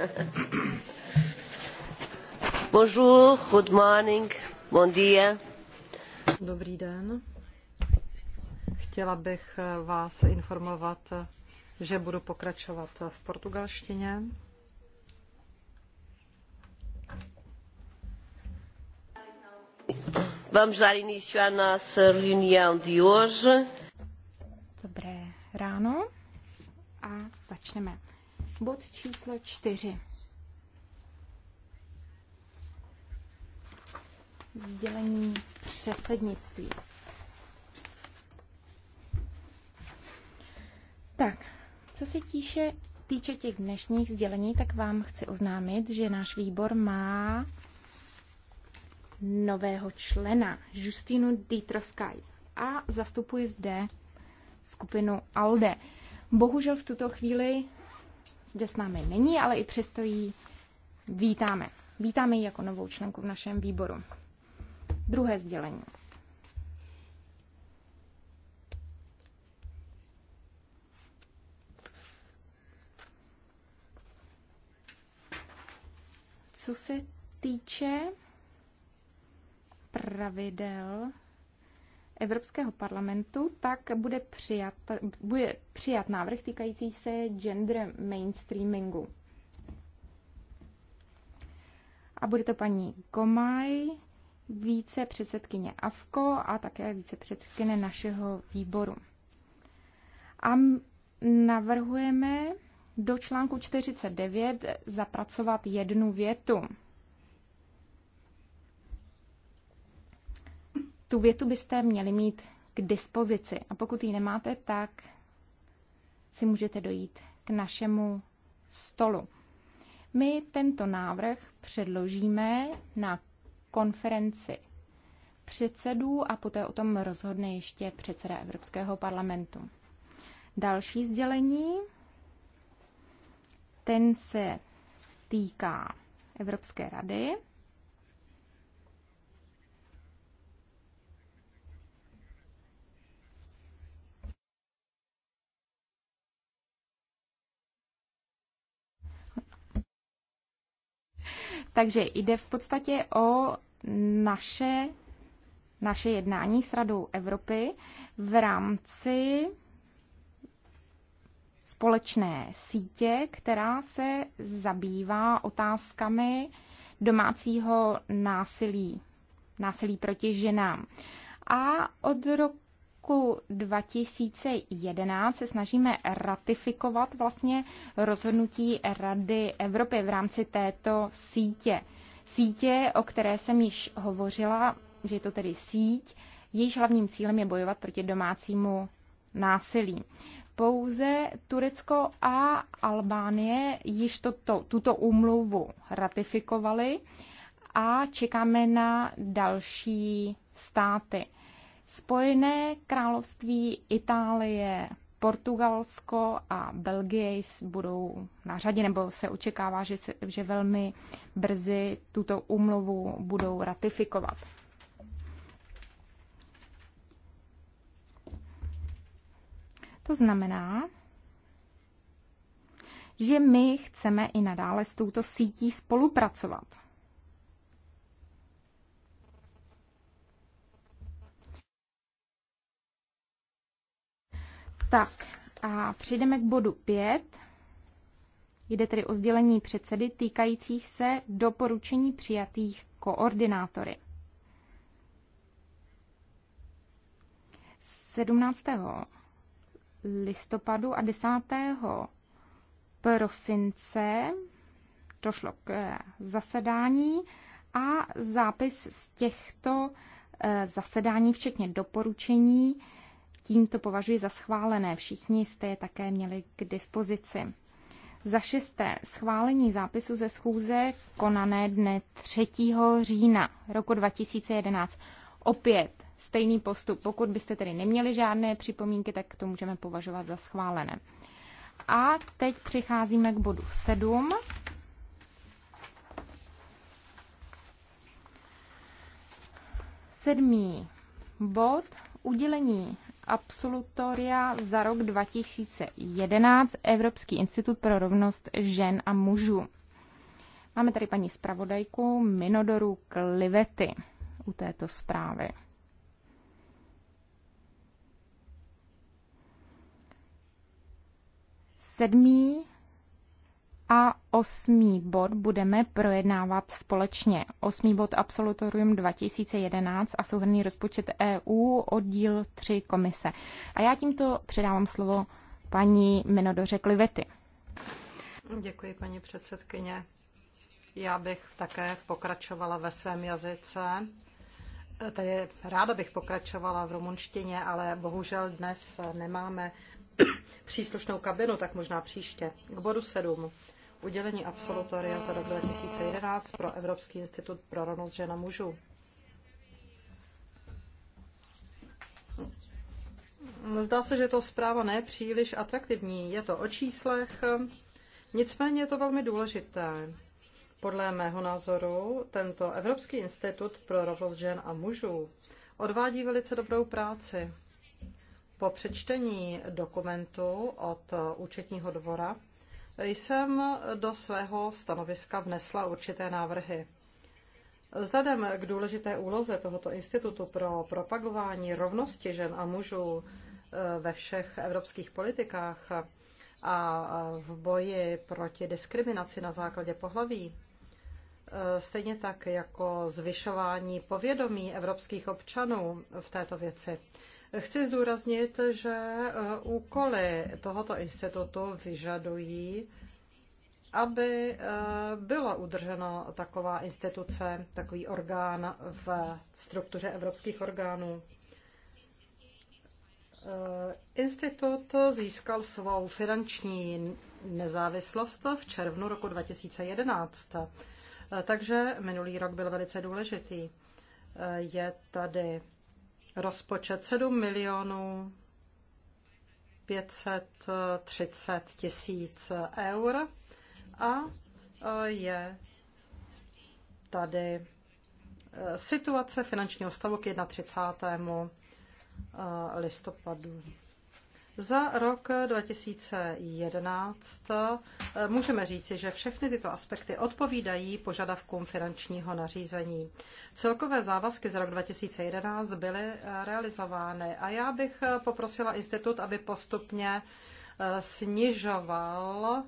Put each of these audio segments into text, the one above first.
Dobrý den. Chtěla bych vás informovat, že budu pokračovat v portugalštině. Vamos dar início à nossa reunião de hoje. Dobré ráno a začneme. Bod číslo čtyři. Sdělení předsednictví. Tak, co se týče, týče těch dnešních sdělení, tak vám chci oznámit, že náš výbor má nového člena, Justinu Dietroskaj, a zastupuje zde skupinu ALDE. Bohužel v tuto chvíli zde s námi není, ale i přesto ji vítáme. Vítáme ji jako novou členku v našem výboru. Druhé sdělení. Co se týče pravidel Evropského parlamentu, tak bude přijat, bude přijat návrh týkající se gender mainstreamingu. A bude to paní Komaj, více předsedkyně AFKO a také více předsedkyně našeho výboru. A navrhujeme do článku 49 zapracovat jednu větu. tu větu byste měli mít k dispozici. A pokud ji nemáte, tak si můžete dojít k našemu stolu. My tento návrh předložíme na konferenci předsedů a poté o tom rozhodne ještě předseda Evropského parlamentu. Další sdělení, ten se týká Evropské rady. Takže jde v podstatě o naše, naše jednání s Radou Evropy v rámci společné sítě, která se zabývá otázkami domácího násilí, násilí proti ženám. A od roku roku 2011 se snažíme ratifikovat vlastně rozhodnutí Rady Evropy v rámci této sítě. Sítě, o které jsem již hovořila, že je to tedy síť, jejíž hlavním cílem je bojovat proti domácímu násilí. Pouze Turecko a Albánie již toto, tuto úmluvu ratifikovali a čekáme na další státy. Spojené království Itálie, Portugalsko a Belgie budou na řadě, nebo se očekává, že, se, že velmi brzy tuto úmluvu budou ratifikovat. To znamená, že my chceme i nadále s touto sítí spolupracovat. Tak a přejdeme k bodu 5. Jde tedy o sdělení předsedy týkajících se doporučení přijatých koordinátory. 17. listopadu a 10. prosince došlo k eh, zasedání a zápis z těchto eh, zasedání, včetně doporučení, tím to považuji za schválené. Všichni jste je také měli k dispozici. Za šesté, schválení zápisu ze schůze konané dne 3. října roku 2011. Opět stejný postup. Pokud byste tedy neměli žádné připomínky, tak to můžeme považovat za schválené. A teď přicházíme k bodu 7. Sedmý bod, udělení absolutoria za rok 2011 Evropský institut pro rovnost žen a mužů. Máme tady paní zpravodajku Minodoru Klivety u této zprávy. Sedmý a osmý bod budeme projednávat společně. Osmý bod Absolutorium 2011 a souhrný rozpočet EU oddíl 3 komise. A já tímto předávám slovo paní Minodoře Klivety. Děkuji, paní předsedkyně. Já bych také pokračovala ve svém jazyce. Tady ráda bych pokračovala v rumunštině, ale bohužel dnes nemáme příslušnou kabinu, tak možná příště. K bodu 7 udělení absolutoria za rok 2011 pro Evropský institut pro rovnost žen a mužů. Zdá se, že to zpráva ne příliš atraktivní. Je to o číslech, nicméně je to velmi důležité. Podle mého názoru tento Evropský institut pro rovnost žen a mužů odvádí velice dobrou práci. Po přečtení dokumentu od účetního dvora jsem do svého stanoviska vnesla určité návrhy. Vzhledem k důležité úloze tohoto institutu pro propagování rovnosti žen a mužů eh, ve všech evropských politikách a v boji proti diskriminaci na základě pohlaví, eh, stejně tak jako zvyšování povědomí evropských občanů v této věci. Chci zdůraznit, že eh, úkoly tohoto institutu vyžadují, aby eh, byla udržena taková instituce, takový orgán v struktuře evropských orgánů. Eh, institut získal svou finanční nezávislost v červnu roku 2011, takže minulý rok byl velice důležitý. Je tady Rozpočet 7 milionů 530 tisíc eur a e, je tady e, situace finančního stavu k 31. E, listopadu. Za rok 2011 eh, můžeme říci, že všechny tyto aspekty odpovídají požadavkům finančního nařízení. Celkové závazky z rok 2011 byly eh, realizovány a já bych eh, poprosila institut, aby postupně snižoval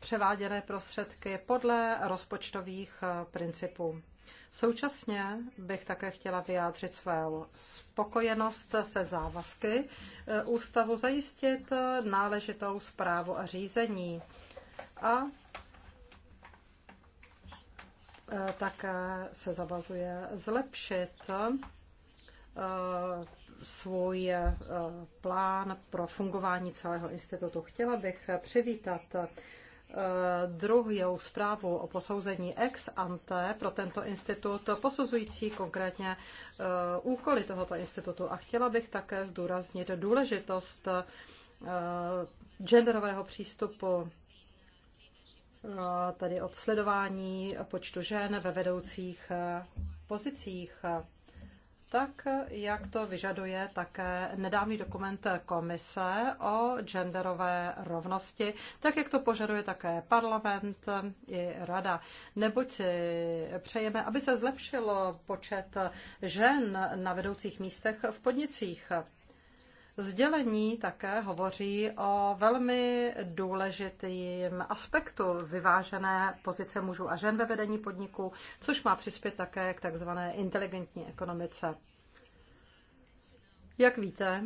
převáděné prostředky podle rozpočtových principů. Současně bych také chtěla vyjádřit své spokojenost se závazky eh, ústavu zajistit náležitou zprávu a řízení a eh, také se zavazuje zlepšit eh, svůj plán pro fungování celého institutu. Chtěla bych přivítat Eh, druhou zprávu o posouzení ex ante pro tento institut, posuzující konkrétně eh, úkoly tohoto institutu. A chtěla bych také zdůraznit důležitost eh, genderového přístupu tedy od sledování počtu žen ve vedoucích pozicích tak jak to vyžaduje také nedávný dokument komise o genderové rovnosti, tak jak to požaduje také parlament i rada. Neboť si přejeme, aby se zlepšilo počet žen na vedoucích místech v podnicích. Sdělení také hovoří o velmi důležitým aspektu vyvážené pozice mužů a žen ve vedení podniku, což má přispět také k takzvané inteligentní ekonomice. Jak víte,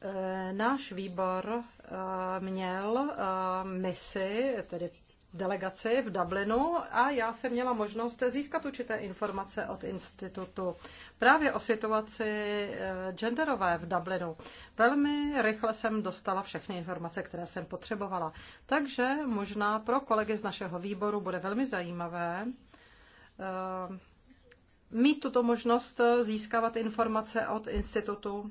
eh, náš výbor eh, měl eh, misi, tedy delegaci v Dublinu a já jsem měla možnost získat určité informace od institutu právě o situaci eh, genderové v Dublinu. Velmi rychle jsem dostala všechny informace, které jsem potřebovala. Takže možná pro kolegy z našeho výboru bude velmi zajímavé eh, mít tuto možnost eh, získávat informace od institutu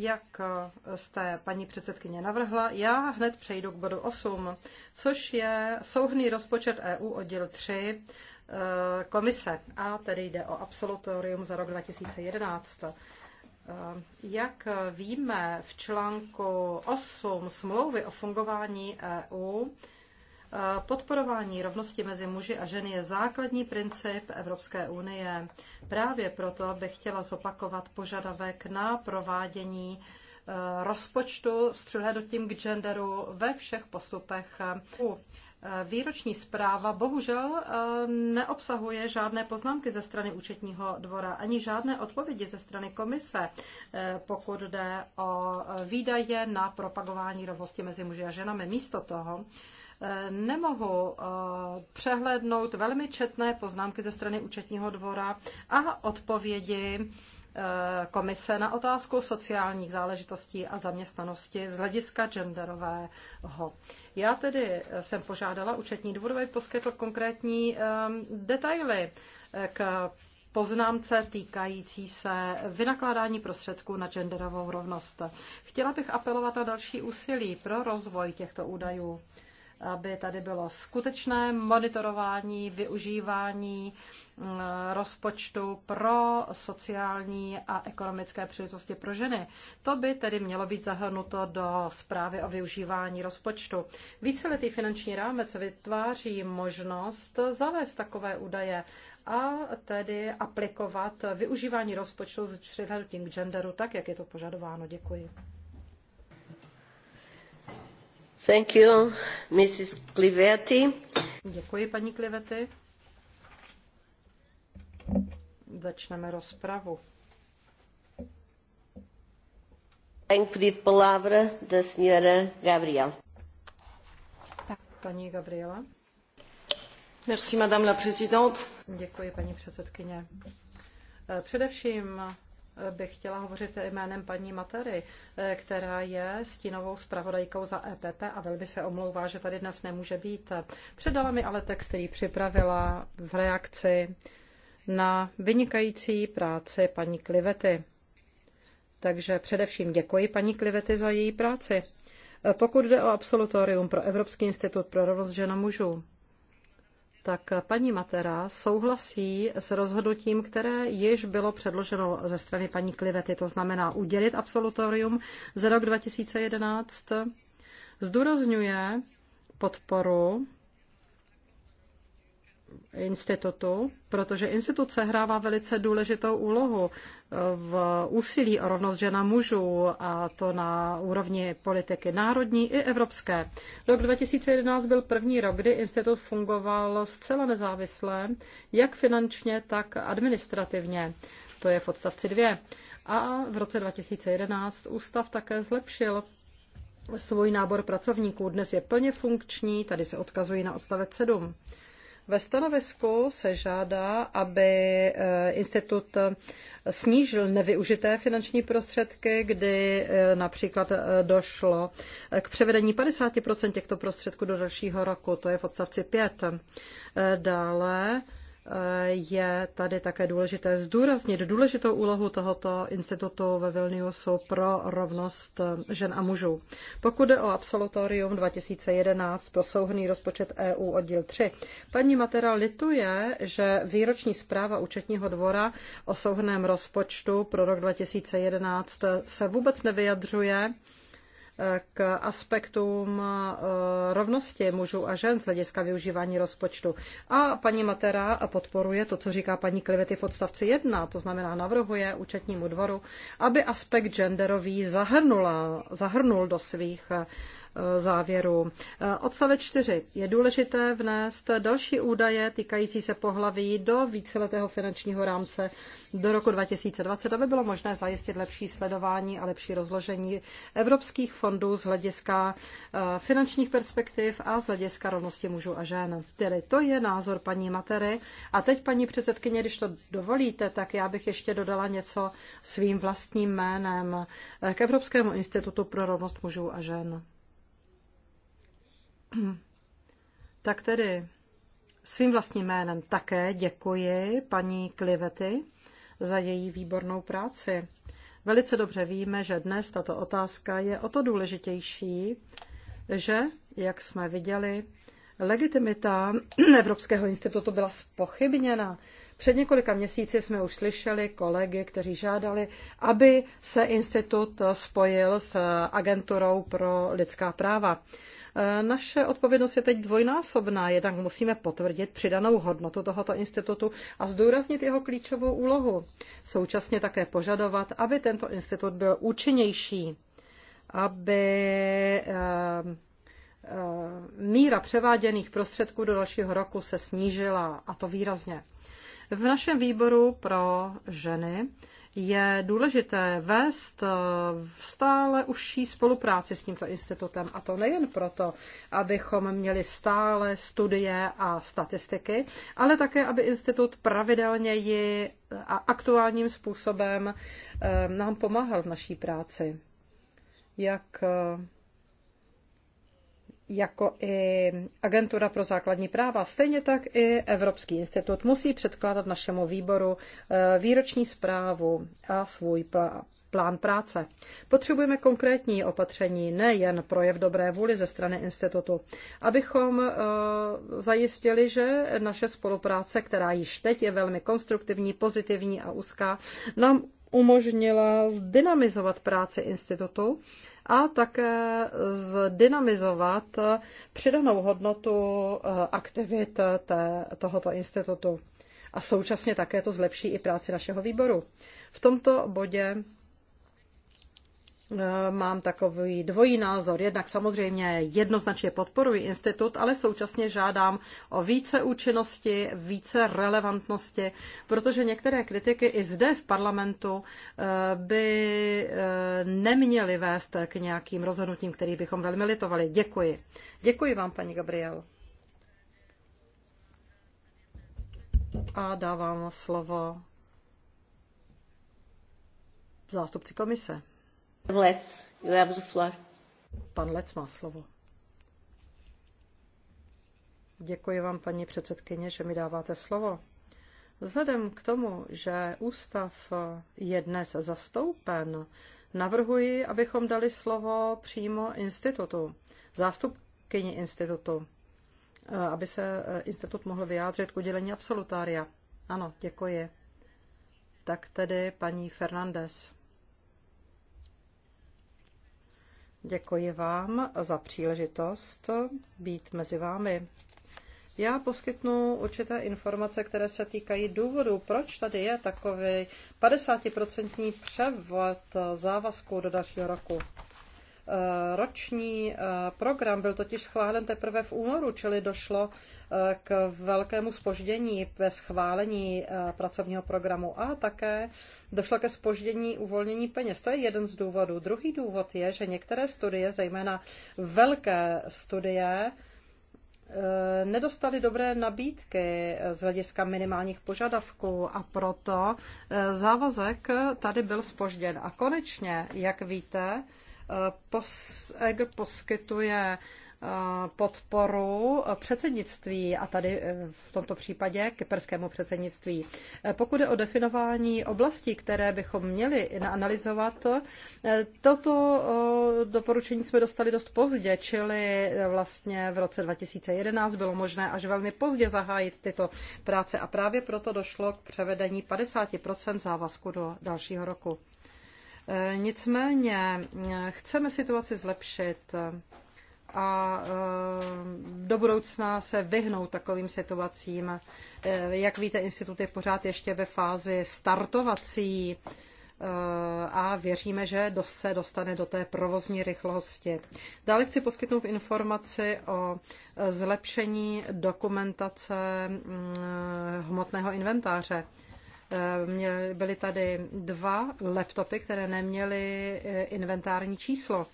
Jak eh, jste, paní předsedkyně, navrhla, já hned přejdu k bodu 8, což je souhný rozpočet EU oddíl 3 eh, komise, a tedy jde o absolutorium za rok 2011. Eh, jak víme v článku 8 smlouvy o fungování EU, Eh, podporování rovnosti mezi muži a ženy je základní princip Evropské unie. Právě proto bych chtěla zopakovat požadavek na provádění eh, rozpočtu s přihlednutím k genderu ve všech postupech. Eh, výroční zpráva bohužel neobsahuje žádné poznámky ze strany účetního dvora ani žádné odpovědi ze strany komise, pokud jde o výdaje na propagování rovnosti mezi muži a ženami. Místo toho Eh, nemohu eh, přehlédnout velmi četné poznámky ze strany účetního dvora a odpovědi eh, komise na otázku sociálních záležitostí a zaměstnanosti z hlediska genderového. Já tedy jsem požádala účetní dvor, aby poskytl konkrétní detaily k poznámce týkající se vynakládání prostředků na genderovou rovnost. Chtěla bych apelovat na další úsilí pro rozvoj těchto údajů aby tady bylo skutečné monitorování, využívání mm, rozpočtu pro sociální a ekonomické příležitosti pro ženy. To by tedy mělo být zahrnuto do zprávy o využívání rozpočtu. Víceletý finanční rámec vytváří možnost zavést takové údaje a tedy aplikovat využívání rozpočtu s přihlednutím k genderu tak, jak je to požadováno. Děkuji. Thank you, Mrs. Clivetti. Děkuji, paní Klivety. Začneme rozpravu. Tak, paní Gabriela. Merci, madame la présidente. Děkuji, paní předsedkyně. Eh, především bych chtěla hovořit jménem paní Matery, eh, která je stínovou zpravodajkou za EPP a velmi se omlouvá, že tady dnes nemůže být. Předala mi ale text, který připravila v reakci na vynikající práci paní Klivety. Takže především děkuji paní Klivety za její práci. Eh, Pokud jde o absolutorium pro Evropský institut pro rovnost žen a mužů, tak paní Matera souhlasí s rozhodnutím, které již bylo předloženo ze strany paní Klivety, to znamená udělit absolutorium za rok 2011. Zdůrazňuje podporu institutu, protože instituce sehrává velice důležitou úlohu v úsilí o rovnost žena mužů a to na úrovni politiky národní i evropské. Rok 2011 byl první rok, kdy institut fungoval zcela nezávisle, jak finančně, tak administrativně. To je v odstavci 2. A v roce 2011 ústav také zlepšil svůj nábor pracovníků. Dnes je plně funkční, tady se odkazují na odstavec 7. Ve stanovisku se žádá, aby eh, institut eh, snížil nevyužité finanční prostředky, kdy eh, například došlo k převedení 50% těchto prostředků do dalšího roku, to je v odstavci 5. Dále je tady také důležité zdůraznit důležitou úlohu tohoto institutu ve Vilniusu pro rovnost žen a mužů. Pokud jde o absolutorium 2011 pro souhrný rozpočet EU oddíl 3, paní Matera lituje, že výroční zpráva účetního dvora o souhrném rozpočtu pro rok 2011 se vůbec nevyjadřuje k aspektům eh, rovnosti mužů a žen z hlediska využívání rozpočtu. A paní Matera podporuje to, co říká paní Klivety v odstavci 1, to znamená navrhuje účetnímu dvoru, aby aspekt genderový zahrnula, zahrnul do svých eh, Eh, závěru. Eh, odstavec 4. Je důležité vnést další údaje týkající se pohlaví do víceletého finančního rámce do roku 2020, aby bylo možné zajistit lepší sledování a lepší rozložení evropských fondů z hlediska eh, finančních perspektiv a z hlediska rovnosti mužů a žen. Tedy to je názor paní Matery. A teď, paní předsedkyně, když to dovolíte, tak já bych ještě dodala něco svým vlastním jménem k Evropskému institutu pro rovnost mužů a žen. Tak tedy svým vlastním jménem také děkuji paní Klivety za její výbornou práci. Velice dobře víme, že dnes tato otázka je o to důležitější, že, jak jsme viděli, legitimita Evropského institutu byla spochybněna. Před několika měsíci jsme už slyšeli kolegy, kteří žádali, aby se institut spojil s agenturou pro lidská práva. Naše odpovědnost je teď dvojnásobná. Jednak musíme potvrdit přidanou hodnotu tohoto institutu a zdůraznit jeho klíčovou úlohu. Současně také požadovat, aby tento institut byl účinnější, aby eh, eh, míra převáděných prostředků do dalšího roku se snížila, a to výrazně. V našem výboru pro ženy je důležité vést eh, stále užší spolupráci s tímto institutem. A to nejen proto, abychom měli stále studie a statistiky, ale také, aby institut pravidelně ji eh, a aktuálním způsobem eh, nám pomáhal v naší práci. Jak jako i Agentura pro základní práva, stejně tak i Evropský institut musí předkládat našemu výboru eh, výroční zprávu a svůj plán práce. Potřebujeme konkrétní opatření, nejen projev dobré vůli ze strany institutu, abychom eh, zajistili, že naše spolupráce, která již teď je velmi konstruktivní, pozitivní a úzká, nám umožnila zdynamizovat práci institutu a také zdynamizovat přidanou hodnotu eh, aktivit eh, té, tohoto institutu. A současně také to zlepší i práci našeho výboru. V tomto bodě Eh, mám takový dvojí názor. Jednak samozřejmě jednoznačně podporuji institut, ale současně žádám o více účinnosti, více relevantnosti, protože některé kritiky i zde v parlamentu eh, by eh, neměly vést k nějakým rozhodnutím, který bychom velmi litovali. Děkuji. Děkuji vám, paní Gabriel. A dávám slovo zástupci komise. Lec, you have the floor. Pan Lec má slovo. Děkuji vám, paní předsedkyně, že mi dáváte slovo. Vzhledem k tomu, že ústav je dnes zastoupen, navrhuji, abychom dali slovo přímo institutu, zástupkyni institutu, aby se institut mohl vyjádřit k udělení absolutária. Ano, děkuji. Tak tedy paní Fernandez. Děkuji vám za příležitost být mezi vámi. Já poskytnu určité informace, které se týkají důvodu, proč tady je takový 50% převod závazků do dalšího roku. Eh, roční eh, program byl totiž schválen teprve v únoru, čili došlo k velkému spoždění ve schválení eh, pracovního programu a také došlo ke spoždění uvolnění peněz. To je jeden z důvodů. Druhý důvod je, že některé studie, zejména velké studie, eh, nedostali dobré nabídky eh, z hlediska minimálních požadavků a proto závazek tady byl spožděn. A konečně, jak víte, EGR poskytuje podporu předsednictví a tady eh, v tomto případě kyperskému předsednictví. Eh, pokud je o definování oblastí, které bychom měli analyzovat, eh, toto doporučení jsme dostali dost pozdě, čili vlastně v roce 2011 bylo možné až velmi pozdě zahájit tyto práce a právě proto došlo k převedení 50% závazku do dalšího roku. Nicméně chceme situaci zlepšit a eh, do budoucna se vyhnout takovým situacím. Eh, jak víte, institut je pořád ještě ve fázi startovací eh, a věříme, že se dostane do té provozní rychlosti. Dále chci poskytnout informaci o zlepšení dokumentace mm, hmotného inventáře. Měli, byly tady dva laptopy, které neměly inventární číslo.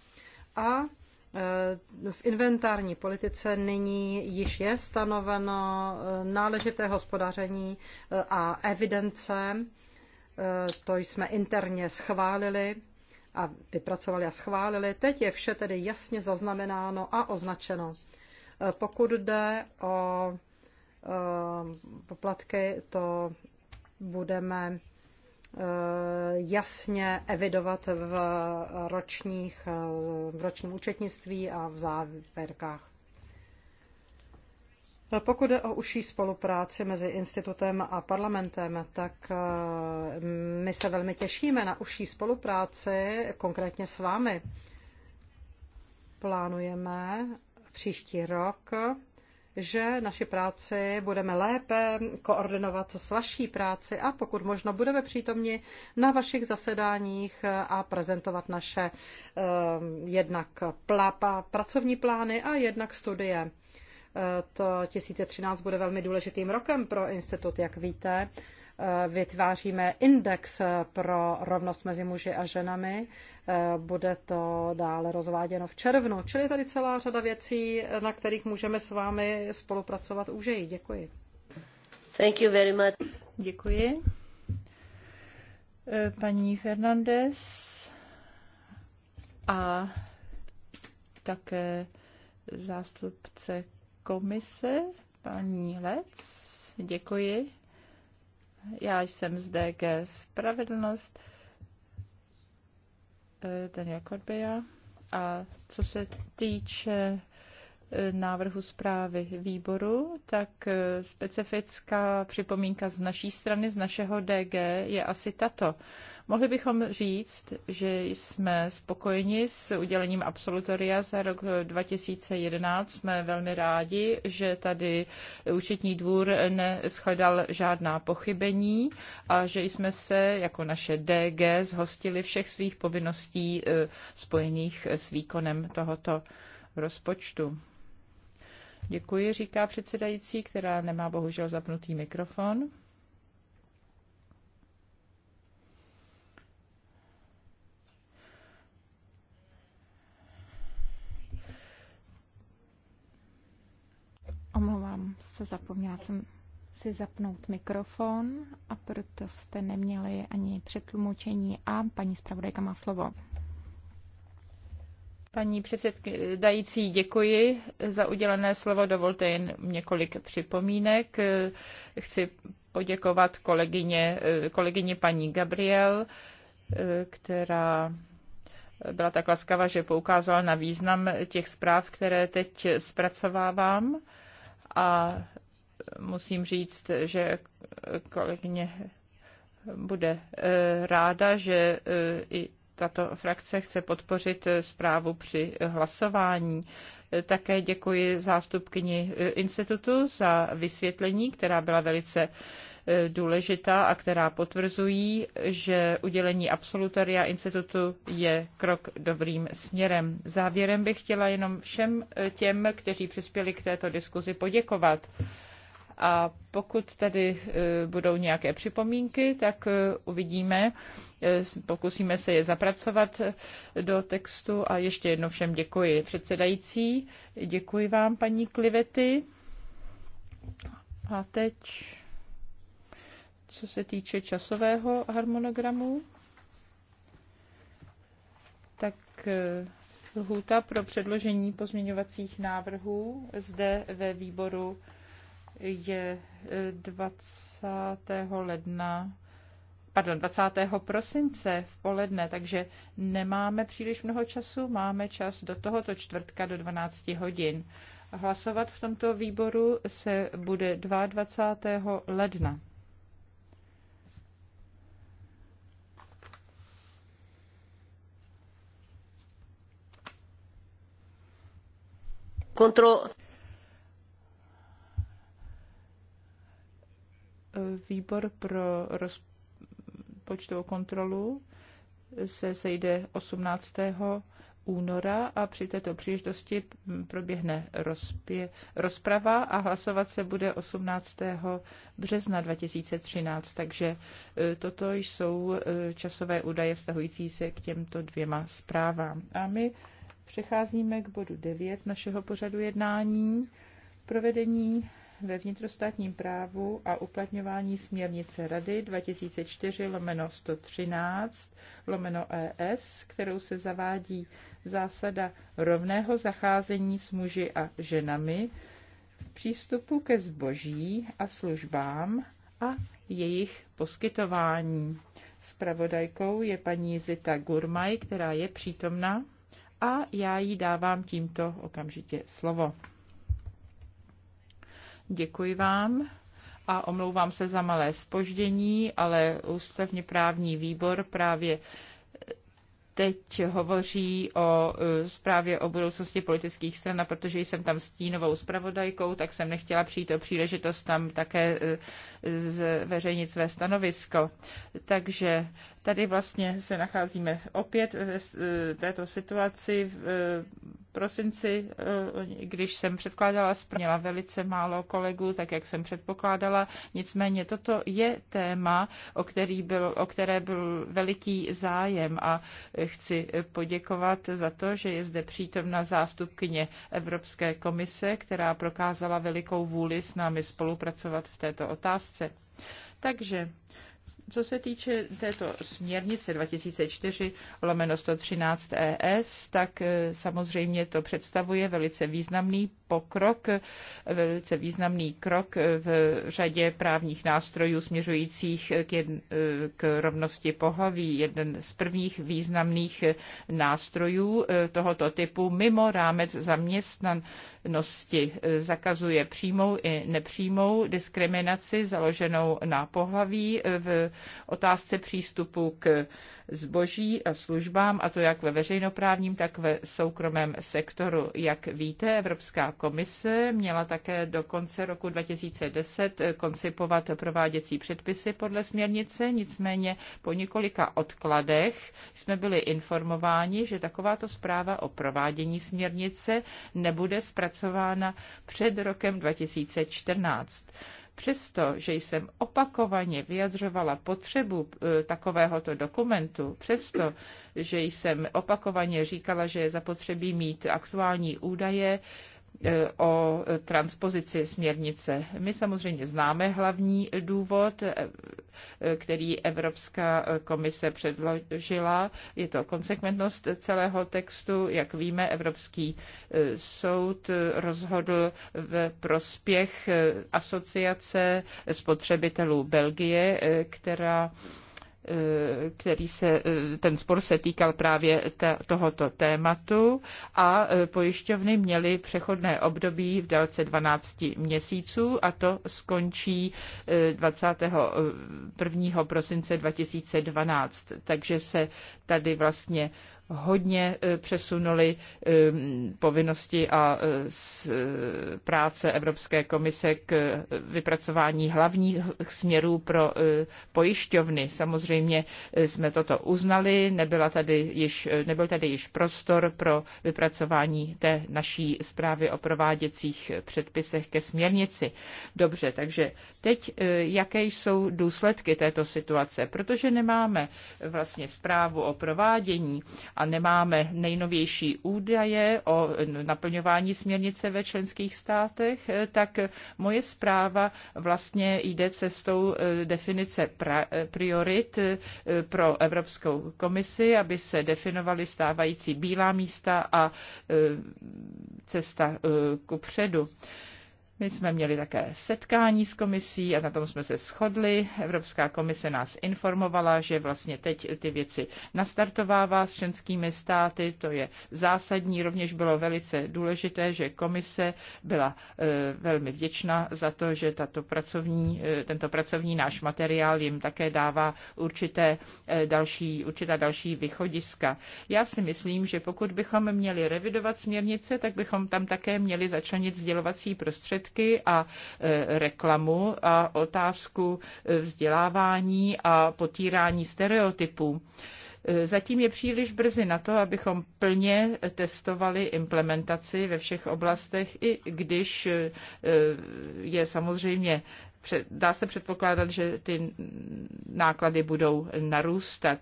A Eh, v inventární politice nyní již je stanoveno eh, náležité hospodaření eh, a evidence. To jsme interně schválili a vypracovali a schválili. Teď je vše tedy jasně zaznamenáno a označeno. Pokud jde o poplatky, to budeme Eh, jasně evidovat v, ročních, eh, v ročním účetnictví a v závěrkách. Eh, pokud jde o užší spolupráci mezi institutem a parlamentem, tak my se velmi těšíme na užší spolupráci, konkrétně s vámi. Plánujeme příští rok že naši práci budeme lépe koordinovat s vaší práci a pokud možno budeme přítomni na vašich zasedáních a prezentovat naše eh, jednak pracovní plány a jednak studie. Eh, to 2013 bude velmi důležitým rokem pro institut, jak víte. Eh, vytváříme index eh, pro rovnost mezi muži a ženami. Eh, bude to dále rozváděno v červnu. Čili je tady celá řada věcí, na kterých můžeme s vámi spolupracovat úžeji. Děkuji. Thank you very much. Děkuji. Paní Fernandez a také zástupce komise, paní Lec. Děkuji. Já jsem z DG Spravedlnost, eh, Daniel Korbeja. A co se týče eh, návrhu zprávy výboru, tak eh, specifická připomínka z naší strany, z našeho DG, je asi tato. Mohli bychom říct, že jsme spokojeni s udělením absolutoria za rok 2011. Jsme velmi rádi, že tady účetní dvůr neschledal žádná pochybení a že jsme se jako naše DG zhostili všech svých povinností eh, spojených s výkonem tohoto rozpočtu. Děkuji, říká předsedající, která nemá bohužel zapnutý mikrofon. Omlouvám se, zapomněla jsem si zapnout mikrofon a proto jste neměli ani přetlumočení a paní zpravodajka má slovo. Paní předsedající, děkuji za udělené slovo. Dovolte jen několik připomínek. Chci poděkovat kolegyně, kolegyně paní Gabriel, která byla tak laskava, že poukázala na význam těch zpráv, které teď zpracovávám a musím říct, že kolegyně bude eh, ráda, že eh, i tato frakce chce podpořit eh, zprávu při hlasování. Také děkuji zástupkyni institutu za vysvětlení, která byla velice důležitá a která potvrzují, že udělení absolutoria institutu je krok dobrým směrem. Závěrem bych chtěla jenom všem eh, těm, kteří přispěli k této diskuzi, poděkovat. A pokud tady eh, budou nějaké připomínky, tak eh, uvidíme. Pokusíme se je zapracovat do textu a ještě jednou všem děkuji. Předsedající, děkuji vám, paní Klivety. A teď co se týče časového harmonogramu, tak eh, lhůta pro předložení pozměňovacích návrhů zde ve výboru je 20. Eh, ledna, pardon, 20. prosince v poledne, takže nemáme příliš mnoho času, máme čas do tohoto čtvrtka do 12 hodin. Hlasovat v tomto výboru se bude 22. ledna. Výbor pro rozpočtovou kontrolu se sejde 18 února a při této příležitosti proběhne rozpě, rozprava a hlasovat se bude 18. března 2013. Takže e, toto jsou e, časové údaje vztahující se k těmto dvěma zprávám. A my Přecházíme k bodu 9 našeho pořadu jednání. Provedení ve vnitrostátním právu a uplatňování směrnice Rady 2004 lomeno 113 lomeno ES, kterou se zavádí zásada rovného zacházení s muži a ženami v přístupu ke zboží a službám a jejich poskytování. Spravodajkou je paní Zita Gurmaj, která je přítomna a já jí dávám tímto okamžitě slovo. Děkuji vám a omlouvám se za malé spoždění, ale ústavně právní výbor právě teď hovoří o e, zprávě o budoucnosti politických stran a protože jsem tam stínovou zpravodajkou, tak jsem nechtěla přijít o příležitost tam také e, zveřejnit své stanovisko. Takže Tady vlastně se nacházíme opět v e, této situaci v e, prosinci, e, když jsem předkládala, splnila velice málo kolegů, tak jak jsem předpokládala. Nicméně toto je téma, o, který byl, o které byl veliký zájem a chci poděkovat za to, že je zde přítomna zástupkyně Evropské komise, která prokázala velikou vůli s námi spolupracovat v této otázce. Takže co se týče této směrnice 2004 lomeno 113 ES, tak eh, samozřejmě to představuje velice významný pokrok, velice významný krok v řadě právních nástrojů směřujících k, jedn, k rovnosti pohlaví. Jeden z prvních významných nástrojů tohoto typu mimo rámec zaměstnanosti zakazuje přímou i nepřímou diskriminaci založenou na pohlaví v otázce přístupu k zboží a službám, a to jak ve veřejnoprávním, tak ve soukromém sektoru. Jak víte, Evropská komise měla také do konce roku 2010 koncipovat prováděcí předpisy podle směrnice, nicméně po několika odkladech jsme byli informováni, že takováto zpráva o provádění směrnice nebude zpracována před rokem 2014. Přesto, že jsem opakovaně vyjadřovala potřebu eh, takovéhoto dokumentu, přesto, že jsem opakovaně říkala, že je zapotřebí mít aktuální údaje, E, o transpozici směrnice. My samozřejmě známe hlavní důvod, e, který Evropská komise předložila. Je to konsekventnost celého textu. Jak víme, Evropský e, soud rozhodl v prospěch asociace spotřebitelů Belgie, která který se, ten spor se týkal právě ta, tohoto tématu a pojišťovny měly přechodné období v délce 12 měsíců a to skončí 21. Eh, prosince 2012. Takže se tady vlastně hodně eh, přesunuli eh, povinnosti a eh, práce Evropské komise k vypracování hlavních směrů pro pojišťovny. Samozřejmě jsme toto uznali, nebyla tady již, nebyl tady již prostor pro vypracování té naší zprávy o prováděcích předpisech ke směrnici. Dobře, takže teď jaké jsou důsledky této situace? Protože nemáme vlastně zprávu o provádění a nemáme nejnovější údaje o naplňování směrnice ve členských státech, eh, tak moje zpráva vlastně jde cestou eh, definice eh, priorit pro Evropskou komisi, aby se definovaly stávající bílá místa a cesta ku předu. My jsme měli také setkání s komisí a na tom jsme se shodli. Evropská komise nás informovala, že vlastně teď ty věci nastartovává s členskými státy. To je zásadní. Rovněž bylo velice důležité, že komise byla eh, velmi vděčná za to, že tato pracovní, eh, tento pracovní náš materiál jim také dává určité eh, další, určitá další východiska. Já si myslím, že pokud bychom měli revidovat směrnice, tak bychom tam také měli začlenit sdělovací prostředky prostředky a e, reklamu a otázku e, vzdělávání a potírání stereotypů. E, zatím je příliš brzy na to, abychom plně testovali implementaci ve všech oblastech, i když je samozřejmě dá se předpokládat, že ty náklady budou narůstat.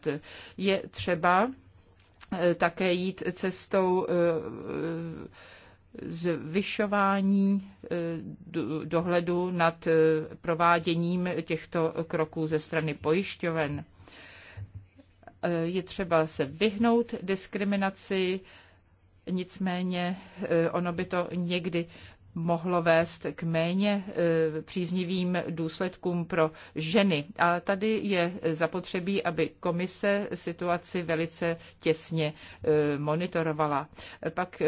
Je třeba také jít cestou zvyšování eh, dohledu nad eh, prováděním těchto kroků ze strany pojišťoven. Eh, je třeba se vyhnout diskriminaci, nicméně ono by to někdy mohlo vést k méně e, příznivým důsledkům pro ženy. A tady je zapotřebí, aby komise situaci velice těsně e, monitorovala. Pak e,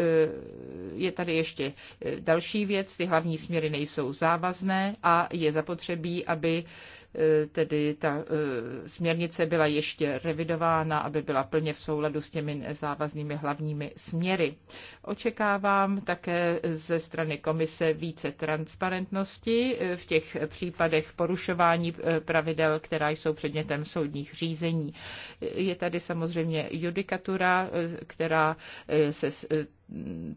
je tady ještě další věc, ty hlavní směry nejsou závazné a je zapotřebí, aby E, tedy ta e, směrnice byla ještě revidována, aby byla plně v souladu s těmi závaznými hlavními směry. Očekávám také ze strany komise více transparentnosti e, v těch případech porušování pravidel, která jsou předmětem soudních řízení. Je tady samozřejmě judikatura, která se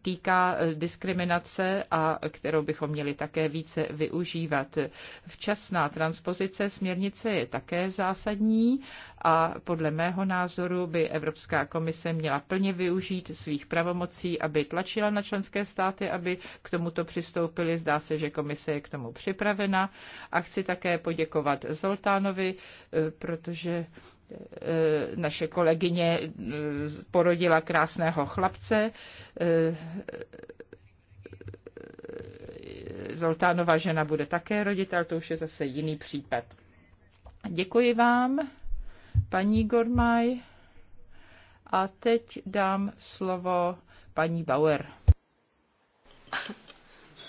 týká eh, diskriminace a kterou bychom měli také více využívat. Včasná transpozice směrnice je také zásadní a podle mého názoru by Evropská komise měla plně využít svých pravomocí, aby tlačila na členské státy, aby k tomuto přistoupili. Zdá se, že komise je k tomu připravena a chci také poděkovat Zoltánovi, eh, protože eh, naše kolegyně eh, porodila krásného chlapce. Zoltánova žena bude také roditel, to už je zase jiný případ. Děkuji vám paní Gormaj a teď dám slovo paní Bauer.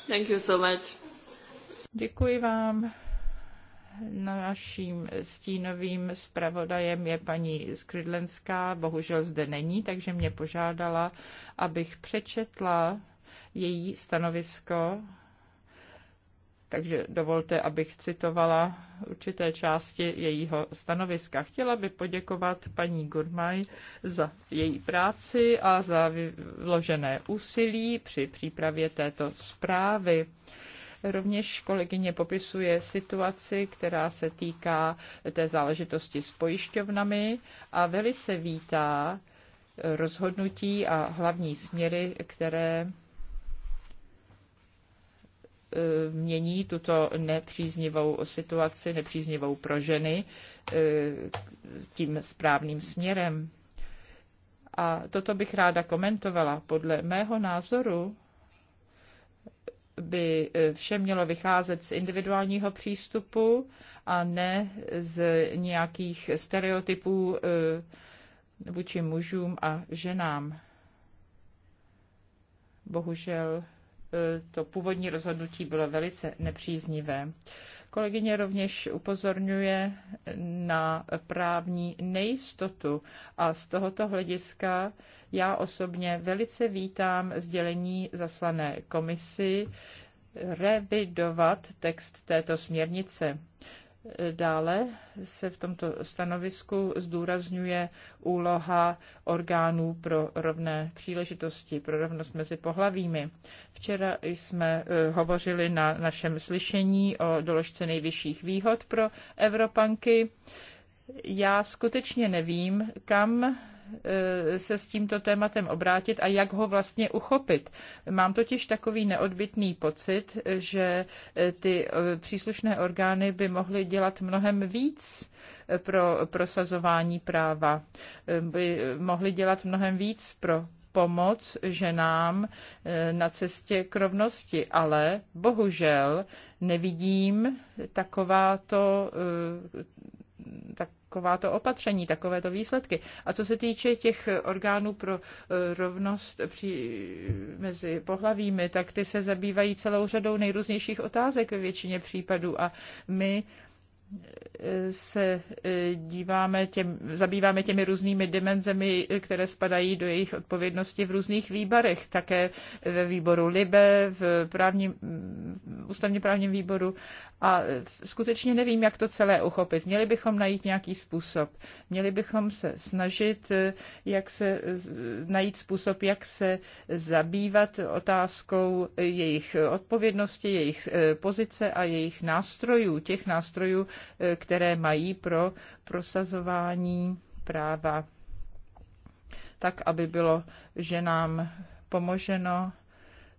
Thank you so much. Děkuji vám. Naším stínovým zpravodajem je paní Skrydlenská, bohužel zde není, takže mě požádala, abych přečetla její stanovisko takže dovolte, abych citovala určité části jejího stanoviska. Chtěla by poděkovat paní Gurmaj za její práci a za vložené úsilí při přípravě této zprávy. Rovněž kolegyně popisuje situaci, která se týká té záležitosti s pojišťovnami a velice vítá rozhodnutí a hlavní směry, které mění tuto nepříznivou situaci, nepříznivou pro ženy e, tím správným směrem. A toto bych ráda komentovala. Podle mého názoru by e, vše mělo vycházet z individuálního přístupu a ne z nějakých stereotypů e, vůči mužům a ženám. Bohužel Eh, to původní rozhodnutí bylo velice nepříznivé. Kolegyně rovněž upozorňuje na právní nejistotu a z tohoto hlediska já osobně velice vítám sdělení zaslané komisi revidovat text této směrnice. Dále se v tomto stanovisku zdůrazňuje úloha orgánů pro rovné příležitosti, pro rovnost mezi pohlavími. Včera jsme eh, hovořili na našem slyšení o doložce nejvyšších výhod pro Evropanky. Já skutečně nevím, kam Eh, se s tímto tématem obrátit a jak ho vlastně uchopit. Mám totiž takový neodbitný pocit, že eh, ty eh, příslušné orgány by mohly dělat mnohem víc pro prosazování práva, by mohly dělat mnohem víc pro pomoc ženám na cestě k rovnosti, ale bohužel nevidím takováto takováto opatření, takovéto výsledky. A co se týče těch orgánů pro eh, rovnost při, mezi pohlavími, tak ty se zabývají celou řadou nejrůznějších otázek ve většině případů a my se e, díváme těm, zabýváme těmi různými dimenzemi, které spadají do jejich odpovědnosti v různých výborech, také ve výboru LIBE, v právním, ústavně právním výboru a skutečně nevím, jak to celé uchopit. Měli bychom najít nějaký způsob. Měli bychom se snažit, e, jak se najít způsob, jak se zabývat otázkou jejich odpovědnosti, jejich e, pozice a jejich nástrojů, těch nástrojů, Eh, které mají pro prosazování práva, tak aby bylo ženám pomoženo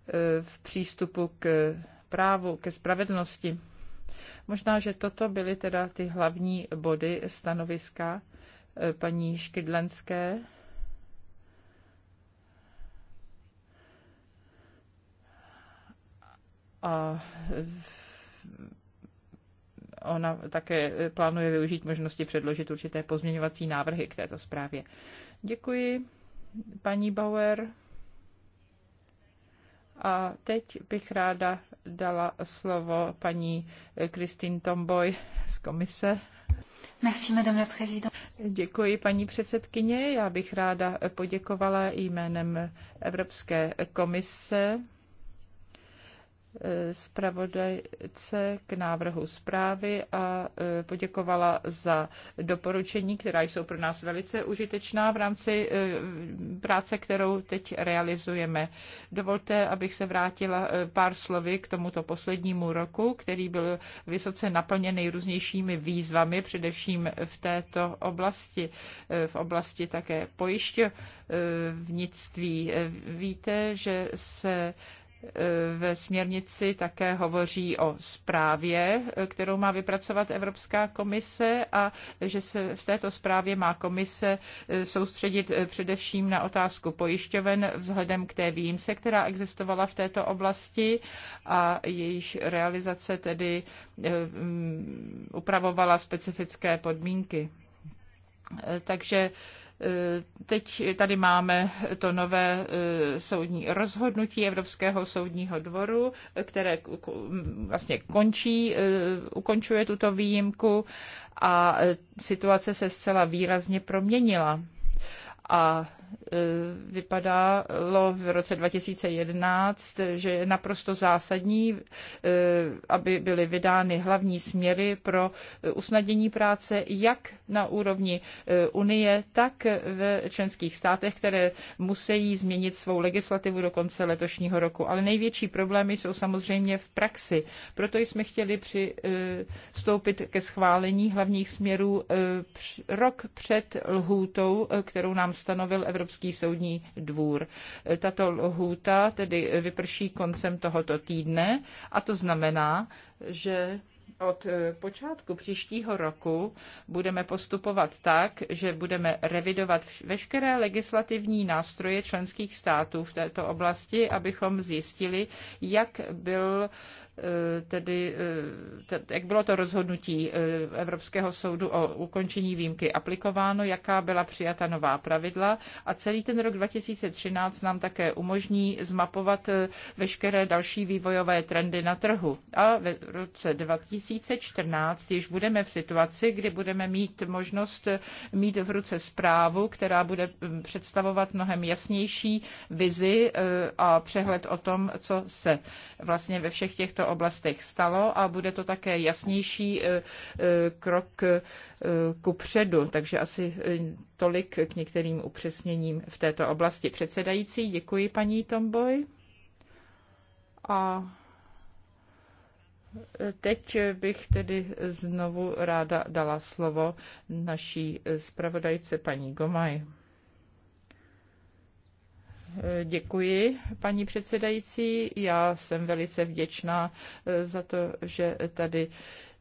eh, v přístupu k právu, ke spravedlnosti. Možná, že toto byly teda ty hlavní body stanoviska eh, paní Škydlenské. A v Ona také plánuje využít možnosti předložit určité pozměňovací návrhy k této zprávě. Děkuji, paní Bauer. A teď bych ráda dala slovo paní Kristin Tomboy z komise. Merci, madame la présidente. Děkuji, paní předsedkyně. Já bych ráda poděkovala jménem Evropské komise zpravodajce k návrhu zprávy a e, poděkovala za doporučení, která jsou pro nás velice užitečná v rámci e, práce, kterou teď realizujeme. Dovolte, abych se vrátila e, pár slovy k tomuto poslednímu roku, který byl vysoce naplněn nejrůznějšími výzvami, především v této oblasti, v oblasti také pojišťovnictví. Víte, že se ve směrnici také hovoří o zprávě, kterou má vypracovat Evropská komise a že se v této zprávě má komise soustředit především na otázku pojišťoven vzhledem k té výjimce, která existovala v této oblasti a jejíž realizace tedy mm, upravovala specifické podmínky. Takže Eh, teď tady máme to nové eh, soudní rozhodnutí Evropského soudního dvoru, které vlastně končí, eh, ukončuje tuto výjimku a situace se zcela výrazně proměnila. A Eh, vypadalo v roce 2011, že je naprosto zásadní, eh, aby byly vydány hlavní směry pro usnadnění práce jak na úrovni eh, Unie, tak v členských státech, které musí změnit svou legislativu do konce letošního roku. Ale největší problémy jsou samozřejmě v praxi. Proto jsme chtěli přistoupit ke schválení hlavních směrů rok před lhůtou, kterou nám stanovil Evropský Evropský soudní dvůr. Tato lhůta tedy vyprší koncem tohoto týdne a to znamená, že od eh, počátku příštího roku budeme postupovat tak, že budeme revidovat veškeré legislativní nástroje členských států v této oblasti, abychom zjistili, jak byl Eh, tedy, eh, jak bylo to rozhodnutí eh, Evropského soudu o ukončení výjimky aplikováno, jaká byla přijata nová pravidla a celý ten rok 2013 nám také umožní zmapovat veškeré další vývojové trendy na trhu. A v roce 2014 již budeme v situaci, kdy budeme mít možnost mít v ruce zprávu, která bude hm, představovat mnohem jasnější vizi a přehled o tom, co se vlastně ve všech těchto oblastech stalo a bude to také jasnější eh, eh, krok eh, ku předu. Takže asi tolik k některým upřesněním v této oblasti. Předsedající, děkuji paní Tomboj. A Teď bych tedy znovu ráda dala slovo naší zpravodajce paní Gomaj. Eh, děkuji, paní předsedající. Já jsem velice vděčná eh, za to, že tady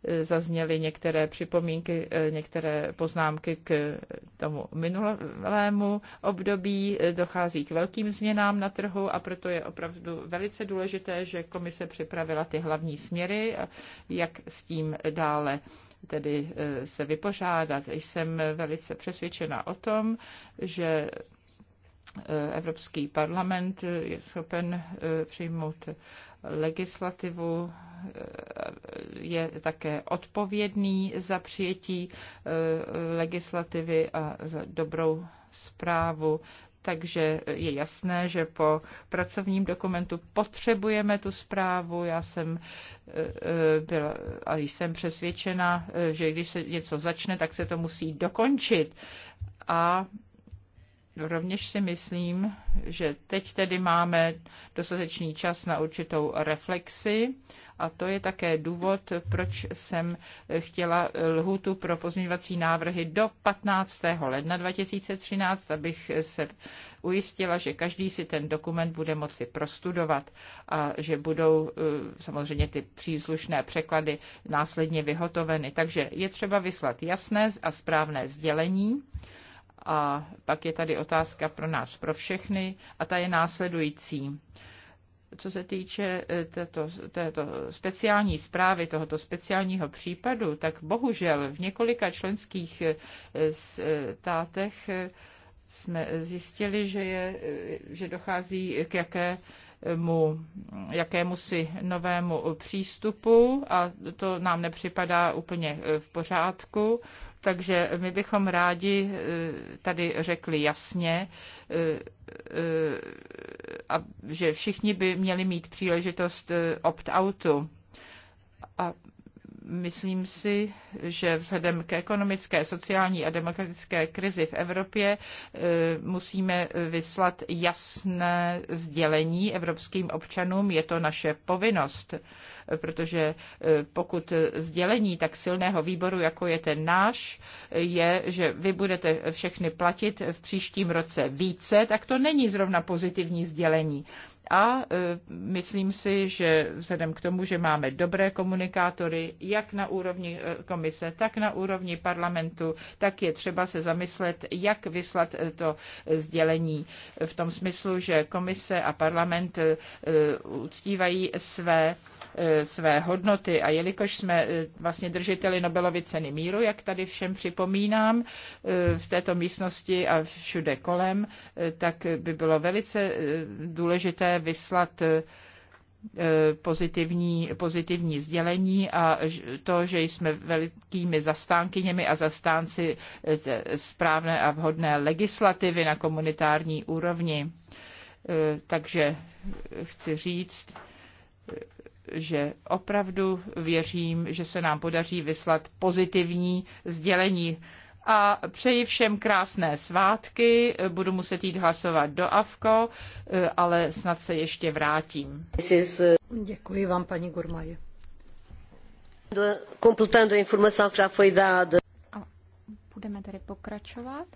eh, zazněly některé připomínky, některé poznámky k tomu minulému období. Dochází k velkým změnám na trhu a proto je opravdu velice důležité, že komise připravila ty hlavní směry, jak s tím dále tedy se vypořádat. Jsem velice přesvědčena o tom, že Eh, Evropský parlament je schopen eh, přijmout legislativu, eh, je také odpovědný za přijetí legislativy a za dobrou zprávu. Takže je jasné, že po pracovním dokumentu potřebujeme tu zprávu. Já jsem byla a jsem přesvědčena, že když se něco začne, tak se to musí dokončit. A Rovněž si myslím, že teď tedy máme dostatečný čas na určitou reflexi a to je také důvod, proč jsem chtěla lhutu pro pozměňovací návrhy do 15. ledna 2013, abych se ujistila, že každý si ten dokument bude moci prostudovat a že budou eh, samozřejmě ty příslušné překlady následně vyhotoveny. Takže je třeba vyslat jasné a správné sdělení a pak je tady otázka pro nás, pro všechny, a ta je následující. Co se týče e, této, této speciální zprávy, tohoto speciálního případu, tak bohužel v několika členských e, e, státech jsme zjistili, že, je, že dochází k jaké mu, jakému si novému přístupu a to nám nepřipadá úplně v pořádku. Takže my bychom rádi e, tady řekli jasně, e, e, a že všichni by měli mít příležitost opt-outu. A Myslím si, že vzhledem k ekonomické, sociální a demokratické krizi v Evropě eh, musíme vyslat jasné sdělení evropským občanům. Je to naše povinnost, protože eh, pokud sdělení tak silného výboru, jako je ten náš, je, že vy budete všechny platit v příštím roce více, tak to není zrovna pozitivní sdělení. A e, myslím si, že vzhledem k tomu, že máme dobré komunikátory, jak na úrovni e, komise, tak na úrovni parlamentu, tak je třeba se zamyslet, jak vyslat e, to sdělení v tom smyslu, že komise a parlament uctívají své, své hodnoty. A jelikož jsme vlastně držiteli Nobelovy ceny míru, jak tady všem připomínám, v této místnosti a všude kolem, tak by bylo velice důležité vyslat eh, pozitivní, pozitivní sdělení a to, že jsme velkými zastánkyněmi a zastánci eh, správné a vhodné legislativy na komunitární úrovni. Eh, takže chci říct, že opravdu věřím, že se nám podaří vyslat pozitivní sdělení a přeji všem krásné svátky. Budu muset jít hlasovat do AVKO, ale snad se ještě vrátím. Děkuji vám, paní Gurmaje. Budeme tedy pokračovat.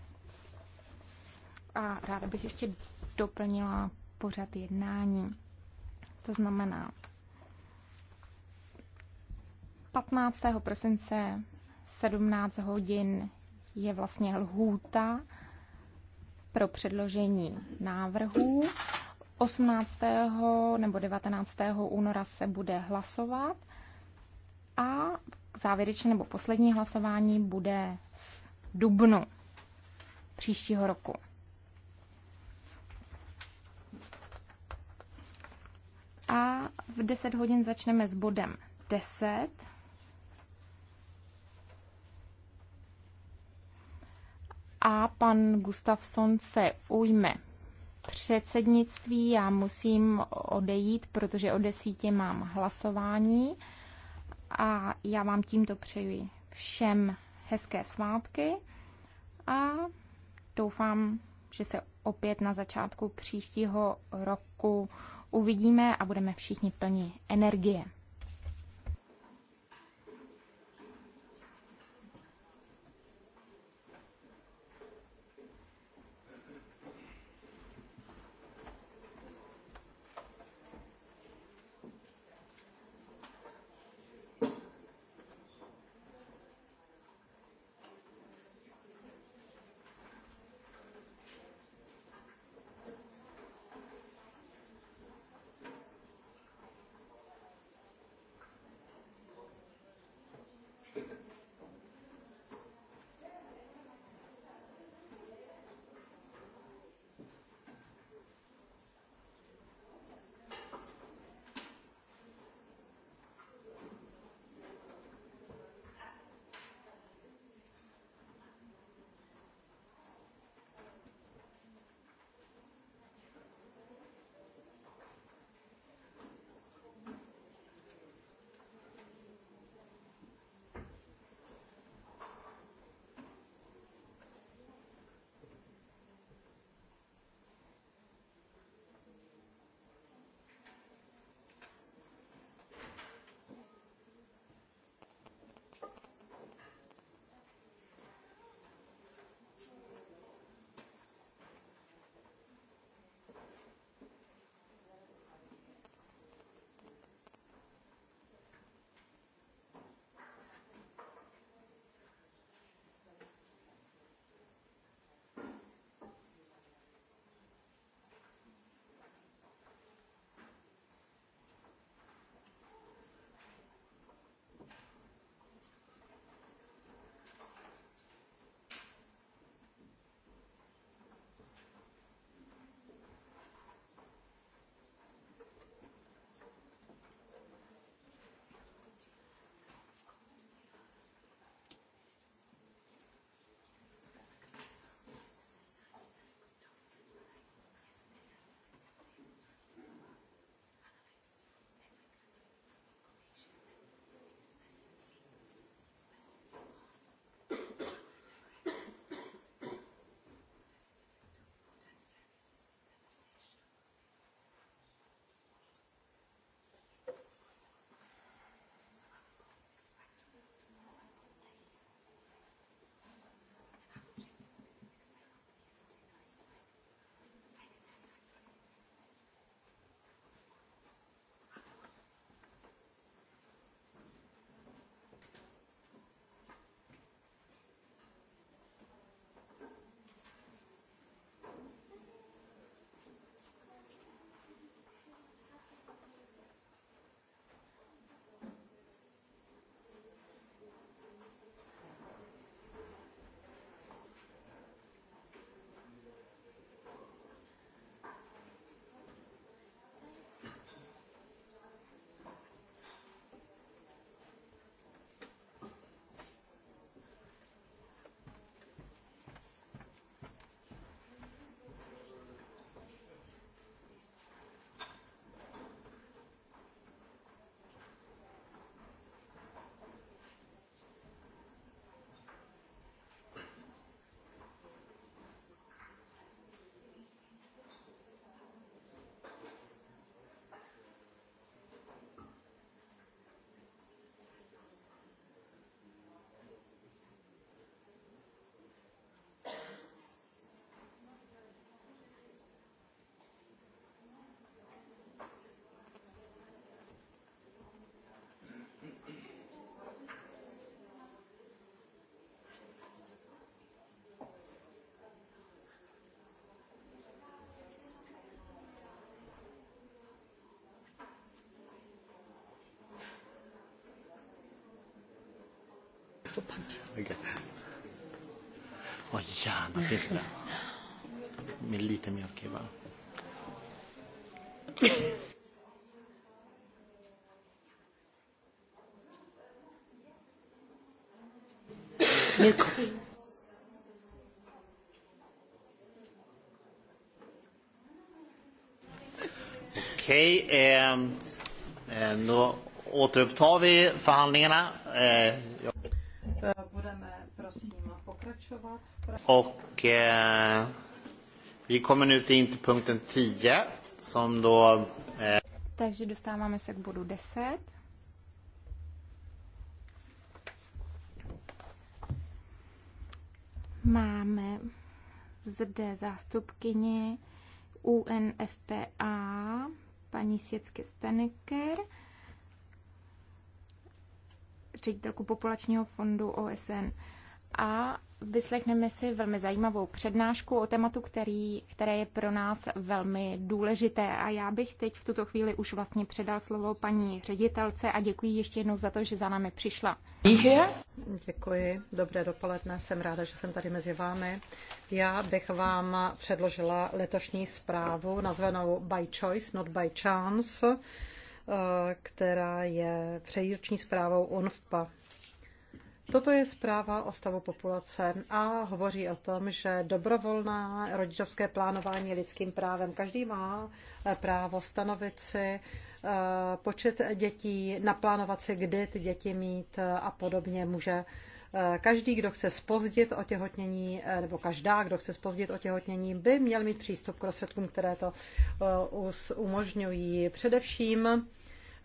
A ráda bych ještě doplnila pořad jednání. To znamená, 15. prosince 17 hodin je vlastně lhůta pro předložení návrhů. 18. nebo 19. února se bude hlasovat a závěrečné nebo poslední hlasování bude v dubnu příštího roku. A v 10 hodin začneme s bodem 10. a pan Gustafsson se ujme předsednictví. Já musím odejít, protože o desítě mám hlasování a já vám tímto přeji všem hezké svátky a doufám, že se opět na začátku příštího roku uvidíme a budeme všichni plní energie. so punchy. Okay. Och gärna finns det. Med lite mjölk i va? Nu kommer Okej, ehm, eh, då återupptar vi förhandlingarna. Eh, jag... Och eh, vi kommer nu till 10 som då... Eh... Takže dostáváme se k bodu 10. Máme zde zástupkyni UNFPA, paní Sjecky Staneker, ředitelku populačního fondu OSN a vyslechneme si velmi zajímavou přednášku o tématu, který, které je pro nás velmi důležité. A já bych teď v tuto chvíli už vlastně předal slovo paní ředitelce a děkuji ještě jednou za to, že za námi přišla. Děkuji, dobré dopoledne, jsem ráda, že jsem tady mezi vámi. Já bych vám předložila letošní zprávu nazvanou By Choice, not by Chance, eh, která je přejírční zprávou UNFPA Toto je zpráva o stavu populace a hovoří o tom, že dobrovolná rodičovské plánování je lidským právem. Každý má eh, právo stanovit si eh, počet dětí, naplánovat si, kdy ty děti mít eh, a podobně může každý, kdo chce spozdit otěhotnění, nebo každá, kdo chce spozdit otěhotnění, by měl mít přístup k rozsvědkům, které to umožňují. Především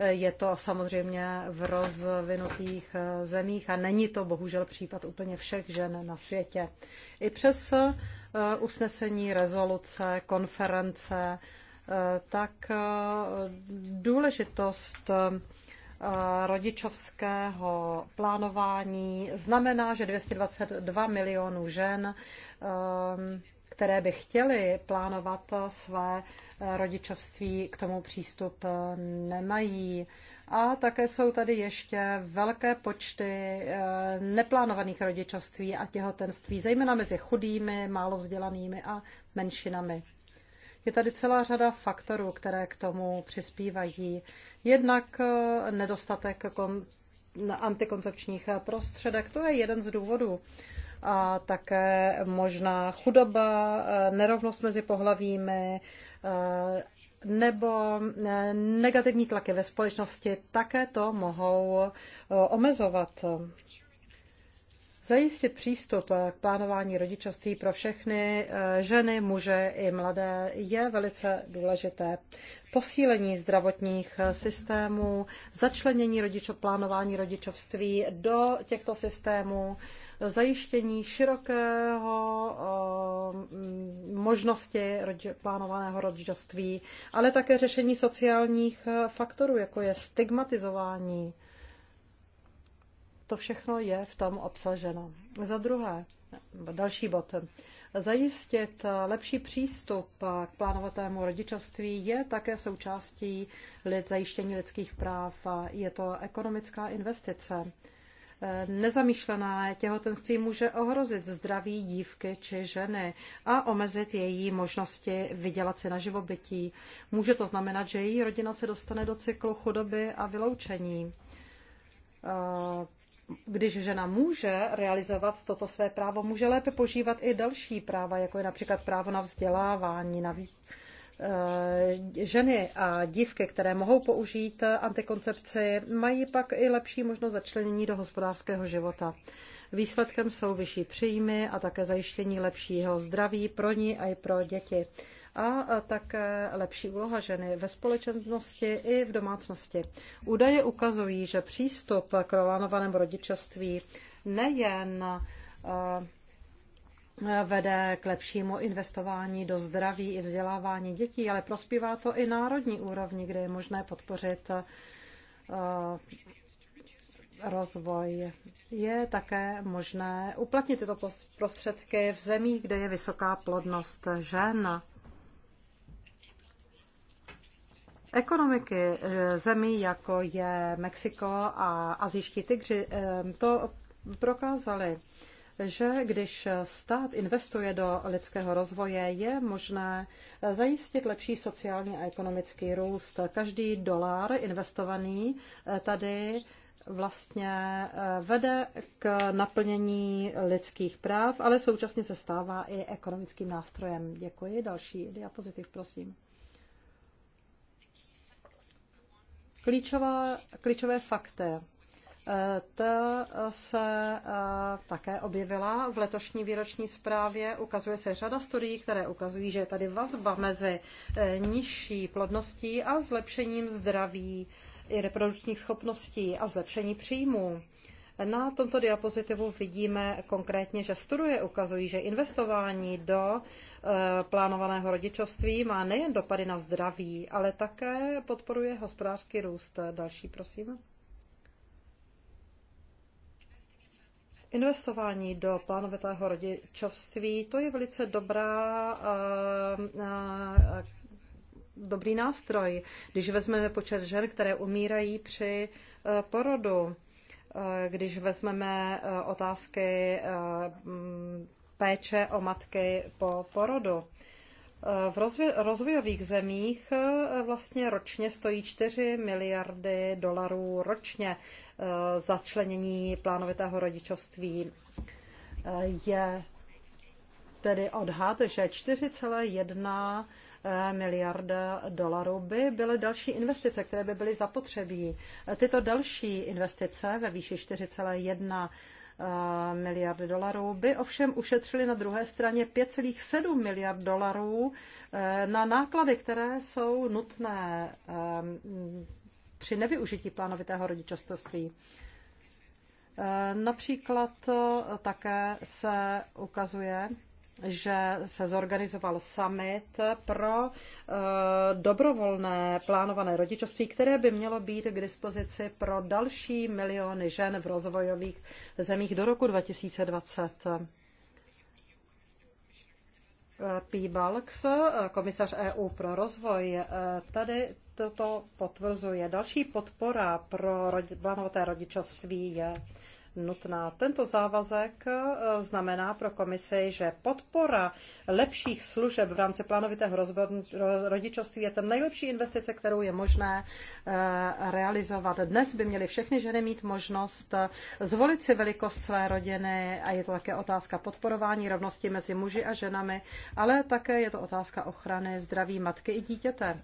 je to samozřejmě v rozvinutých eh, zemích a není to bohužel případ úplně všech žen na světě. I přes eh, usnesení, rezoluce, konference, eh, tak důležitost rodičovského plánování znamená, že 222 milionů žen které by chtěly plánovat své eh, rodičovství, k tomu přístup eh, nemají. A také jsou tady ještě velké počty eh, neplánovaných rodičovství a těhotenství, zejména mezi chudými, málo vzdělanými a menšinami. Je tady celá řada faktorů, které k tomu přispívají. Jednak nedostatek antikoncepčních prostředek, to je jeden z důvodů a také možná chudoba, eh, nerovnost mezi pohlavími eh, nebo eh, negativní tlaky ve společnosti také to mohou omezovat. Zajistit přístup k plánování rodičovství pro všechny ženy, muže i mladé je velice důležité. Posílení zdravotních systémů, začlenění rodičo, plánování rodičovství do těchto systémů zajištění širokého eh, možnosti plánovaného rodičovství, ale také řešení sociálních eh, faktorů, jako je stigmatizování. To všechno je v tom obsaženo. Za druhé, další bod. Zajistit lepší přístup k plánovatému rodičovství je také součástí lid, zajištění lidských práv. Je to ekonomická investice. Eh, Nezamýšlené těhotenství může ohrozit zdraví dívky či ženy a omezit její možnosti vydělat si na živobytí. Může to znamenat, že její rodina se dostane do cyklu chudoby a vyloučení eh, když žena může realizovat toto své právo, může lépe požívat i další práva, jako je například právo na vzdělávání, na, výchovu Eh, ženy a dívky, které mohou použít eh, antikoncepci, mají pak i lepší možnost začlenění do hospodářského života. Výsledkem jsou vyšší příjmy a také zajištění lepšího zdraví pro ní a i pro děti. A eh, také lepší úloha ženy ve společnosti i v domácnosti. Údaje ukazují, že přístup k plánovanému rodičovství nejen vede k lepšímu investování do zdraví i vzdělávání dětí, ale prospívá to i národní úrovni, kde je možné podpořit eh, rozvoj. Je také možné uplatnit tyto prostředky v zemích, kde je vysoká plodnost žen. Ekonomiky eh, zemí, jako je Mexiko a azijští tygři, eh, to prokázali že když stát investuje do lidského rozvoje, je možné zajistit lepší sociální a ekonomický růst. Každý dolar investovaný tady vlastně eh, vede k naplnění lidských práv, ale současně se stává i ekonomickým nástrojem. Děkuji. Další diapozitiv, prosím. Klíčová, klíčové fakty. Eh, ta se eh, také objevila v letošní výroční zprávě. Ukazuje se řada studií, které ukazují, že je tady vazba mezi eh, nižší plodností a zlepšením zdraví i reprodukčních schopností a zlepšení příjmů. Na tomto diapozitivu vidíme konkrétně, že studie ukazují, že investování do plánovaného rodičovství má nejen dopady na zdraví, ale také podporuje hospodářský růst. Další, prosím. Investování do plánovitého rodičovství, to je velice dobrá eh, eh, dobrý nástroj. Když vezmeme počet žen, které umírají při eh, porodu, když vezmeme otázky péče o matky po porodu. V rozvojových zemích eh, vlastně ročně stojí 4 miliardy dolarů ročně eh, začlenění plánovitého rodičovství. Eh, je tedy odhad, že 4,1 miliarda dolarů by byly další investice, které by byly zapotřebí. Tyto další investice ve výši 4,1 Eh, miliard dolarů, by ovšem ušetřili na druhé straně 5,7 miliard dolarů eh, na náklady, které jsou nutné eh, při nevyužití plánovitého rodičovství. Například také se ukazuje, že se zorganizoval summit pro eh, dobrovolné plánované rodičovství, které by mělo být k dispozici pro další miliony žen v rozvojových zemích do roku 2020. Eh, P. Balks, eh, komisař EU pro rozvoj, tady toto potvrzuje. Další podpora pro rodi- plánované rodičovství je nutná. Tento závazek e, znamená pro komisi, že podpora lepších služeb v rámci plánovitého rodičovství je ten nejlepší investice, kterou je možné e, realizovat. Dnes by měly všechny ženy mít možnost e, zvolit si velikost své rodiny a je to také otázka podporování rovnosti mezi muži a ženami, ale také je to otázka ochrany zdraví matky i dítěte.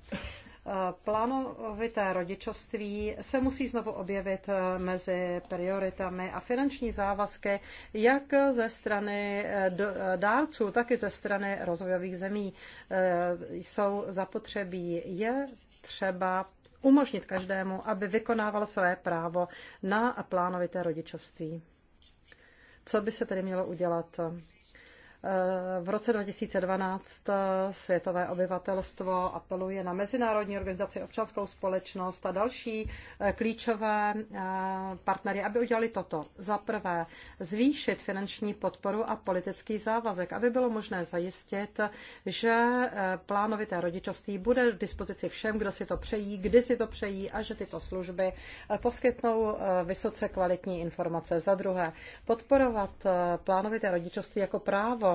Plánovité rodičovství se musí znovu objevit mezi prioritami a finanční závazky jak ze strany eh, eh, dárců, tak i ze strany rozvojových zemí eh, jsou zapotřebí. Je třeba umožnit každému, aby vykonával své právo na plánovité rodičovství. Co by se tedy mělo udělat? V roce 2012 eh, světové obyvatelstvo apeluje na Mezinárodní organizaci občanskou společnost a další eh, klíčové eh, partnery, aby udělali toto. Za prvé, zvýšit finanční podporu a politický závazek, aby bylo možné zajistit, že plánovité rodičovství bude k dispozici všem, kdo si to přejí, kdy si to přejí a že tyto služby poskytnou vysoce kvalitní informace. Za druhé, podporovat plánovité rodičovství jako právo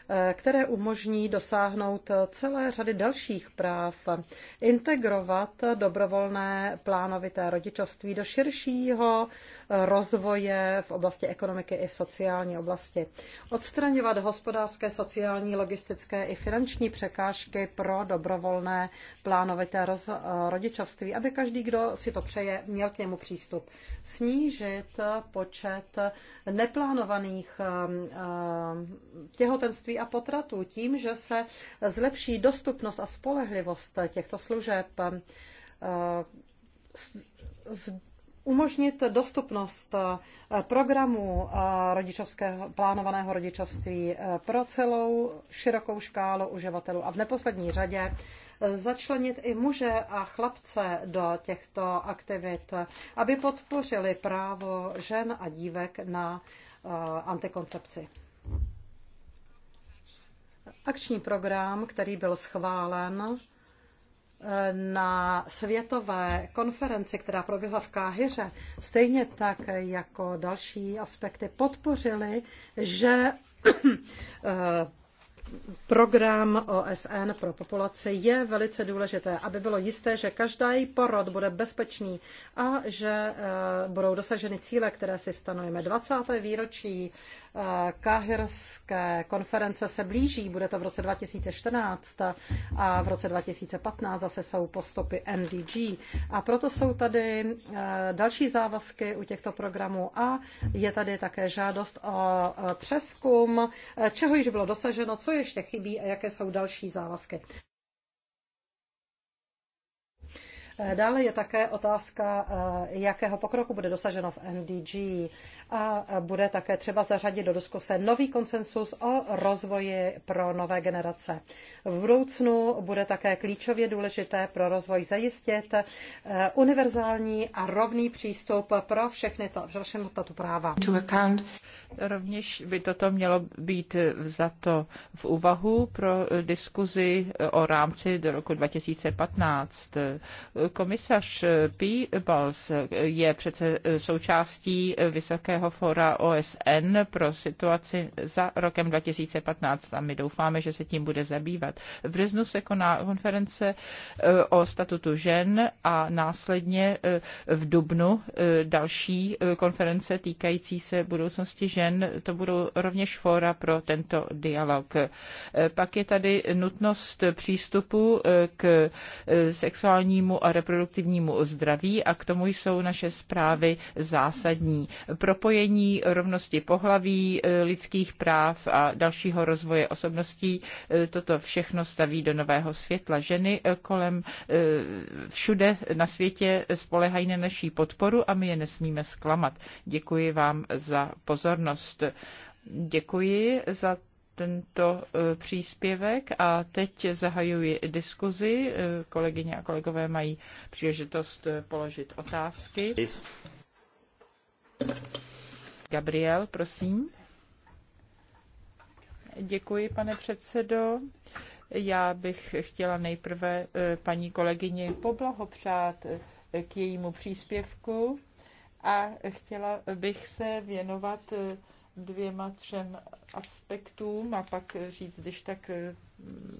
které umožní dosáhnout celé řady dalších práv, integrovat dobrovolné plánovité rodičovství do širšího rozvoje v oblasti ekonomiky i sociální oblasti, odstraňovat hospodářské, sociální, logistické i finanční překážky pro dobrovolné plánovité roz, rodičovství, aby každý, kdo si to přeje, měl k němu přístup, snížit počet neplánovaných eh, eh, těhotenství a potratů tím, že se zlepší dostupnost a spolehlivost těchto služeb, eh, umožnit dostupnost eh, programu eh, rodičovského, plánovaného rodičovství pro celou širokou škálu uživatelů a v neposlední řadě začlenit i muže a chlapce do těchto aktivit, aby podpořili právo žen a dívek na antikoncepci akční program, který byl schválen eh, na světové konferenci, která proběhla v Káhyře, stejně tak jako další aspekty podpořili, že eh, program OSN pro populace je velice důležité, aby bylo jisté, že každá její porod bude bezpečný a že eh, budou dosaženy cíle, které si stanovíme. 20. výročí Kahirské konference se blíží, bude to v roce 2014 a v roce 2015 zase jsou postupy NDG. A proto jsou tady eh, další závazky u těchto programů a je tady také žádost o eh, přeskum, eh, čeho již bylo dosaženo, co ještě chybí a jaké jsou další závazky. Dále je také otázka, jakého pokroku bude dosaženo v MDG a bude také třeba zařadit do diskuse nový konsensus o rozvoji pro nové generace. V budoucnu bude také klíčově důležité pro rozvoj zajistit eh, univerzální a rovný přístup pro všechny to, všechny tato práva. Rovněž by toto mělo být vzato v úvahu pro diskuzi o rámci do roku 2015. Komisař P. je přece součástí vysokého světového fóra OSN pro situaci za rokem 2015 a my doufáme, že se tím bude zabývat. V březnu se koná konference eh, o statutu žen a následně eh, v dubnu eh, další konference týkající se budoucnosti žen. To budou rovněž fóra pro tento dialog. Pak je tady nutnost přístupu k sexuálnímu a reproduktivnímu zdraví a k tomu jsou naše zprávy zásadní. Propoj propojení rovnosti pohlaví, eh, lidských práv a dalšího rozvoje osobností. Eh, toto všechno staví do nového světla. Ženy eh, kolem všude na světě spolehají na naší podporu a my je nesmíme zklamat. Děkuji vám za pozornost. Děkuji za tento příspěvek a teď zahajuji diskuzi. Kolegyně a kolegové mají příležitost položit otázky. Peace. Gabriel, prosím. Děkuji, pane předsedo. Já bych chtěla nejprve eh, paní kolegyni poblahopřát eh, k jejímu příspěvku a chtěla bych se věnovat eh, dvěma, třem aspektům a pak říct, když tak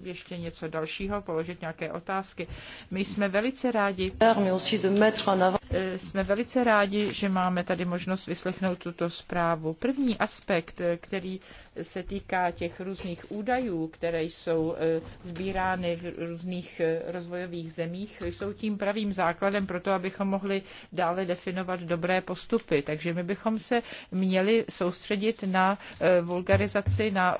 ještě něco dalšího, položit nějaké otázky. My jsme velice rádi, eh, jsme velice rádi, že máme tady možnost vyslechnout tuto zprávu. První aspekt, eh, který se týká těch různých údajů, které jsou eh, sbírány v různých rozvojových zemích, jsou tím pravým základem pro to, abychom mohli dále definovat dobré postupy. Takže my bychom se měli soustředit na vulgarizaci, na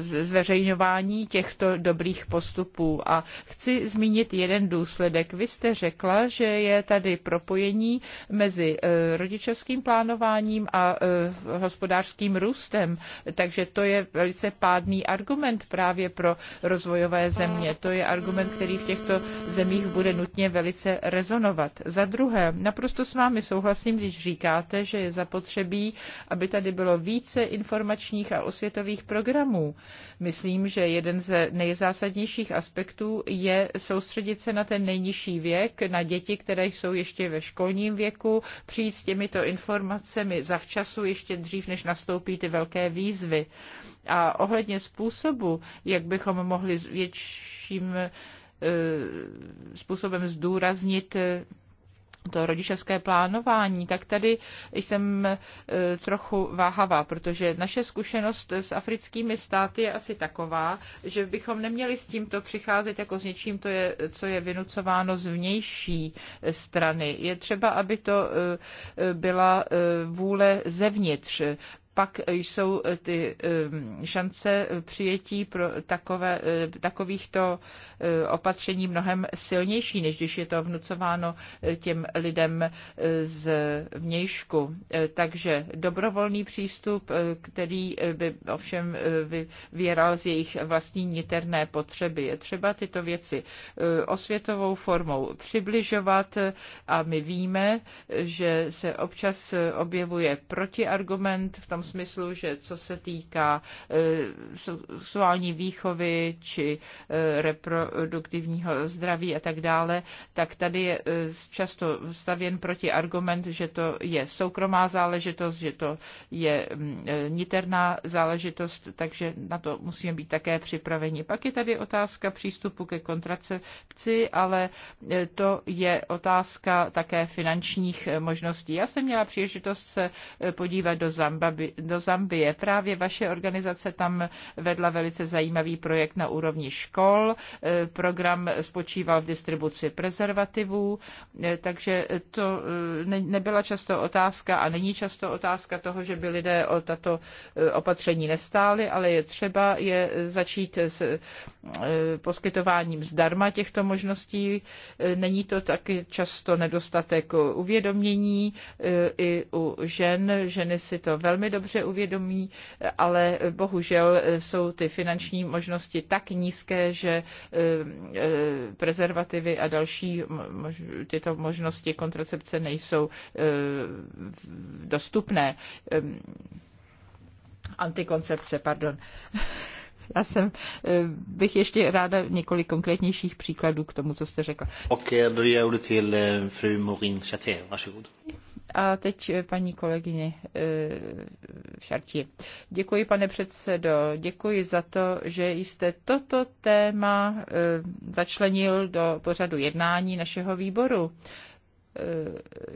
zveřejnění zveřejňování těchto dobrých postupů. A chci zmínit jeden důsledek. Vy jste řekla, že je tady propojení mezi eh, rodičovským plánováním a eh, hospodářským růstem, takže to je velice pádný argument právě pro rozvojové země. To je argument, který v těchto zemích bude nutně velice rezonovat. Za druhé, naprosto s vámi souhlasím, když říkáte, že je zapotřebí, aby tady bylo více informačních a osvětových programů. Myslím, myslím, že jeden z nejzásadnějších aspektů je soustředit se na ten nejnižší věk, na děti, které jsou ještě ve školním věku, přijít s těmito informacemi zavčasu ještě dřív, než nastoupí ty velké výzvy. A ohledně způsobu, jak bychom mohli s větším eh, způsobem zdůraznit to rodičovské plánování, tak tady jsem e, trochu váhavá, protože naše zkušenost s africkými státy je asi taková, že bychom neměli s tímto přicházet jako s něčím, to je, co je vynucováno z vnější e, strany. Je třeba, aby to e, byla vůle zevnitř pak jsou eh, ty ehm, šance přijetí pro takové, eh, takovýchto eh, opatření mnohem silnější, než když je to vnucováno těm lidem z vnějšku. Takže dobrovolný přístup, který by ovšem vyvíral z jejich vlastní niterné potřeby. Je třeba tyto věci osvětovou formou přibližovat a my víme, že se občas objevuje protiargument v tom tom smyslu, že co se týká eh, sexuální výchovy či eh, reproduktivního zdraví a tak dále, tak tady je eh, často stavěn proti argument, že to je soukromá záležitost, že to je mm, niterná záležitost, takže na to musíme být také připraveni. Pak je tady otázka přístupu ke kontracepci, ale to je otázka také finančních možností. Já jsem měla příležitost se podívat do Zambaby, do Zambie. Právě vaše organizace tam vedla velice zajímavý projekt na úrovni škol. E, program spočíval v distribuci prezervativů, e, takže to e, nebyla často otázka a není často otázka toho, že by lidé o tato opatření nestáli, ale je třeba je začít s poskytováním zdarma těchto možností. Není to taky často nedostatek uvědomění i u žen. Ženy si to velmi dobře dobře uvědomí, ale bohužel jsou ty finanční možnosti tak nízké, že eh, eh, prezervativy a další tyto možnosti kontracepce nejsou eh, dostupné. Ehm, antikoncepce, pardon. Já jsem, bych ještě ráda několik konkrétnějších příkladů k tomu, co jste řekla. Och då ger fru Morin Chaté. Varsågod. A teď eh, paní kolegyně eh, Šartí. Děkuji, pane předsedo, děkuji za to, že jste toto téma eh, začlenil do pořadu jednání našeho výboru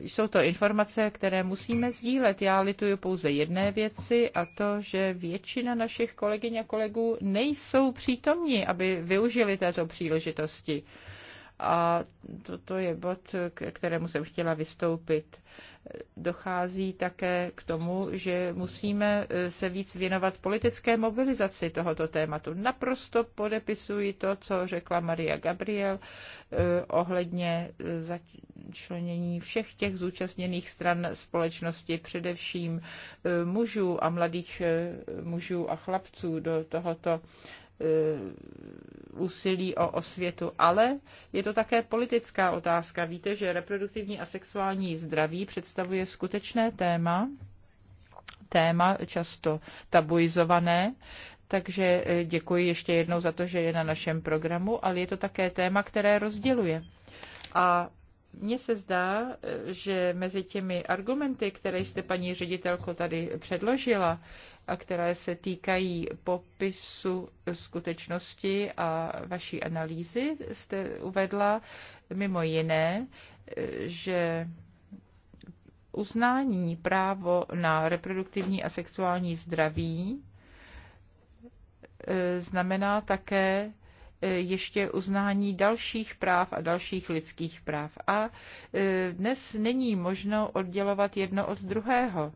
jsou to informace, které musíme sdílet. Já lituju pouze jedné věci a to, že většina našich kolegyň a kolegů nejsou přítomní, aby využili této příležitosti. A toto je bod, k kterému jsem chtěla vystoupit dochází také k tomu, že musíme eh, se víc věnovat politické mobilizaci tohoto tématu. Naprosto podepisuji to, co řekla Maria Gabriel eh, ohledně eh, začlenění všech těch zúčastněných stran společnosti, především mužů a mladých mužů a chlapců do tohoto Eh, úsilí o osvětu, ale je to také politická otázka. Víte, že reproduktivní a sexuální zdraví představuje skutečné téma, téma často tabuizované, takže eh, děkuji ještě jednou za to, že je na našem programu, ale je to také téma, které rozděluje. A mně se zdá, eh, že mezi těmi argumenty, které jste paní ředitelko tady předložila, a které se týkají popisu skutečnosti a vaší analýzy jste uvedla mimo jiné, že uznání právo na reproduktivní a sexuální zdraví eh, znamená také eh, ještě uznání dalších práv a dalších lidských práv. A eh, dnes není možno oddělovat jedno od druhého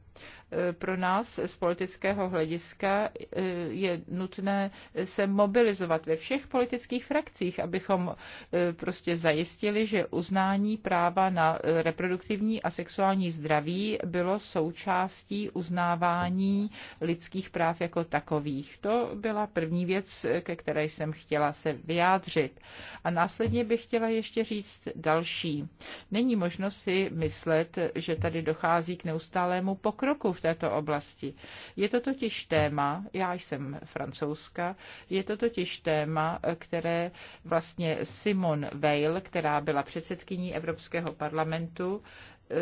pro nás z politického hlediska eh, je nutné se mobilizovat ve všech politických frakcích, abychom eh, prostě zajistili, že uznání práva na eh, reproduktivní a sexuální zdraví bylo součástí uznávání lidských práv jako takových. To byla první věc, ke které jsem chtěla se vyjádřit. A následně bych chtěla ještě říct další. Není možno si myslet, že tady dochází k neustálému pokroku v této oblasti. Je to totiž téma, já jsem francouzska, je to totiž téma, které vlastně Simone Weil, která byla předsedkyní Evropského parlamentu, eh,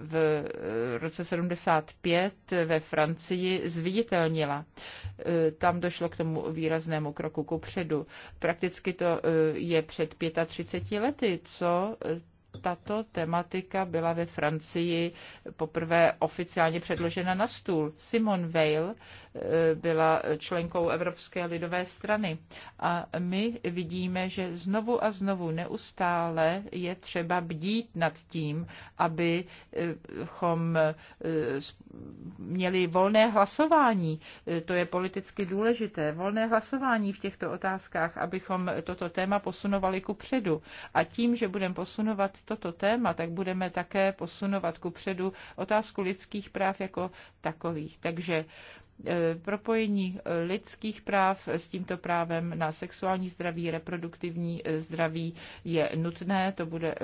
v roce 75 ve Francii zviditelnila. Eh, tam došlo k tomu výraznému kroku ku předu. Prakticky to eh, je před 35 lety, co tato tematika byla ve Francii poprvé oficiálně předložena na stůl. Simone Weil eh, byla členkou Evropské lidové strany a my vidíme, že znovu a znovu neustále je třeba bdít nad tím, abychom eh, eh, měli volné hlasování. To je politicky důležité. Volné hlasování v těchto otázkách, abychom toto téma posunovali ku předu. A tím, že budeme posunovat toto téma, tak budeme také posunovat ku předu otázku lidských práv jako takových. Takže Eh, propojení eh, lidských práv s tímto právem na sexuální zdraví, reproduktivní eh, zdraví je nutné. To bude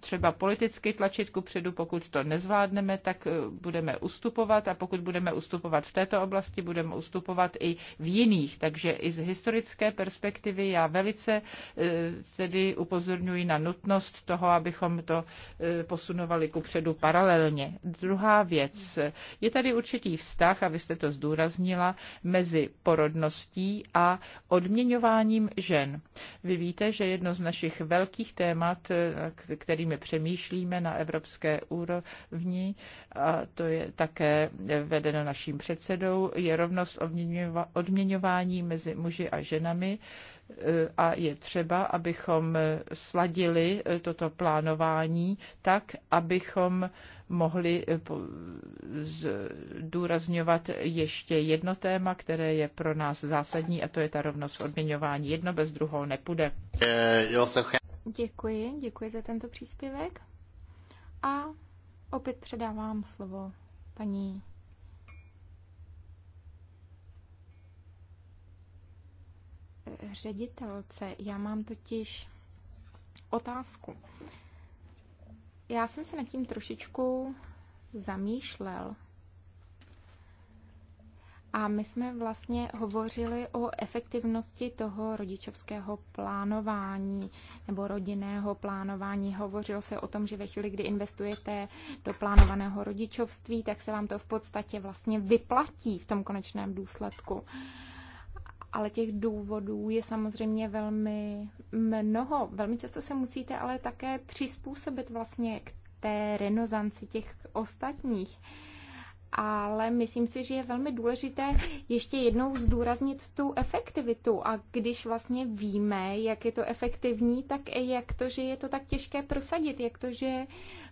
třeba politicky tlačit ku předu. Pokud to nezvládneme, tak budeme ustupovat a pokud budeme ustupovat v této oblasti, budeme ustupovat i v jiných. Takže i z historické perspektivy já velice tedy upozorňuji na nutnost toho, abychom to posunovali ku předu paralelně. Druhá věc. Je tady určitý vztah a vy jste to zdůraznila, mezi porodností a odměňováním žen. Vy víte, že jedno z našich velkých témat, eh, kterými přemýšlíme na evropské úrovni, a to je také vedeno naším předsedou, je rovnost odměňování mezi muži a ženami eh, a je třeba, abychom sladili eh, toto plánování tak, abychom mohli eh, zdůrazňovat ještě jedno téma, které je pro nás zásadní, a to je ta rovnost v odměňování. Jedno bez druhého nepůjde. Děkuji, děkuji za tento příspěvek. A opět předávám slovo paní ředitelce. Já mám totiž otázku já jsem se nad tím trošičku zamýšlel. A my jsme vlastně hovořili o efektivnosti toho rodičovského plánování nebo rodinného plánování. Hovořilo se o tom, že ve chvíli, kdy investujete do plánovaného rodičovství, tak se vám to v podstatě vlastně vyplatí v tom konečném důsledku. Uh, ale těch důvodů je samozřejmě velmi mnoho. Velmi často se musíte ale také přizpůsobit vlastně k té renozanci těch ostatních ale myslím si, že je velmi důležité ještě jednou zdůraznit tu efektivitu. A když vlastně víme, jak je to efektivní, tak jak to, že je to tak těžké prosadit, jak to, že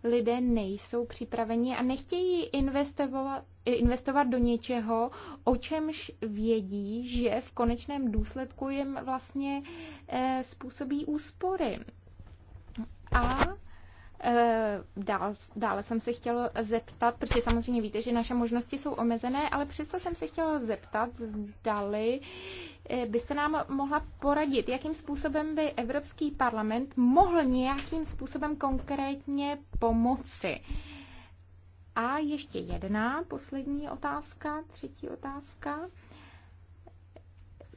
lidé nejsou připraveni a nechtějí investovat, investovat do něčeho, o čemž vědí, že v konečném důsledku jim vlastně eh, způsobí úspory. A Eh, dál, dále jsem se chtěla zeptat, protože samozřejmě víte, že naše možnosti jsou omezené, ale přesto jsem se chtěla zeptat, zdali eh, byste nám mohla poradit, jakým způsobem by Evropský parlament mohl nějakým způsobem konkrétně pomoci. A ještě jedna poslední otázka, třetí otázka.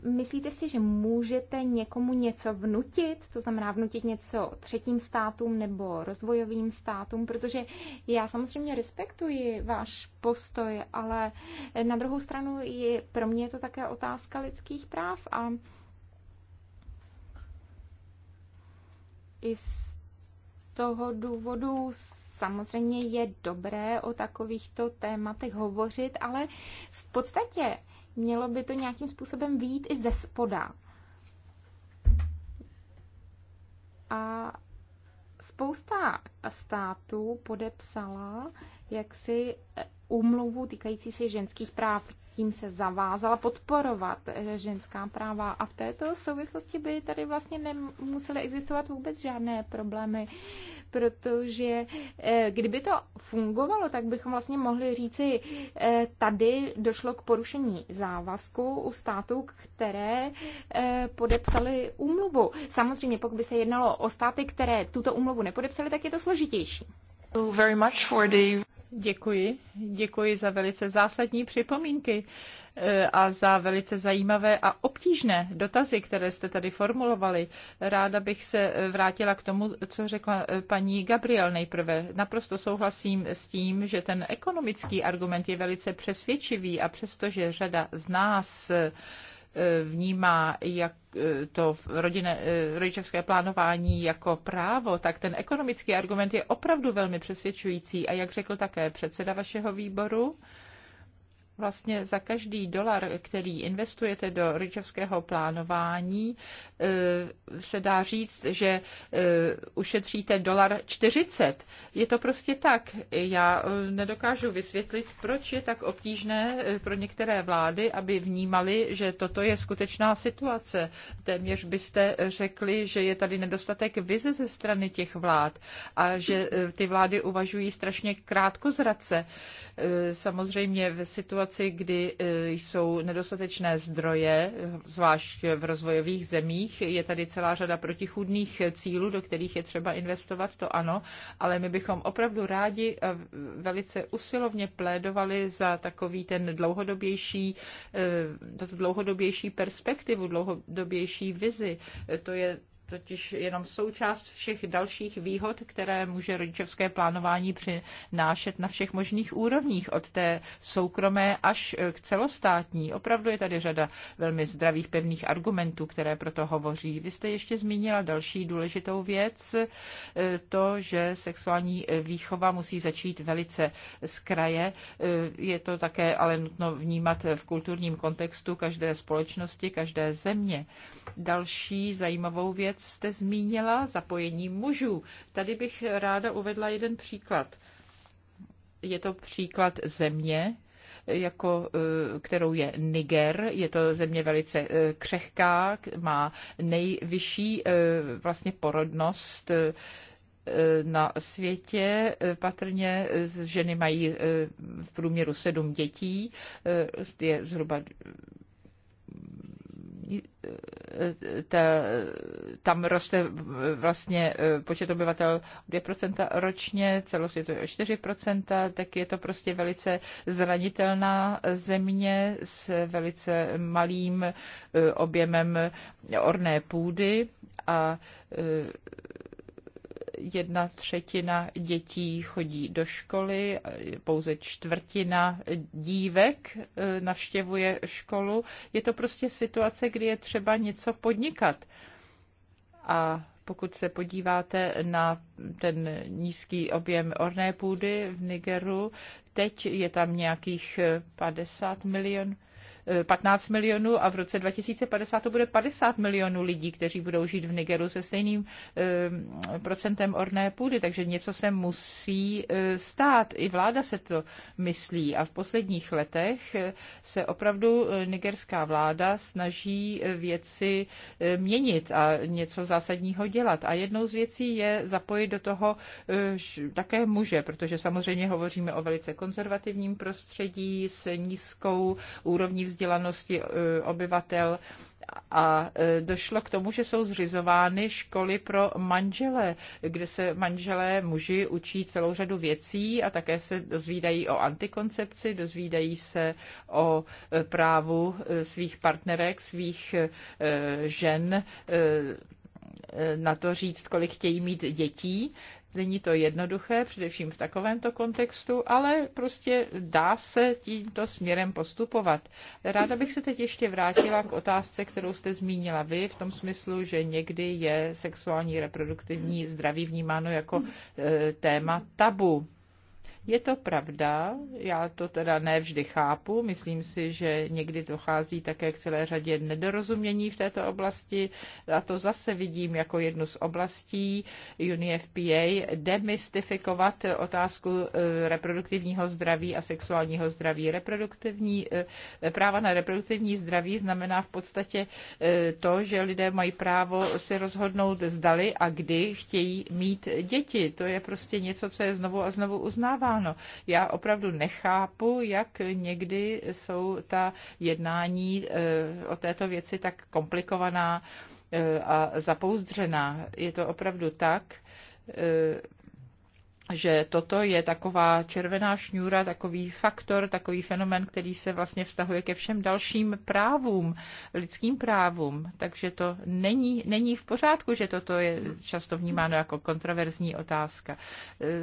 Myslíte si, že můžete někomu něco vnutit, to znamená vnutit něco třetím státům nebo rozvojovým státům, protože já samozřejmě respektuji váš postoj, ale na druhou stranu je, pro mě je to také otázka lidských práv a i z toho důvodu samozřejmě je dobré o takovýchto tématech hovořit, ale v podstatě Mělo by to nějakým způsobem výjít i ze spoda. A spousta států podepsala jaksi umluvu eh, týkající se ženských práv tím se zavázala podporovat eh, ženská práva a v této souvislosti by tady vlastně nemusely existovat vůbec žádné problémy, protože eh, kdyby to fungovalo, tak bychom vlastně mohli říci, eh, tady došlo k porušení závazku u států, které podepsali úmluvu. Samozřejmě, pokud by se jednalo o státy, které tuto úmluvu nepodepsali, tak je to složitější. Very much for the... Děkuji. Děkuji za velice zásadní připomínky eh, a za velice zajímavé a obtížné dotazy, které jste tady formulovali. Ráda bych se vrátila k tomu, co řekla eh, paní Gabriel nejprve. Naprosto souhlasím s tím, že ten ekonomický argument je velice přesvědčivý a přestože řada z nás eh, vnímá jak eh, to rodine, eh, rodičovské plánování jako právo, tak ten ekonomický argument je opravdu velmi přesvědčující. A jak řekl také předseda vašeho výboru, vlastně za každý dolar, který investujete do ryčovského plánování, eh, se dá říct, že eh, ušetříte dolar 40. Je to prostě tak. Já eh, nedokážu vysvětlit, proč je tak obtížné pro některé vlády, aby vnímali, že toto je skutečná situace. Téměř byste řekli, že je tady nedostatek vize ze strany těch vlád a že ty vlády uvažují strašně krátkozrace. Eh, samozřejmě v situaci, kdy eh, jsou nedostatečné zdroje, zvlášť v rozvojových zemích, je tady celá řada protichůdných cílů, do kterých je třeba investovat, to ano, ale my bychom opravdu rádi eh, velice usilovně plédovali za takový ten dlouhodobější, za tu dlouhodobější perspektivu, dlouhodobější vizi. To je totiž jenom součást všech dalších výhod, které může rodičovské plánování přinášet na všech možných úrovních, od té soukromé až eh, k celostátní. Opravdu je tady řada velmi zdravých, pevných argumentů, které proto hovoří. Vy jste ještě zmínila další důležitou věc, eh, to, že sexuální eh, výchova musí začít velice z kraje. Je to také ale nutno vnímat v kulturním kontextu každé společnosti, každé země. Další zajímavou věc, věc jste zmínila, zapojení mužů. Tady bych ráda uvedla jeden příklad. Je to příklad země, jako, eh, kterou je Niger. Je to země velice eh, křehká, má nejvyšší eh, vlastně porodnost na světě. Patrně ženy mají v průměru sedm dětí, je zhruba ta, tam roste vlastně e, počet obyvatel 2% ročně, celosvětově o 4%, tak je to prostě velice zranitelná země s velice malým e, objemem orné půdy a e, jedna třetina dětí chodí do školy, pouze čtvrtina dívek e, navštěvuje školu. Je to prostě situace, kdy je třeba něco podnikat. A pokud se podíváte na ten nízký objem orné půdy v Nigeru, teď je tam nějakých 50 e, milionů. 15 milionů a v roce 2050 to bude 50 milionů lidí, kteří budou žít v Nigeru se stejným eh, procentem orné půdy, takže něco se musí eh, stát. I vláda se to myslí a v posledních letech eh, se opravdu nigerská vláda snaží věci měnit a něco zásadního dělat. A jednou z věcí je zapojit do toho také muže, protože samozřejmě hovoříme o velice konzervativním prostředí s nízkou úrovní vzdělání vzdělanosti e, obyvatel a e, došlo k tomu, že jsou zřizovány školy pro manžele, kde se manželé muži učí celou řadu věcí a také se dozvídají o antikoncepci, dozvídají se o e, právu svých partnerek, svých žen na to říct, kolik chtějí mít dětí. Není to jednoduché, především v takovémto kontextu, ale prostě dá se tímto směrem postupovat. Ráda bych se teď ještě vrátila k otázce, kterou jste zmínila vy, v tom smyslu, že někdy je sexuální reproduktivní zdraví vnímáno jako e, téma tabu je to pravda, já to teda nevždy chápu, myslím si, že někdy dochází také k celé řadě nedorozumění v této oblasti a to zase vidím jako jednu z oblastí UNFPA demystifikovat otázku eh, reproduktivního zdraví a sexuálního zdraví. Reproduktivní, eh, práva na reproduktivní zdraví znamená v podstatě eh, to, že lidé mají právo si rozhodnout zdali a kdy chtějí mít děti. To je prostě něco, co je znovu a znovu uznáváno ano. Já opravdu nechápu, jak někdy jsou ta jednání eh, o této věci tak komplikovaná eh, a zapouzdřená. Je to opravdu tak, eh, že toto je taková červená šňůra, takový faktor, takový fenomen, který se vlastně vztahuje ke všem dalším právům, lidským právům. Takže to není, není v pořádku, že toto je často vnímáno jako kontroverzní otázka.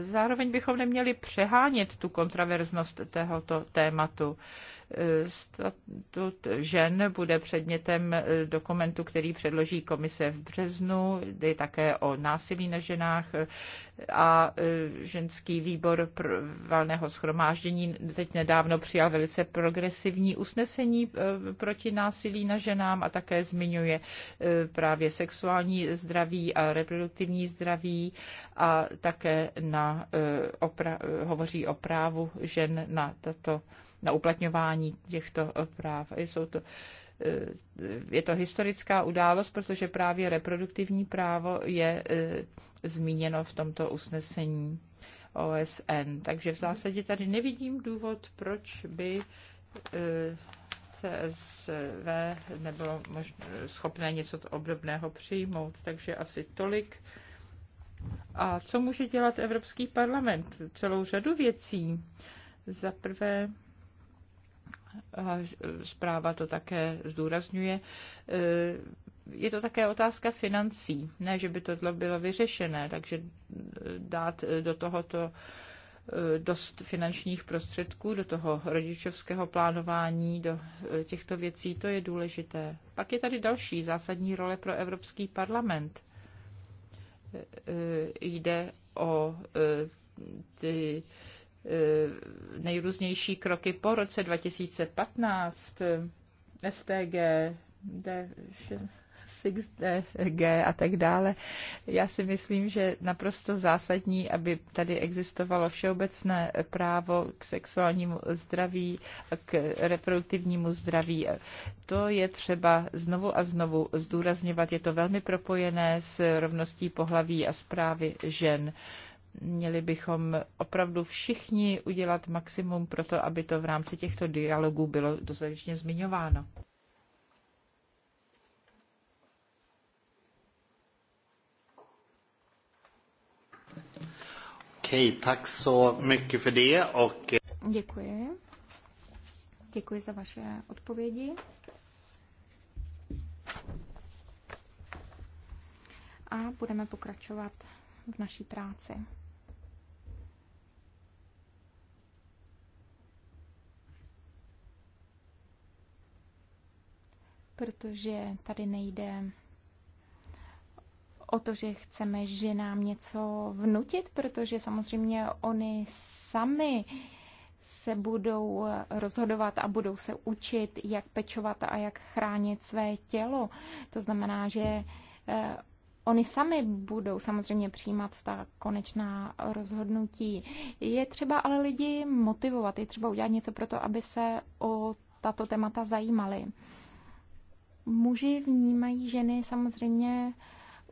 Zároveň bychom neměli přehánět tu kontroverznost tohoto tématu. Statut žen bude předmětem eh, dokumentu, který předloží komise v březnu, jde také o násilí na ženách eh, a eh, ženský výbor valného schromáždění teď nedávno přijal velice progresivní usnesení proti násilí na ženám a také zmiňuje právě sexuální zdraví a reproduktivní zdraví a také na, opra, hovoří o právu žen na tato na uplatňování těchto eh, práv. Jsou to, eh, je to historická událost, protože právě reproduktivní právo je eh, zmíněno v tomto usnesení OSN. Takže v zásadě tady nevidím důvod, proč by CSV nebylo možno, schopné něco obdobného přijmout. Takže asi tolik. A co může dělat Evropský parlament? Celou řadu věcí. Za prvé, a zpráva to také zdůrazňuje, e, je to také otázka financí. Ne, že by tohle bylo vyřešené, takže dát do tohoto e, dost finančních prostředků do toho rodičovského plánování, do e, těchto věcí, to je důležité. Pak je tady další zásadní role pro Evropský parlament. Jde o ty Eh, nejrůznější kroky po roce 2015, eh, STG, D, 6G a tak dále. Já si myslím, že naprosto zásadní, aby tady existovalo všeobecné právo k sexuálnímu zdraví, k reproduktivnímu zdraví. To je třeba znovu a znovu zdůrazňovat. Je to velmi propojené s rovností pohlaví a zprávy žen. Měli bychom opravdu všichni udělat maximum pro to, aby to v rámci těchto dialogů bylo dostatečně zmiňováno. Okay, tak so mycket för det och... Děkuji. Děkuji za vaše odpovědi. A budeme pokračovat v naší práci. protože tady nejde o to, že chceme ženám něco vnutit, protože samozřejmě oni sami se budou rozhodovat a budou se učit, jak pečovat a jak chránit své tělo. To znamená, že eh, Oni sami budou samozřejmě přijímat ta konečná rozhodnutí. Je třeba ale lidi motivovat, je třeba udělat něco pro to, aby se o tato témata zajímali muži vnímají ženy samozřejmě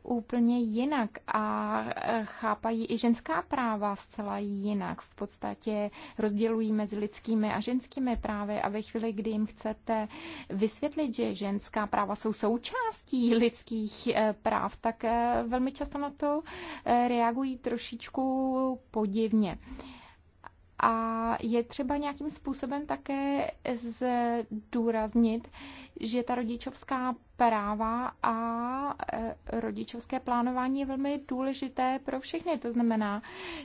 úplně jinak a e, chápají i ženská práva zcela jinak. V podstatě rozdělují mezi lidskými a ženskými právy a ve chvíli, kdy jim chcete vysvětlit, že ženská práva jsou součástí lidských e, práv, tak e, velmi často na to reagují trošičku podivně. A je třeba nějakým způsobem také zdůraznit, že ta rodičovská práva a e, rodičovské plánování je velmi důležité pro všechny. To znamená,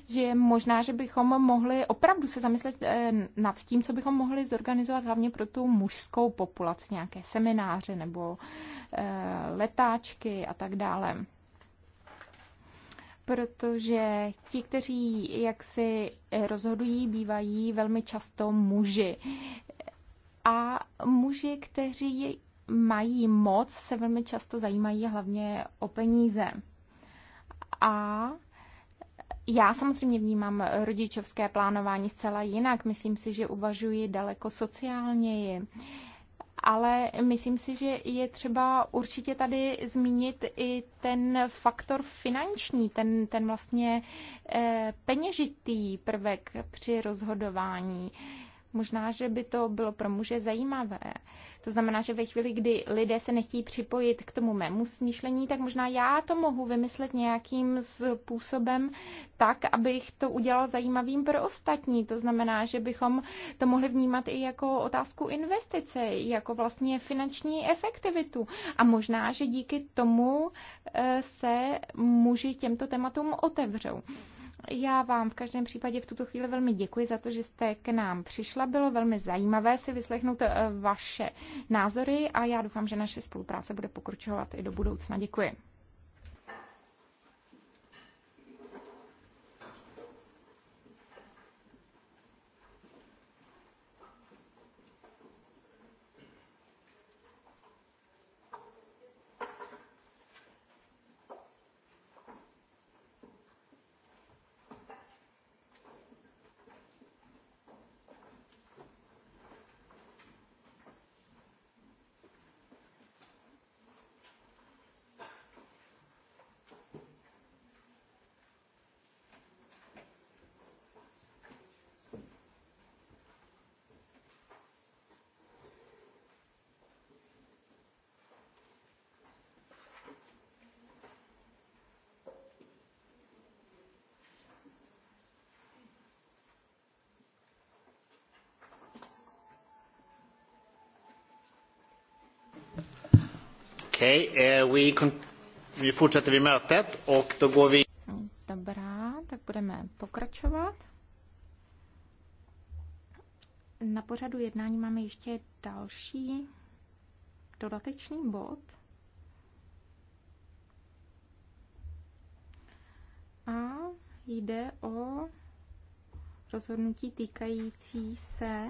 že možná, že bychom mohli opravdu se zamyslet e, nad tím, co bychom mohli zorganizovat hlavně pro tu mužskou populaci, nějaké semináře nebo e, letáčky a tak dále protože ti, kteří jak si rozhodují, bývají velmi často muži. A muži, kteří mají moc, se velmi často zajímají hlavně o peníze. A já samozřejmě vnímám rodičovské plánování zcela jinak. Myslím si, že uvažuji daleko sociálněji ale myslím si, že je třeba určitě tady zmínit i ten faktor finanční, ten, ten vlastně eh, peněžitý prvek při rozhodování. Možná, že by to bylo pro muže zajímavé. To znamená, že ve chvíli, kdy lidé se nechtí připojit k tomu mému smýšlení, tak možná já to mohu vymyslet nějakým způsobem tak, abych to udělal zajímavým pro ostatní. To znamená, že bychom to mohli vnímat i jako otázku investice, jako vlastně finanční efektivitu. A možná, že díky tomu eh, se muži těmto tématům otevřou. Já vám v každém případě v tuto chvíli velmi děkuji za to, že jste k nám přišla. Bylo velmi zajímavé si vyslechnout eh, vaše názory a já doufám, že naše spolupráce bude pokračovat i do budoucna. Děkuji. Okej, okay, uh, eh, vi fortsätter vid mötet och då går vi... Dobrá, tak budeme pokračovat. Na pořadu jednání máme ještě další dodatečný bod. A jde o rozhodnutí týkající se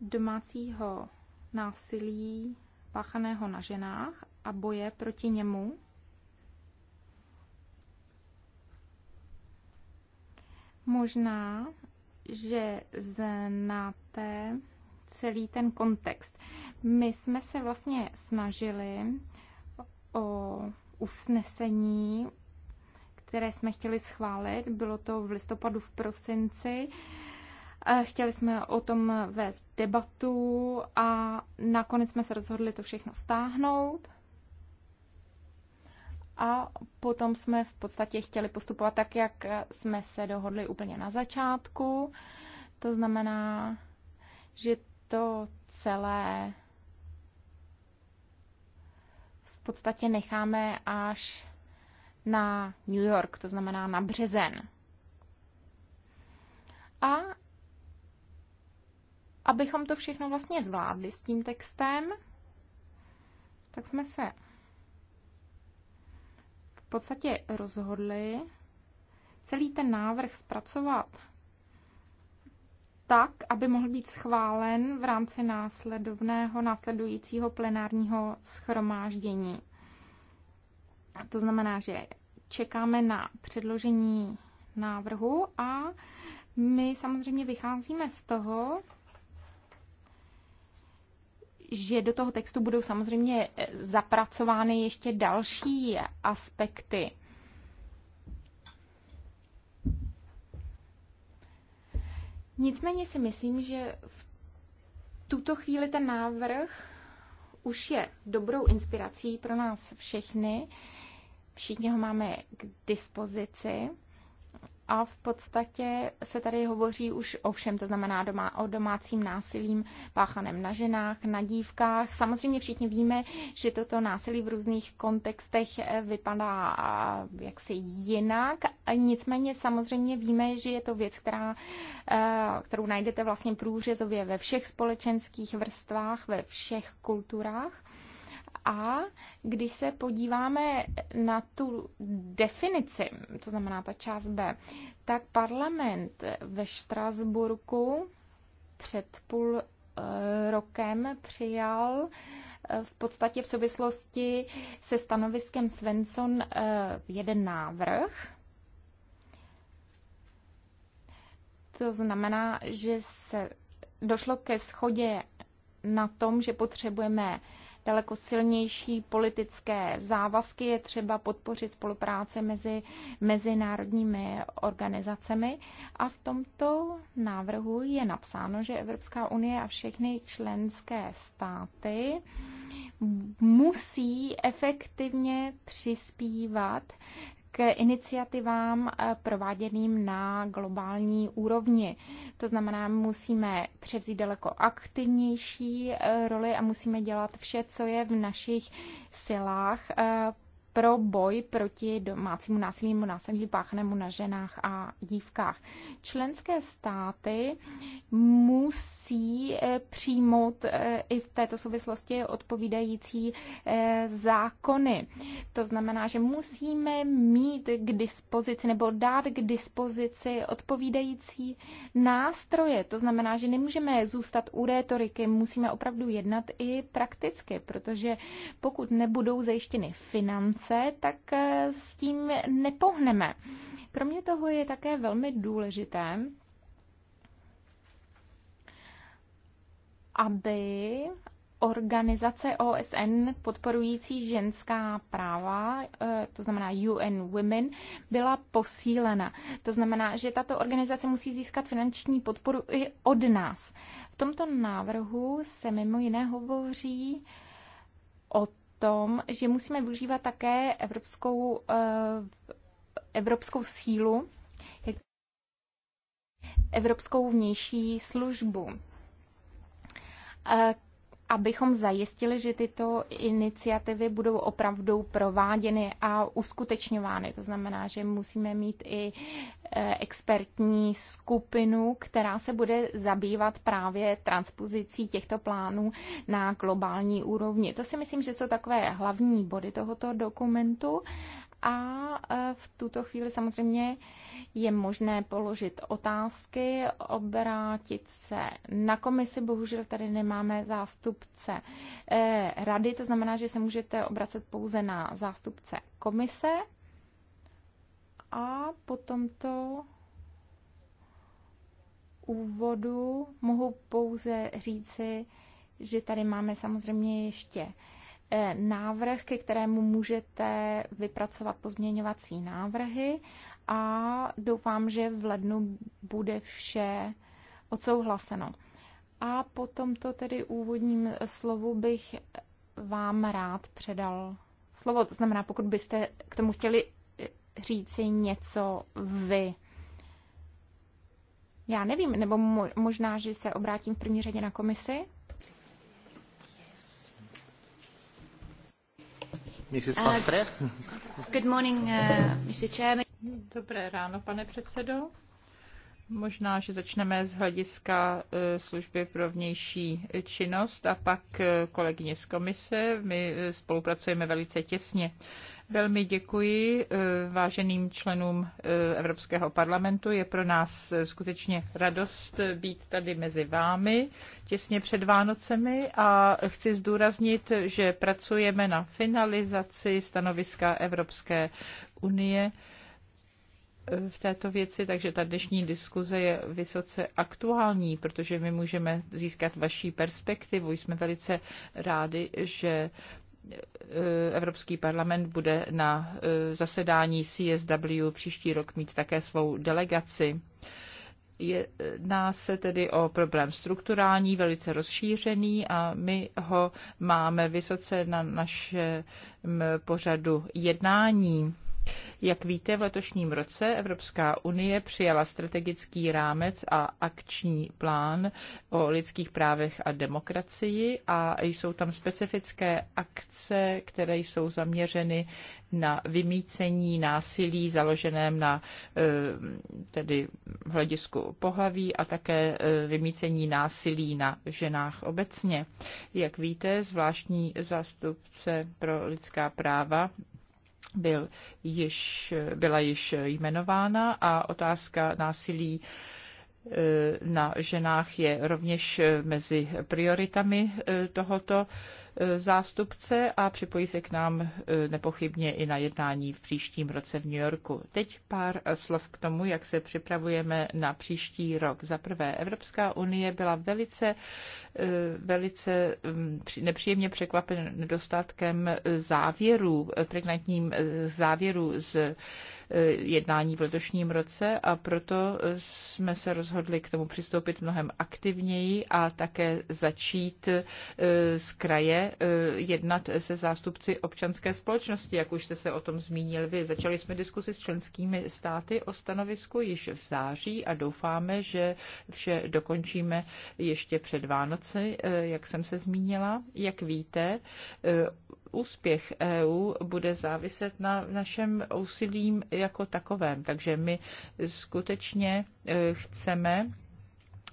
domácího násilí páchaného na ženách a boje proti němu. Možná, že znáte celý ten kontext. My jsme se vlastně snažili o usnesení, které jsme chtěli schválit. Bylo to v listopadu v prosinci. Eh, chtěli jsme o tom vést debatu a nakonec jsme se rozhodli to všechno stáhnout. A potom jsme v podstatě chtěli postupovat tak, jak eh, jsme se dohodli úplně na začátku. To znamená, že to celé v podstatě necháme až na New York, to znamená na březen. A abychom to všechno vlastně zvládli s tím textem, tak jsme se v podstatě rozhodli celý ten návrh zpracovat tak, aby mohl být schválen v rámci následovného, následujícího plenárního schromáždění. A to znamená, že čekáme na předložení návrhu a my samozřejmě vycházíme z toho, že do toho textu budou samozřejmě eh, zapracovány ještě další aspekty. Nicméně si myslím, že v tuto chvíli ten návrh už je dobrou inspirací pro nás všechny. Všichni ho máme k dispozici a v podstatě se tady hovoří už o všem, to znamená doma, o domácím násilím páchaném na ženách, na dívkách. Samozřejmě všichni víme, že toto násilí v různých kontextech vypadá jaksi jinak, nicméně samozřejmě víme, že je to věc, která, eh, kterou najdete vlastně průřezově ve všech společenských vrstvách, ve všech kulturách. A když se podíváme na tu definici, to znamená ta část B, tak parlament ve Štrasburku před půl eh, rokem přijal eh, v podstatě v souvislosti se stanoviskem Svensson eh, jeden návrh. To znamená, že se došlo ke schodě na tom, že potřebujeme daleko silnější politické závazky, je třeba podpořit spolupráci mezi mezinárodními organizacemi a v tomto návrhu je napsáno, že Evropská unie a všechny členské státy musí efektivně přispívat k iniciativám eh, prováděným na globální úrovni. To znamená, musíme převzít daleko aktivnější eh, roli a musíme dělat vše, co je v našich silách eh, pro boj proti domácímu násilnímu násilí páchnému na ženách a dívkách. Členské státy musí eh, přijmout eh, i v této souvislosti odpovídající eh, zákony. To znamená, že musíme mít k dispozici nebo dát k dispozici odpovídající nástroje. To znamená, že nemůžeme zůstat u rétoriky, musíme opravdu jednat i prakticky, protože pokud nebudou zajištěny finance, rámce, tak eh, s tím nepohneme. Kromě toho je také velmi důležité, aby organizace OSN podporující ženská práva, eh, to znamená UN Women, byla posílena. To znamená, že tato organizace musí získat finanční podporu i od nás. V tomto návrhu se mimo jiné hovoří o tom, že musíme využívat také evropskou, eh, evropskou sílu, evropskou vnější službu eh, abychom zajistili, že tyto iniciativy budou opravdu prováděny a uskutečňovány. To znamená, že musíme mít i eh, expertní skupinu, která se bude zabývat právě transpozicí těchto plánů na globální úrovni. To si myslím, že jsou takové hlavní body tohoto dokumentu a e, v tuto chvíli samozřejmě je možné položit otázky, obrátit se na komisi. Bohužel tady nemáme zástupce e, rady, to znamená, že se můžete obracet pouze na zástupce komise. A po tomto úvodu mohu pouze říci, že tady máme samozřejmě ještě E, návrh, ke kterému můžete vypracovat pozměňovací návrhy a doufám, že v lednu bude vše odsouhlaseno. A po tomto tedy úvodním slovu bych vám rád předal slovo. To znamená, pokud byste k tomu chtěli e, říci něco vy. Já nevím, nebo možná, že se obrátím v první řadě na komisi. Eh, eh, Dobré ráno, pane předsedo. Možná, že začneme z hlediska eh, služby pro vnější činnost a pak kolegyně z komise. My spolupracujeme velice těsně. Velmi děkuji eh, váženým členům eh, Evropského parlamentu. Je pro nás eh, skutečně radost být tady mezi vámi těsně před Vánocemi a chci zdůraznit, že pracujeme na finalizaci stanoviska Evropské unie v této věci, takže ta dnešní diskuze je vysoce aktuální, protože my můžeme získat vaší perspektivu. Jsme velice rádi, že Evropský parlament bude na eh, zasedání CSW příští rok mít také svou delegaci. Jedná se tedy o problém strukturální, velice rozšířený a my ho máme vysoce na našem pořadu jednání. Jak víte, v letošním roce Evropská unie přijala strategický rámec a akční plán o lidských právech a demokracii a jsou tam specifické akce, které jsou zaměřeny na vymícení násilí založeném na eh, tedy hledisku pohlaví a také eh, vymícení násilí na ženách obecně. Jak víte, zvláštní zástupce pro lidská práva byl již, byla již jmenována a otázka násilí eh, na ženách je rovněž eh, mezi prioritami eh, tohoto zástupce a připojí se k nám e, nepochybně i na jednání v příštím roce v New Yorku. Teď pár slov k tomu, jak se připravujeme na příští rok. Za prvé, Evropská unie byla velice, e, velice nepříjemně překvapen nedostatkem závěrů, pregnantním e, závěrů z Eh, jednání v letošním roce a proto eh, jsme se rozhodli k tomu přistoupit mnohem aktivněji a také začít eh, z kraje jednat se zástupci občanské společnosti, jak už jste se o tom zmínil vy. Začali jsme diskusi s členskými státy o stanovisku již v září a doufáme, že vše dokončíme ještě před Vánoci, jak jsem se zmínila. Jak víte, úspěch EU bude záviset na našem úsilím jako takovém. Takže my skutečně e, chceme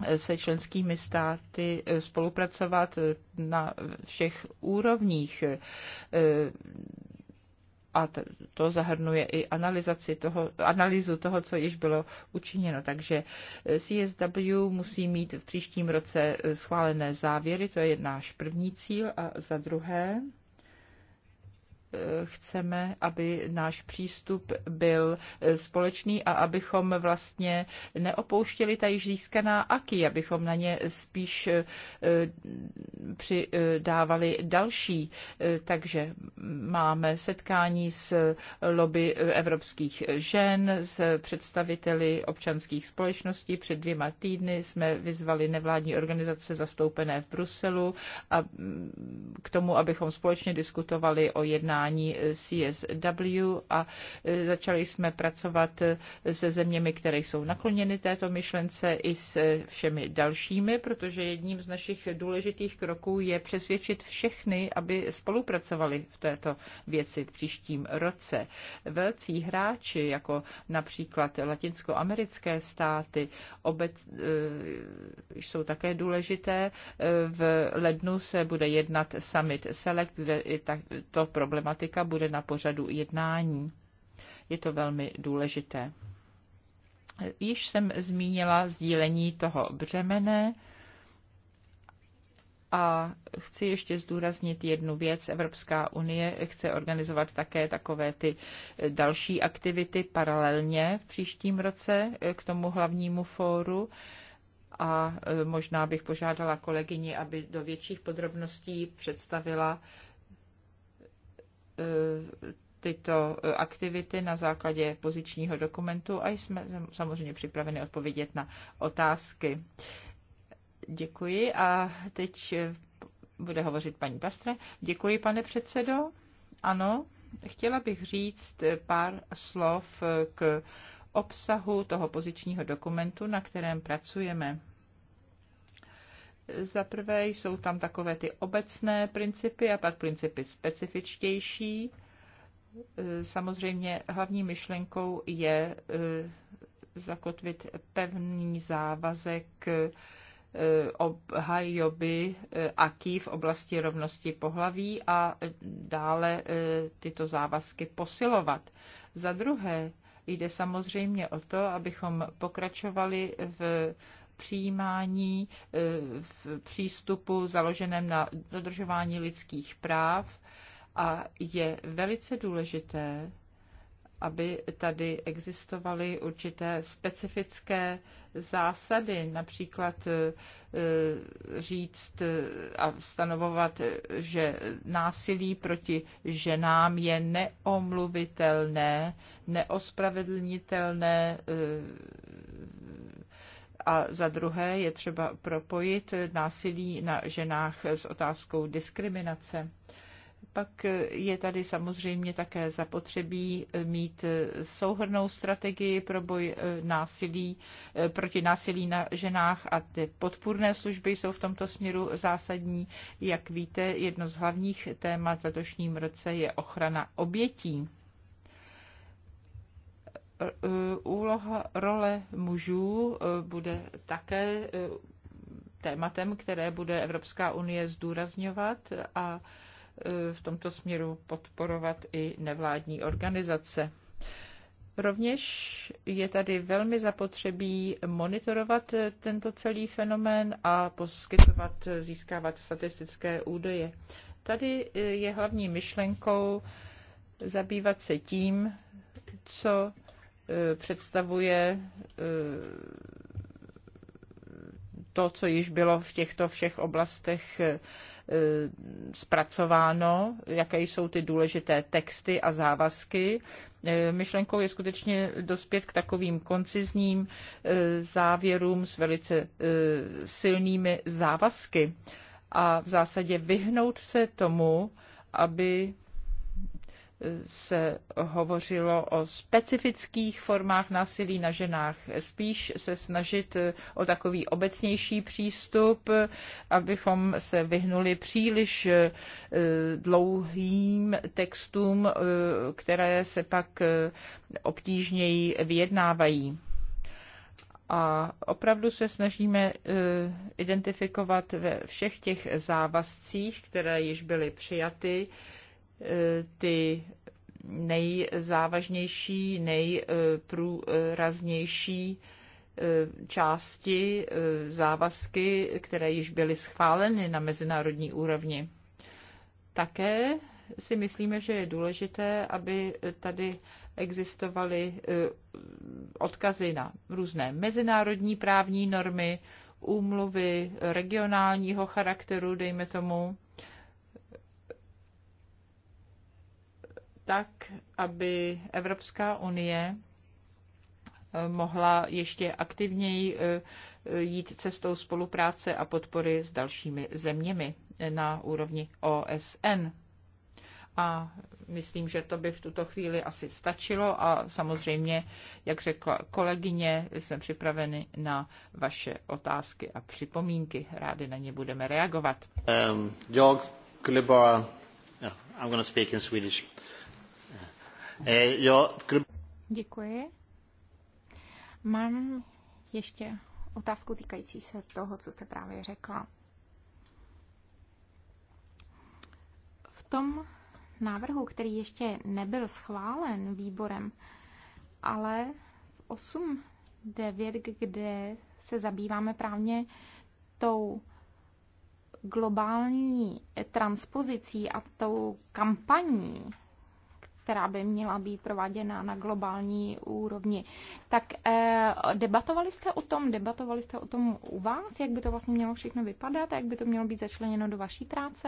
e, se členskými státy e, spolupracovat na všech úrovních a to zahrnuje i analyzaci toho, analýzu toho, co již bylo učiněno. Takže CSW musí mít v příštím roce schválené závěry, to je náš první cíl. A za druhé, chceme, aby náš přístup byl společný a abychom vlastně neopouštěli ta již získaná aky, abychom na ně spíš eh, přidávali další. Eh, takže máme setkání s lobby evropských žen, s představiteli občanských společností. Před dvěma týdny jsme vyzvali nevládní organizace zastoupené v Bruselu a mm, k tomu, abychom společně diskutovali o jednání jednání eh, CSW a eh, začali jsme pracovat eh, se zeměmi, které jsou nakloněny této myšlence i s všemi dalšími, protože jedním z našich důležitých kroků je přesvědčit všechny, aby spolupracovali v této věci v příštím roce. Velcí hráči, jako například latinskoamerické státy, obec, jsou také důležité. V lednu se bude jednat summit Select, kde je to problém problematika bude na pořadu jednání. Je to velmi důležité. Již jsem zmínila sdílení toho břemene a chci ještě zdůraznit jednu věc. Evropská unie chce organizovat také takové ty další aktivity paralelně v příštím roce k tomu hlavnímu fóru a možná bych požádala kolegyni, aby do větších podrobností představila Eh, tyto eh, aktivity na základě pozičního dokumentu a jsme samozřejmě připraveni odpovědět na otázky. Děkuji a teď eh, bude hovořit paní Pastre. Děkuji, pane předsedo. Ano, chtěla bych říct pár slov k obsahu toho pozičního dokumentu, na kterém pracujeme. Za prvé jsou tam takové ty obecné principy a pak principy specifičtější. E, samozřejmě hlavní myšlenkou je e, zakotvit pevný závazek e, obhajoby AKI v oblasti rovnosti pohlaví a dále tyto závazky posilovat. Za druhé jde samozřejmě o to, abychom pokračovali v přijímání eh, v přístupu založeném na dodržování lidských práv a je velice důležité, aby tady existovaly určité specifické zásady, například eh, říct eh, a stanovovat, že násilí proti ženám je neomluvitelné, neospravedlnitelné a za druhé je třeba propojit násilí na ženách s otázkou diskriminace. Pak je tady samozřejmě také zapotřebí mít souhrnou strategii pro boj e, násilí, e, proti násilí na ženách a ty podpůrné služby jsou v tomto směru zásadní. Jak víte, jedno z hlavních témat v letošním roce je ochrana obětí. Eh, úloha role mužů eh, bude také eh, tématem, které bude Evropská unie zdůrazňovat a v tomto směru podporovat i nevládní organizace. Rovněž je tady velmi zapotřebí monitorovat tento celý fenomén a poskytovat, získávat statistické údaje. Tady je hlavní myšlenkou zabývat se tím, co Eh, představuje eh, to, co již bylo v těchto všech oblastech eh, zpracováno, jaké jsou ty důležité texty a závazky. Myšlenkou je skutečně dospět k takovým koncizním závěrům s velice silnými závazky a v zásadě vyhnout se tomu, aby se hovořilo o specifických formách násilí na ženách. Spíš se snažit eh, o takový obecnější přístup, abychom se vyhnuli příliš eh, dlouhým textům, eh, které se pak obtížněji vyjednávají a opravdu se snažíme identifikovat ve všech těch závazcích, které již byly přijaty, ty nejzávažnější, nejprůraznější eh, části, eh, závazky, které již byly schváleny na mezinárodní úrovni. Také si myslíme, že je důležité, aby tady existovaly eh, odkazy na různé mezinárodní právní normy, úmluvy regionálního charakteru, dejme tomu, tak, aby Evropská unie eh, mohla ještě aktivněji eh, jít cestou spolupráce a podpory s dalšími zeměmi eh, na úrovni OSN. A myslím, že to by v tuto chvíli asi stačilo a samozřejmě, jak řekla kolegyně, jsme připraveni na vaše otázky a připomínky. Rádi na ně budeme reagovat. Um, jag Yeah, I'm going to speak in Swedish. Eh, Děkuji. Mám ještě otázku týkající se toho, co jste právě řekla. V tom návrhu, který ještě nebyl schválen výborem, ale v 8.9, kde se zabýváme právě tou globální transpozicí a tou kampaní která by měla být prováděna na globální úrovni. Tak eh, debatovali jste o tom, debatovali jste o tom u vás, jak by to vlastně mělo všechno vypadat, jak by to mělo být začleněno do vaší práce?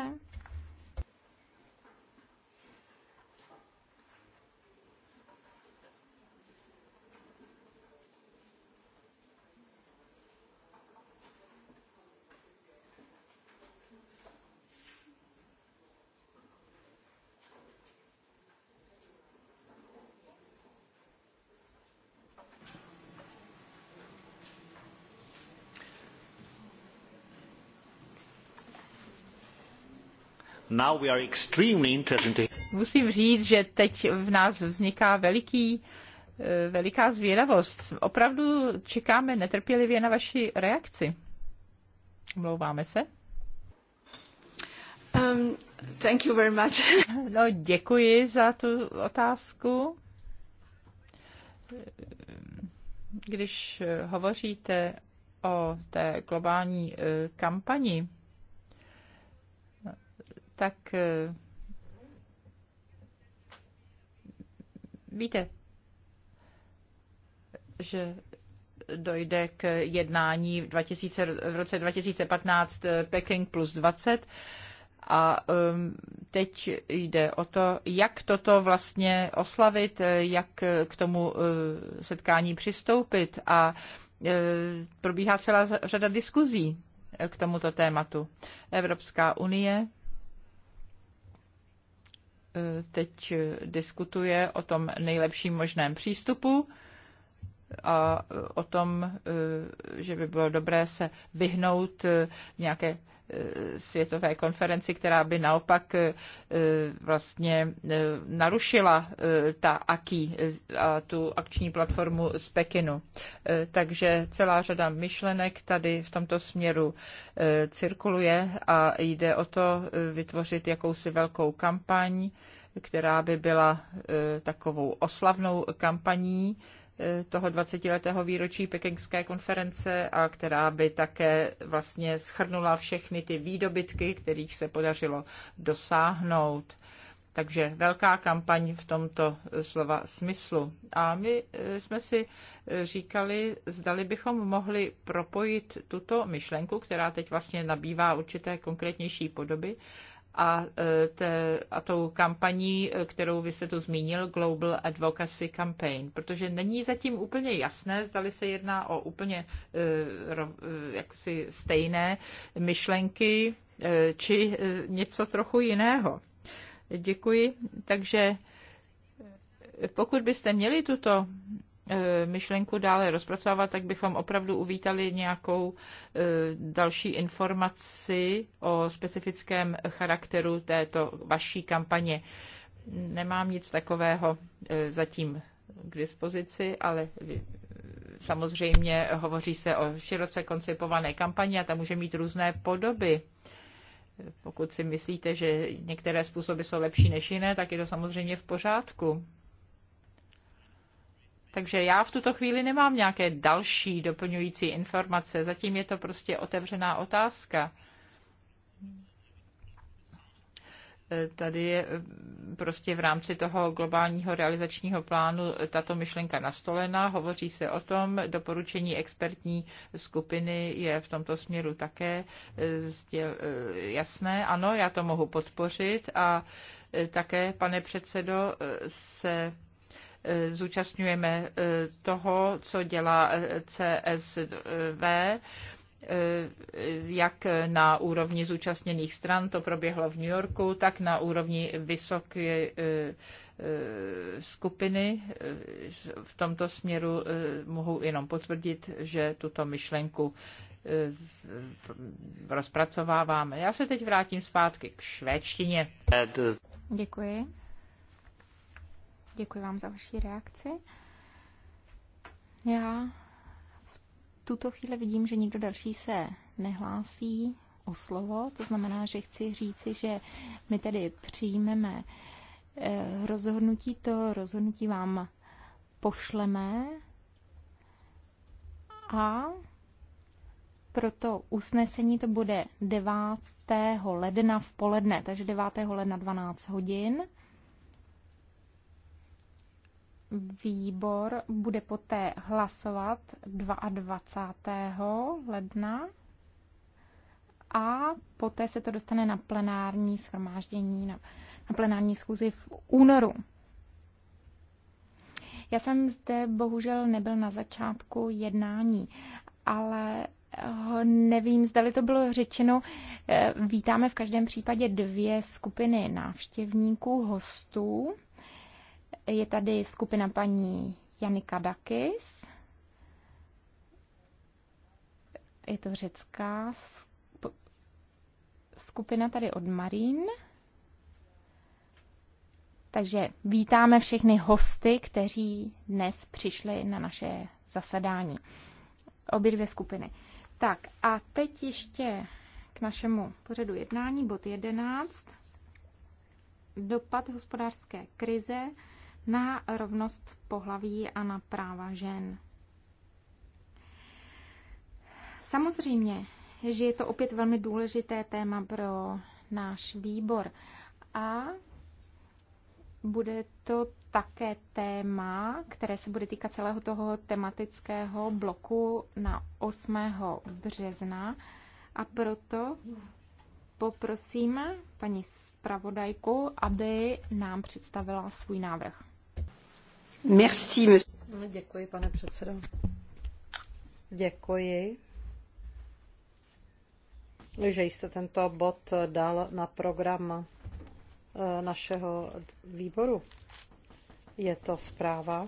Musím říct, že teď v nás vzniká veliký, eh, veliká zvědavost. Opravdu čekáme netrpělivě na vaši reakci. Mlouváme se. Um, thank you very much. No, děkuji za tu otázku. Když hovoříte o té globální eh, kampani, tak eh, víte, že dojde k jednání v, 2000, v roce 2015 eh, Peking plus 20 a ehm, teď jde o to, jak toto vlastně oslavit, eh, jak k tomu setkání přistoupit a probíhá celá řada diskuzí k tomuto tématu. Evropská unie teď diskutuje o tom nejlepším možném přístupu a o tom, že by bylo dobré se vyhnout nějaké světové konferenci, která by naopak e, vlastně e, narušila e, ta AKI a tu akční platformu z Pekinu. Takže celá řada myšlenek tady v tomto směru cirkuluje a jde o to vytvořit jakousi velkou kampaň, která by byla takovou oslavnou kampaní, toho 20-letého výročí Pekingské konference a která by také vlastně schrnula všechny ty výdobytky, kterých se podařilo dosáhnout. Takže velká kampaň v tomto slova smyslu. A my eh, jsme si eh, říkali, zdali bychom mohli propojit tuto myšlenku, která teď vlastně nabývá určité konkrétnější podoby, a, e, te, a tou kampaní, e, kterou vy jste tu zmínil, Global Advocacy Campaign, protože není zatím úplně jasné, zdali se jedná o úplně e, jaksi stejné myšlenky či něco trochu jiného. Děkuji. Takže pokud byste měli tuto Eh, myšlenku dále rozpracovat, tak bychom opravdu uvítali nějakou eh, další informaci o specifickém charakteru této vaší kampaně. Nemám nic takového eh, zatím k dispozici, ale samozřejmě hovoří se o široce koncipované kampani a ta může mít různé podoby. Pokud si myslíte, že některé způsoby jsou lepší než jiné, tak je to samozřejmě v pořádku. Takže já v tuto chvíli nemám nějaké další doplňující informace. Zatím je to prostě otevřená otázka. E, tady je e, prostě v rámci toho globálního realizačního plánu e, tato myšlenka nastolena. Hovoří se o tom, doporučení expertní skupiny je v tomto směru také jasné. Ano, já to mohu podpořit a také, pane předsedo, se zúčastňujeme eh, toho, co dělá eh, CSV, eh, jak na úrovni zúčastněných stran, to proběhlo v New Yorku, tak na úrovni vysoké skupiny. V tomto směru mohu jenom potvrdit, že tuto myšlenku rozpracováváme. Já se teď vrátím zpátky k švédštině. Děkuji. Děkuji vám za vaši reakci. Já v tuto chvíli vidím, že nikdo další se nehlásí o slovo. To znamená, že chci říci, že my tedy přijmeme eh, rozhodnutí, to rozhodnutí vám pošleme a pro to usnesení to bude 9. ledna v poledne, takže 9. ledna 12 hodin výbor bude poté hlasovat 22. ledna a poté se to dostane na plenární schromáždění, na, na plenární schůzi v únoru. Já jsem zde bohužel nebyl na začátku jednání, ale eh, nevím, zda to bylo řečeno. Eh, vítáme v každém případě dvě skupiny návštěvníků, hostů je tady skupina paní Janika Dakis. Je to řecká skupina tady od Marín. Takže vítáme všechny hosty, kteří dnes přišli na naše zasedání. Obě dvě skupiny. Tak a teď ještě k našemu pořadu jednání, bod 11. Dopad hospodářské krize na rovnost pohlaví a na práva žen. Samozřejmě, že je to opět velmi důležité téma pro náš výbor a bude to také téma, které se bude týkat celého toho tematického bloku na 8. března. A proto poprosím paní zpravodajku, aby nám představila svůj návrh. No, děkuji, pane předsedo. Děkuji, že jste tento bod dal na program eh, našeho výboru. Je to zpráva,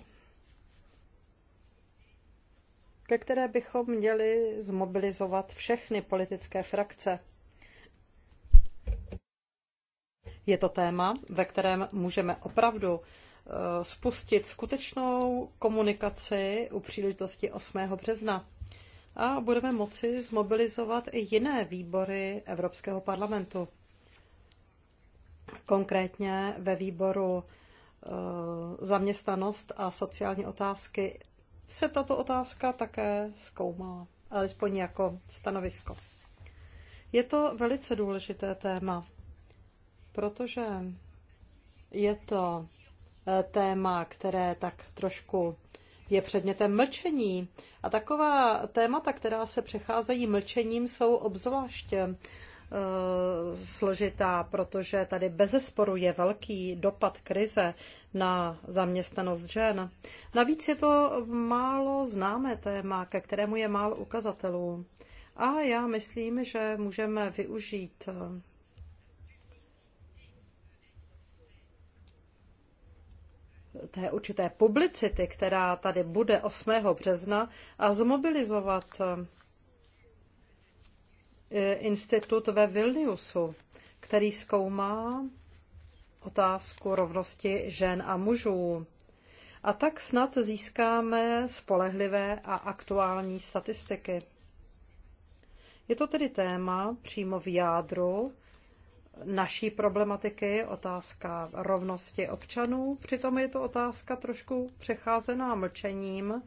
ke které bychom měli zmobilizovat všechny politické frakce. Je to téma, ve kterém můžeme opravdu Eh, spustit skutečnou komunikaci u příležitosti 8. března. A budeme moci zmobilizovat i jiné výbory Evropského parlamentu. Konkrétně ve výboru eh, zaměstnanost a sociální otázky se tato otázka také zkoumala, alespoň jako stanovisko. Je to velice důležité téma, protože je to Eh, téma, které tak trošku je předmětem mlčení. A taková témata, která se přecházejí mlčením, jsou obzvláště eh, složitá, protože tady bezesporu je velký dopad krize na zaměstnanost žen. Navíc je to málo známé téma, ke kterému je málo ukazatelů. A já myslím, že můžeme využít eh, té určité publicity, která tady bude 8. března, a zmobilizovat eh, institut ve Vilniusu, který zkoumá otázku rovnosti žen a mužů. A tak snad získáme spolehlivé a aktuální statistiky. Je to tedy téma přímo v jádru naší problematiky, otázka rovnosti občanů. Přitom je to otázka trošku přecházená mlčením,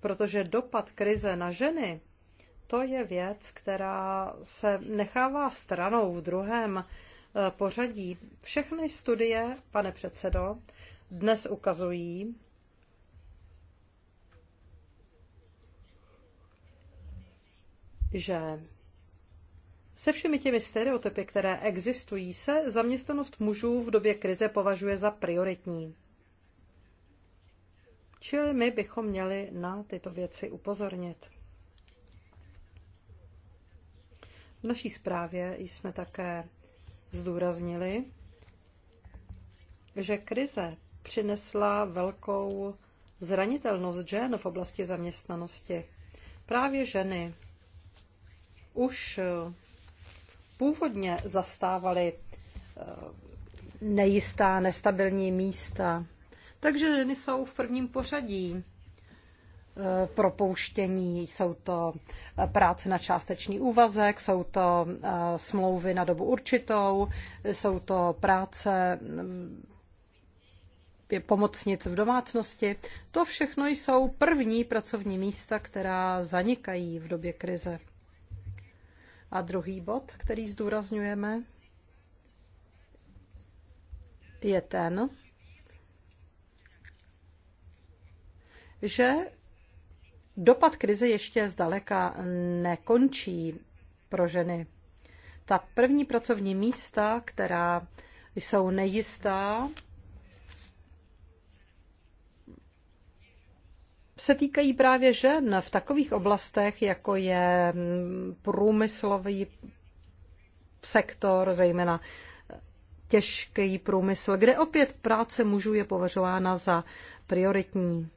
protože dopad krize na ženy, to je věc, která se nechává stranou v druhém eh, pořadí. Všechny studie, pane předsedo, dnes ukazují, že se všemi těmi stereotypy, které existují, se zaměstnanost mužů v době krize považuje za prioritní. Čili my bychom měli na tyto věci upozornit. V naší zprávě jsme také zdůraznili, že krize přinesla velkou zranitelnost žen v oblasti zaměstnanosti. Právě ženy už původně zastávali eh, nejistá, nestabilní místa. Takže ženy jsou v prvním pořadí eh, propouštění, jsou to eh, práce na částečný úvazek, jsou to smlouvy na dobu určitou, jsou to práce mm, pomocnic v domácnosti. To všechno jsou první pracovní místa, která zanikají v době krize. A druhý bod, který zdůrazňujeme, je ten, že dopad krize ještě zdaleka nekončí pro ženy. Ta první pracovní místa, která jsou nejistá, se týkají právě žen v takových oblastech, jako je mm, průmyslový sektor, zejména těžký průmysl, kde opět práce mužů je považována za prioritní.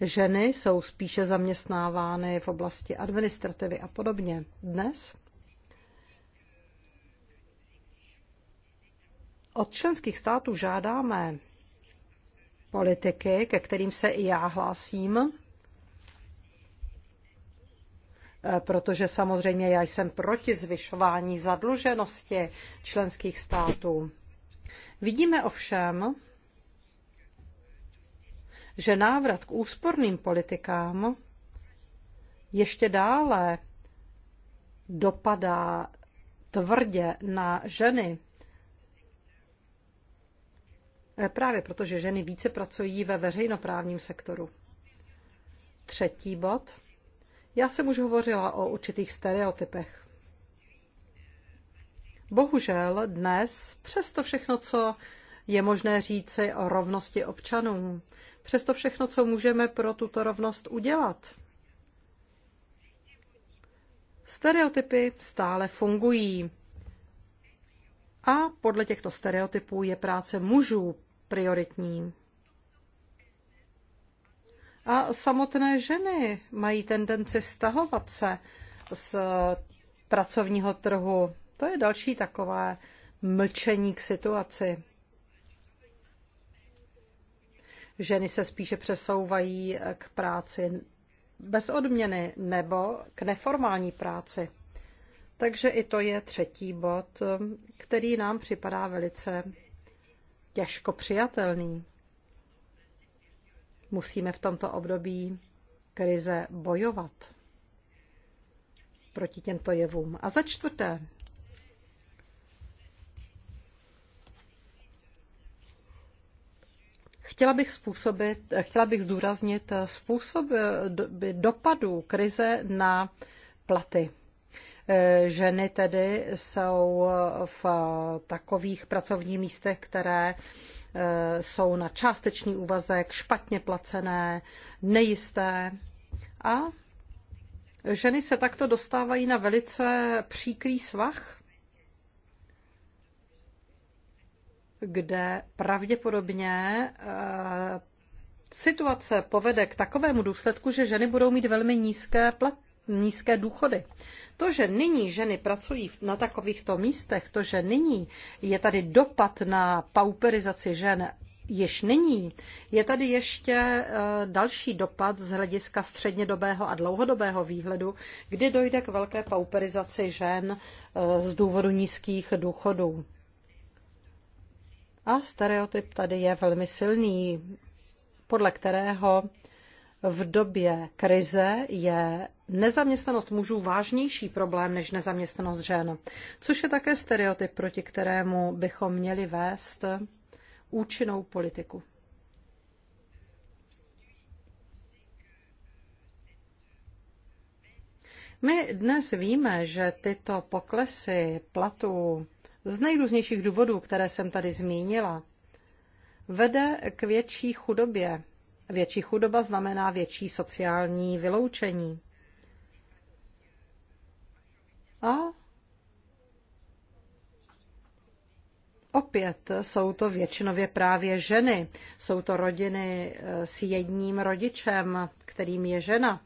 Ženy jsou spíše zaměstnávány v oblasti administrativy a podobně. Dnes od členských států žádáme politiky, ke kterým se i já hlásím, eh, protože samozřejmě já jsem proti zvyšování zadluženosti členských států. Vidíme ovšem, že návrat k úsporným politikám ještě dále dopadá tvrdě na ženy E, právě proto, že ženy více pracují ve veřejnoprávním sektoru. Třetí bod. Já jsem už hovořila o určitých stereotypech. Bohužel dnes, přesto všechno, co je možné říci o rovnosti občanů, přesto všechno, co můžeme pro tuto rovnost udělat, stereotypy stále fungují. A podle těchto stereotypů je práce mužů prioritní. A samotné ženy mají tendenci stahovat se z pracovního trhu. To je další takové mlčení k situaci. Ženy se spíše přesouvají k práci bez odměny nebo k neformální práci. Takže i to je třetí bod, který nám připadá velice těžko přijatelný. Musíme v tomto období krize bojovat proti těmto jevům. A za čtvrté, Chtěla bych, způsobit, chtěla bych zdůraznit způsob dopadů krize na platy Eh, ženy tedy jsou v takových pracovních místech, které eh, jsou na částečný úvazek, špatně placené, nejisté a ženy se takto dostávají na velice příkrý svah, kde pravděpodobně eh, situace povede k takovému důsledku, že ženy budou mít velmi nízké, plat, nízké důchody. To, že nyní ženy pracují na takovýchto místech, to, že nyní je tady dopad na pauperizaci žen, již nyní, je tady ještě eh, další dopad z hlediska střednědobého a dlouhodobého výhledu, kdy dojde k velké pauperizaci žen eh, z důvodu nízkých důchodů. A stereotyp tady je velmi silný, podle kterého v době krize je nezaměstnanost mužů vážnější problém než nezaměstnanost žen, což je také stereotyp, proti kterému bychom měli vést účinnou politiku. My dnes víme, že tyto poklesy platů z nejrůznějších důvodů, které jsem tady zmínila, vede k větší chudobě Větší chudoba znamená větší sociální vyloučení. A opět jsou to většinově právě ženy. Jsou to rodiny eh, s jedním rodičem, kterým je žena.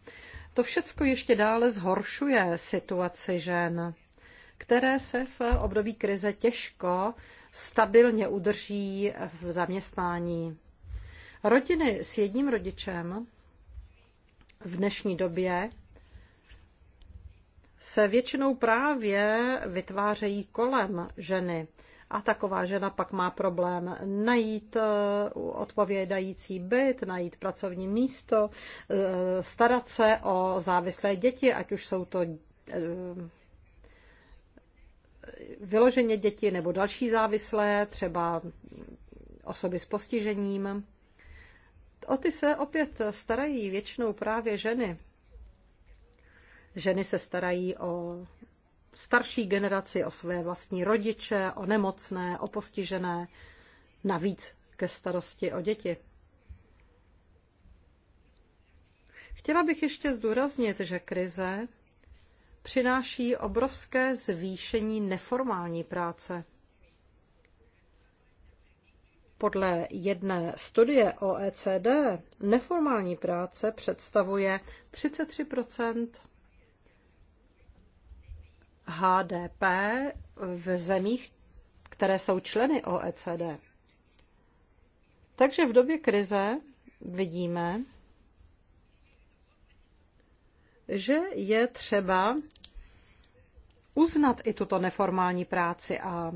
To všechno ještě dále zhoršuje situaci žen, které se v období krize těžko stabilně udrží v zaměstnání. Rodiny s jedním rodičem v dnešní době se většinou právě vytvářejí kolem ženy. A taková žena pak má problém najít eh, odpovědající byt, najít pracovní místo, eh, starat se o závislé děti, ať už jsou to eh, vyloženě děti nebo další závislé, třeba osoby s postižením. O ty se opět starají většinou právě ženy. Ženy se starají o starší generaci, o své vlastní rodiče, o nemocné, o postižené, navíc ke starosti o děti. Chtěla bych ještě zdůraznit, že krize přináší obrovské zvýšení neformální práce. Podle jedné studie OECD neformální práce představuje 33 HDP v zemích, které jsou členy OECD. Takže v době krize vidíme, že je třeba uznat i tuto neformální práci a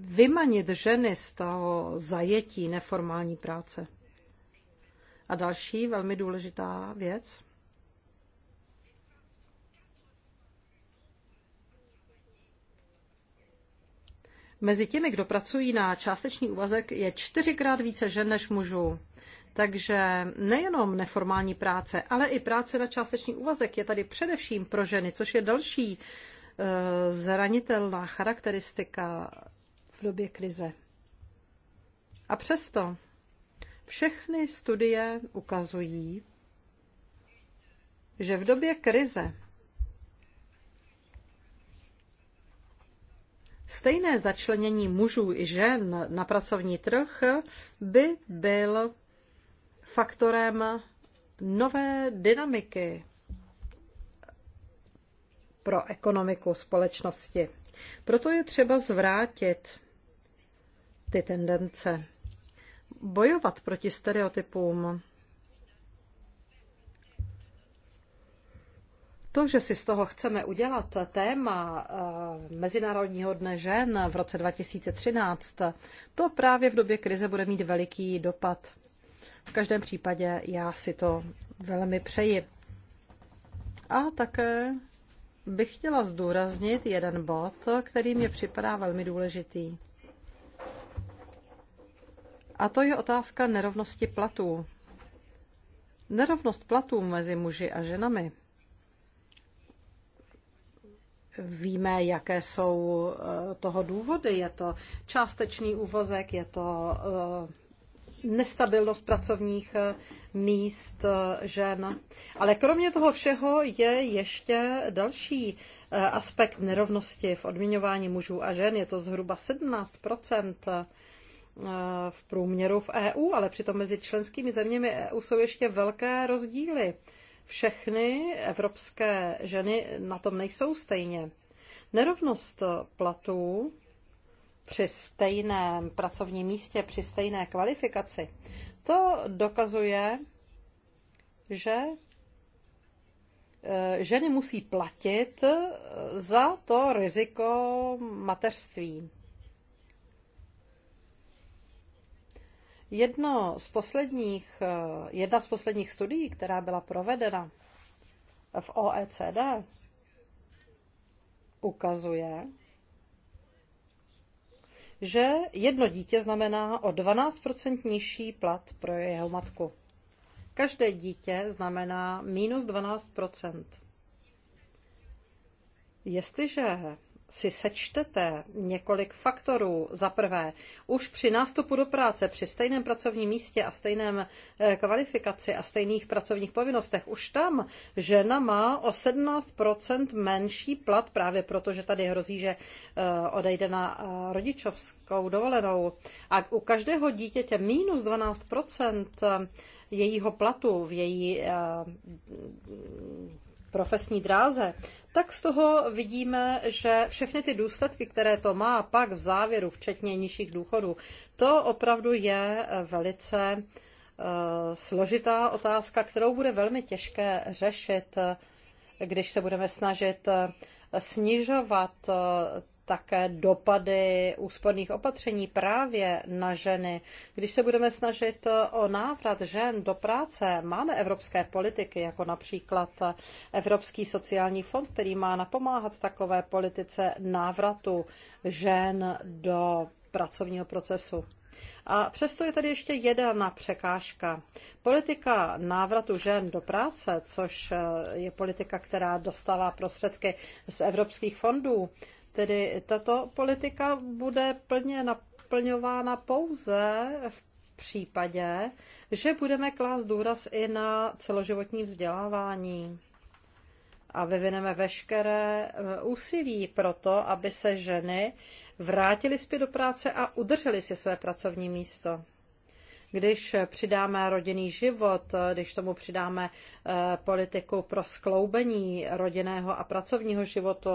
vymanit ženy z toho zajetí neformální práce. A další velmi důležitá věc. Mezi těmi, kdo pracují na částečný úvazek, je čtyřikrát více žen než mužů. Takže nejenom neformální práce, ale i práce na částečný úvazek je tady především pro ženy, což je další uh, Eh, zranitelná charakteristika v době krize. A přesto všechny studie ukazují, že v době krize stejné začlenění mužů i žen na pracovní trh by byl faktorem nové dynamiky pro ekonomiku společnosti. Proto je třeba zvrátit ty tendence, bojovat proti stereotypům. To, že si z toho chceme udělat téma eh, Mezinárodního dne žen v roce 2013, to právě v době krize bude mít veliký dopad. V každém případě já si to velmi přeji. A také bych chtěla zdůraznit jeden bod, který mě připadá velmi důležitý. A to je otázka nerovnosti platů. Nerovnost platů mezi muži a ženami. Víme, jaké jsou eh, toho důvody. Je to částečný úvazek, je to eh, nestabilnost pracovních eh, míst eh, žen. Ale kromě toho všeho je ještě další eh, aspekt nerovnosti v odměňování mužů a žen. Je to zhruba 17 v průměru v EU, ale přitom mezi členskými zeměmi EU jsou ještě velké rozdíly. Všechny evropské ženy na tom nejsou stejně. Nerovnost platů při stejném pracovním místě, při stejné kvalifikaci, to dokazuje, že eh, ženy musí platit eh, za to riziko mateřství. Jedno z posledních, eh, jedna z posledních studií, která byla provedena v OECD, ukazuje, že jedno dítě znamená o 12% nižší plat pro jeho matku. Každé dítě znamená minus 12%. Jestliže si sečtete několik faktorů, za prvé, už při nástupu do práce, při stejném pracovním místě a stejném eh, kvalifikaci a stejných pracovních povinnostech, už tam žena má o 17% menší plat právě proto, že tady hrozí, že eh, odejde na eh, rodičovskou dovolenou. A u každého dítěte minus 12% jejího platu v její profesní dráze, tak z toho vidíme, že všechny ty důsledky, které to má pak v závěru, včetně nižších důchodů, to opravdu je eh, velice eh, složitá otázka, kterou bude velmi těžké řešit, eh, když se budeme snažit snižovat také dopady úsporných opatření právě na ženy. Když se budeme snažit o návrat žen do práce, máme evropské politiky, jako například Evropský sociální fond, který má napomáhat takové politice návratu žen do pracovního procesu. A přesto je tady ještě jedna překážka. Politika návratu žen do práce, což je politika, která dostává prostředky z evropských fondů, Tedy tato politika bude plně naplňována pouze v případě, že budeme klást důraz i na celoživotní vzdělávání a vyvineme veškeré eh, úsilí pro to, aby se ženy vrátily zpět do práce a udržely si své pracovní místo. Když přidáme rodinný život, když tomu přidáme eh, politiku pro skloubení rodinného a pracovního životu,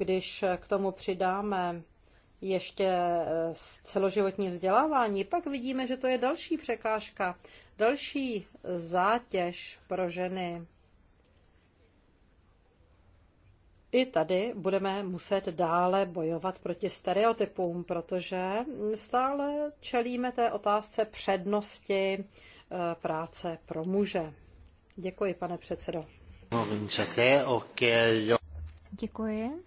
když k tomu přidáme ještě eh, celoživotní vzdělávání, pak vidíme, že to je další překážka, další zátěž pro ženy. I tady budeme muset dále bojovat proti stereotypům, protože stále čelíme té otázce přednosti eh, práce pro muže. Děkuji, pane předsedo. Děkuji.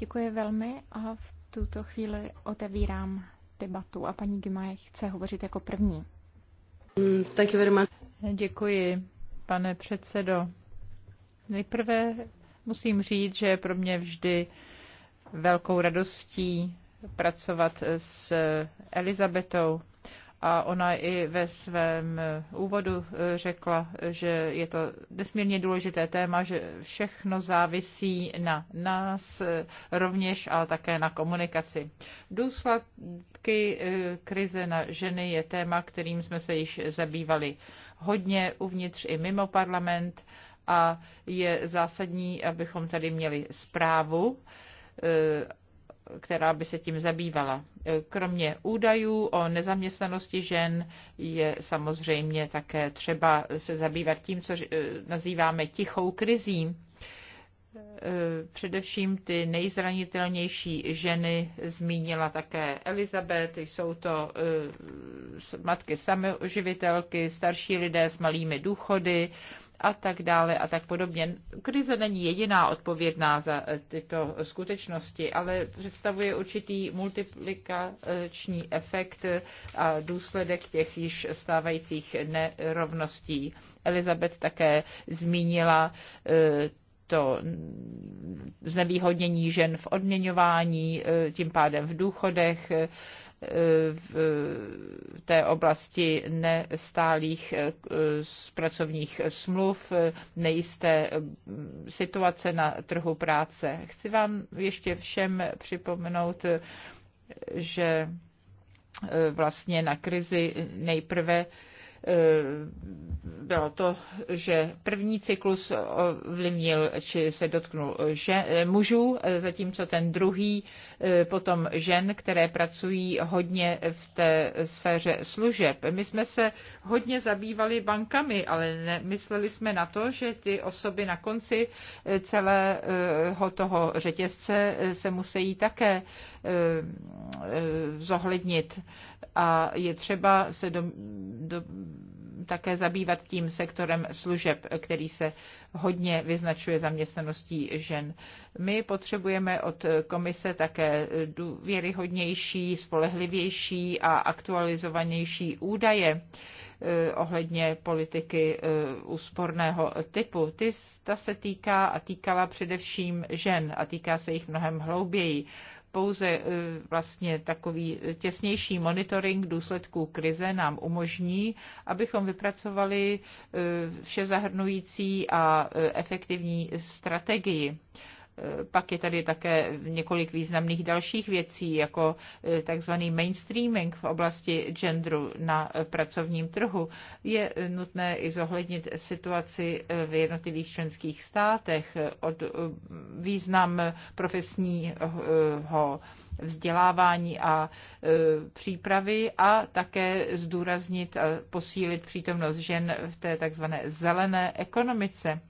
Děkuji velmi a v tuto chvíli otevírám debatu a paní Gimaje chce hovořit jako první. Mm, thank you very much. Děkuji, pane předsedo. Nejprve musím říct, že je pro mě vždy velkou radostí pracovat s Elizabetou a ona i ve svém úvodu eh, řekla, že je to nesmírně důležité téma, že všechno závisí na nás eh, rovněž, ale také na komunikaci. Důsledky eh, krize na ženy je téma, kterým jsme se již zabývali hodně uvnitř i mimo parlament a je zásadní, abychom tady měli zprávu která by se tím zabývala. E, kromě údajů o nezaměstnanosti žen je samozřejmě také třeba se zabývat tím, co e, nazýváme tichou krizí, Eh, především ty nejzranitelnější ženy zmínila také Elizabeth, jsou to eh, matky samoživitelky, starší lidé s malými důchody a tak dále a tak podobně. Krize není jediná odpovědná za eh, tyto skutečnosti, ale představuje určitý multiplikační efekt a důsledek těch již stávajících nerovností. Elizabeth také zmínila to znevýhodnění žen v odměňování, eh, tím pádem v důchodech, eh, v té oblasti nestálých eh, pracovních smluv, nejisté situace na trhu práce. Chci vám ještě všem připomenout, že vlastně na krizi nejprve Eh, bylo to, že první cyklus ovlivnil, či se dotknul že, eh, mužů, eh, zatímco ten druhý Eh, potom žen, které pracují hodně v té sféře služeb. My jsme se hodně zabývali bankami, ale nemysleli jsme na to, že ty osoby na konci eh, celého toho řetězce eh, se musí také zohlednit. A je třeba se do, do, také zabývat tím sektorem služeb, který se hodně vyznačuje zaměstnaností žen. My potřebujeme od komise také důvěryhodnější, spolehlivější a aktualizovanější údaje eh, ohledně politiky eh, úsporného typu. Ty, ta se týká a týkala především žen a týká se jich mnohem hlouběji pouze eh, vlastně takový těsnější monitoring důsledků krize nám umožní, abychom vypracovali vše zahrnující a efektivní strategii. Pak je tady také několik významných dalších věcí, jako eh, takzvaný mainstreaming v oblasti genderu na pracovním trhu. Je eh, nutné i zohlednit situaci eh, v jednotlivých členských státech od význam profesního vzdělávání a přípravy a také zdůraznit a posílit přítomnost žen v té takzvané zelené ekonomice.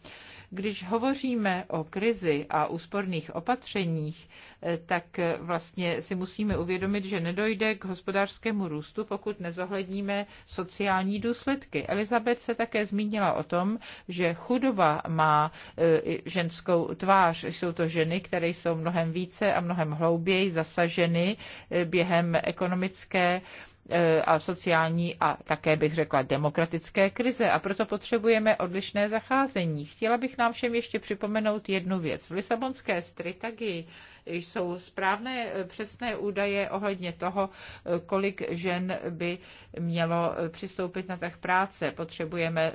Když hovoříme o krizi a úsporných opatřeních, eh, tak eh, vlastně si musíme uvědomit, že nedojde k hospodářskému růstu, pokud nezohledníme sociální důsledky. Elizabeth se také zmínila o tom, že chudoba má eh, ženskou tvář. Jsou to ženy, které jsou mnohem více a mnohem hlouběji zasaženy během ekonomické Eh, a sociální a také bych řekla demokratické krize a proto potřebujeme odlišné zacházení. Chtěla bych nám všem ještě připomenout jednu věc. V Lisabonské strategii jsou správné přesné údaje ohledně toho, kolik žen by mělo přistoupit na trh práce. Potřebujeme,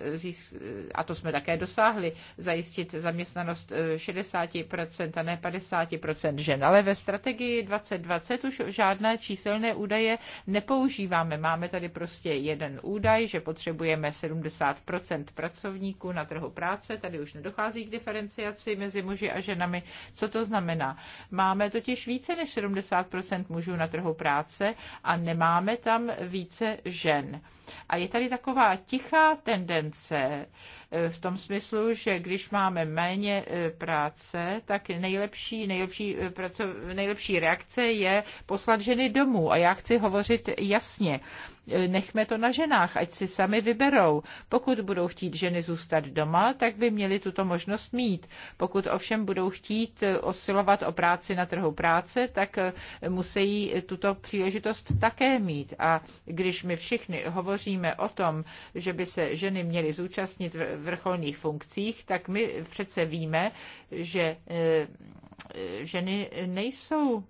a to jsme také dosáhli, zajistit zaměstnanost 60% eh, a ne 50% žen. Ale ve strategii 2020 už žádné číselné údaje nepoužíváme. Máme tady prostě jeden údaj, že potřebujeme 70% pracovníků na trhu práce. Tady už nedochází k diferenciaci mezi muži a ženami. Co to znamená? Máme totiž více než 70 mužů na trhu práce a nemáme tam více žen. A je tady taková tichá tendence eh, v tom smyslu, že když máme méně eh, práce, tak nejlepší, nejlepší, eh, nejlepší reakce je poslat ženy domů. A já chci hovořit jasně nechme to na ženách, ať si sami vyberou. Pokud budou chtít ženy zůstat doma, tak by měly tuto možnost mít. Pokud ovšem budou chtít eh, osilovat o práci na trhu práce, tak eh, musí tuto příležitost také mít. A když my všichni hovoříme o tom, že by se ženy měly zúčastnit v vrcholných funkcích, tak my přece víme, že eh, ženy nejsou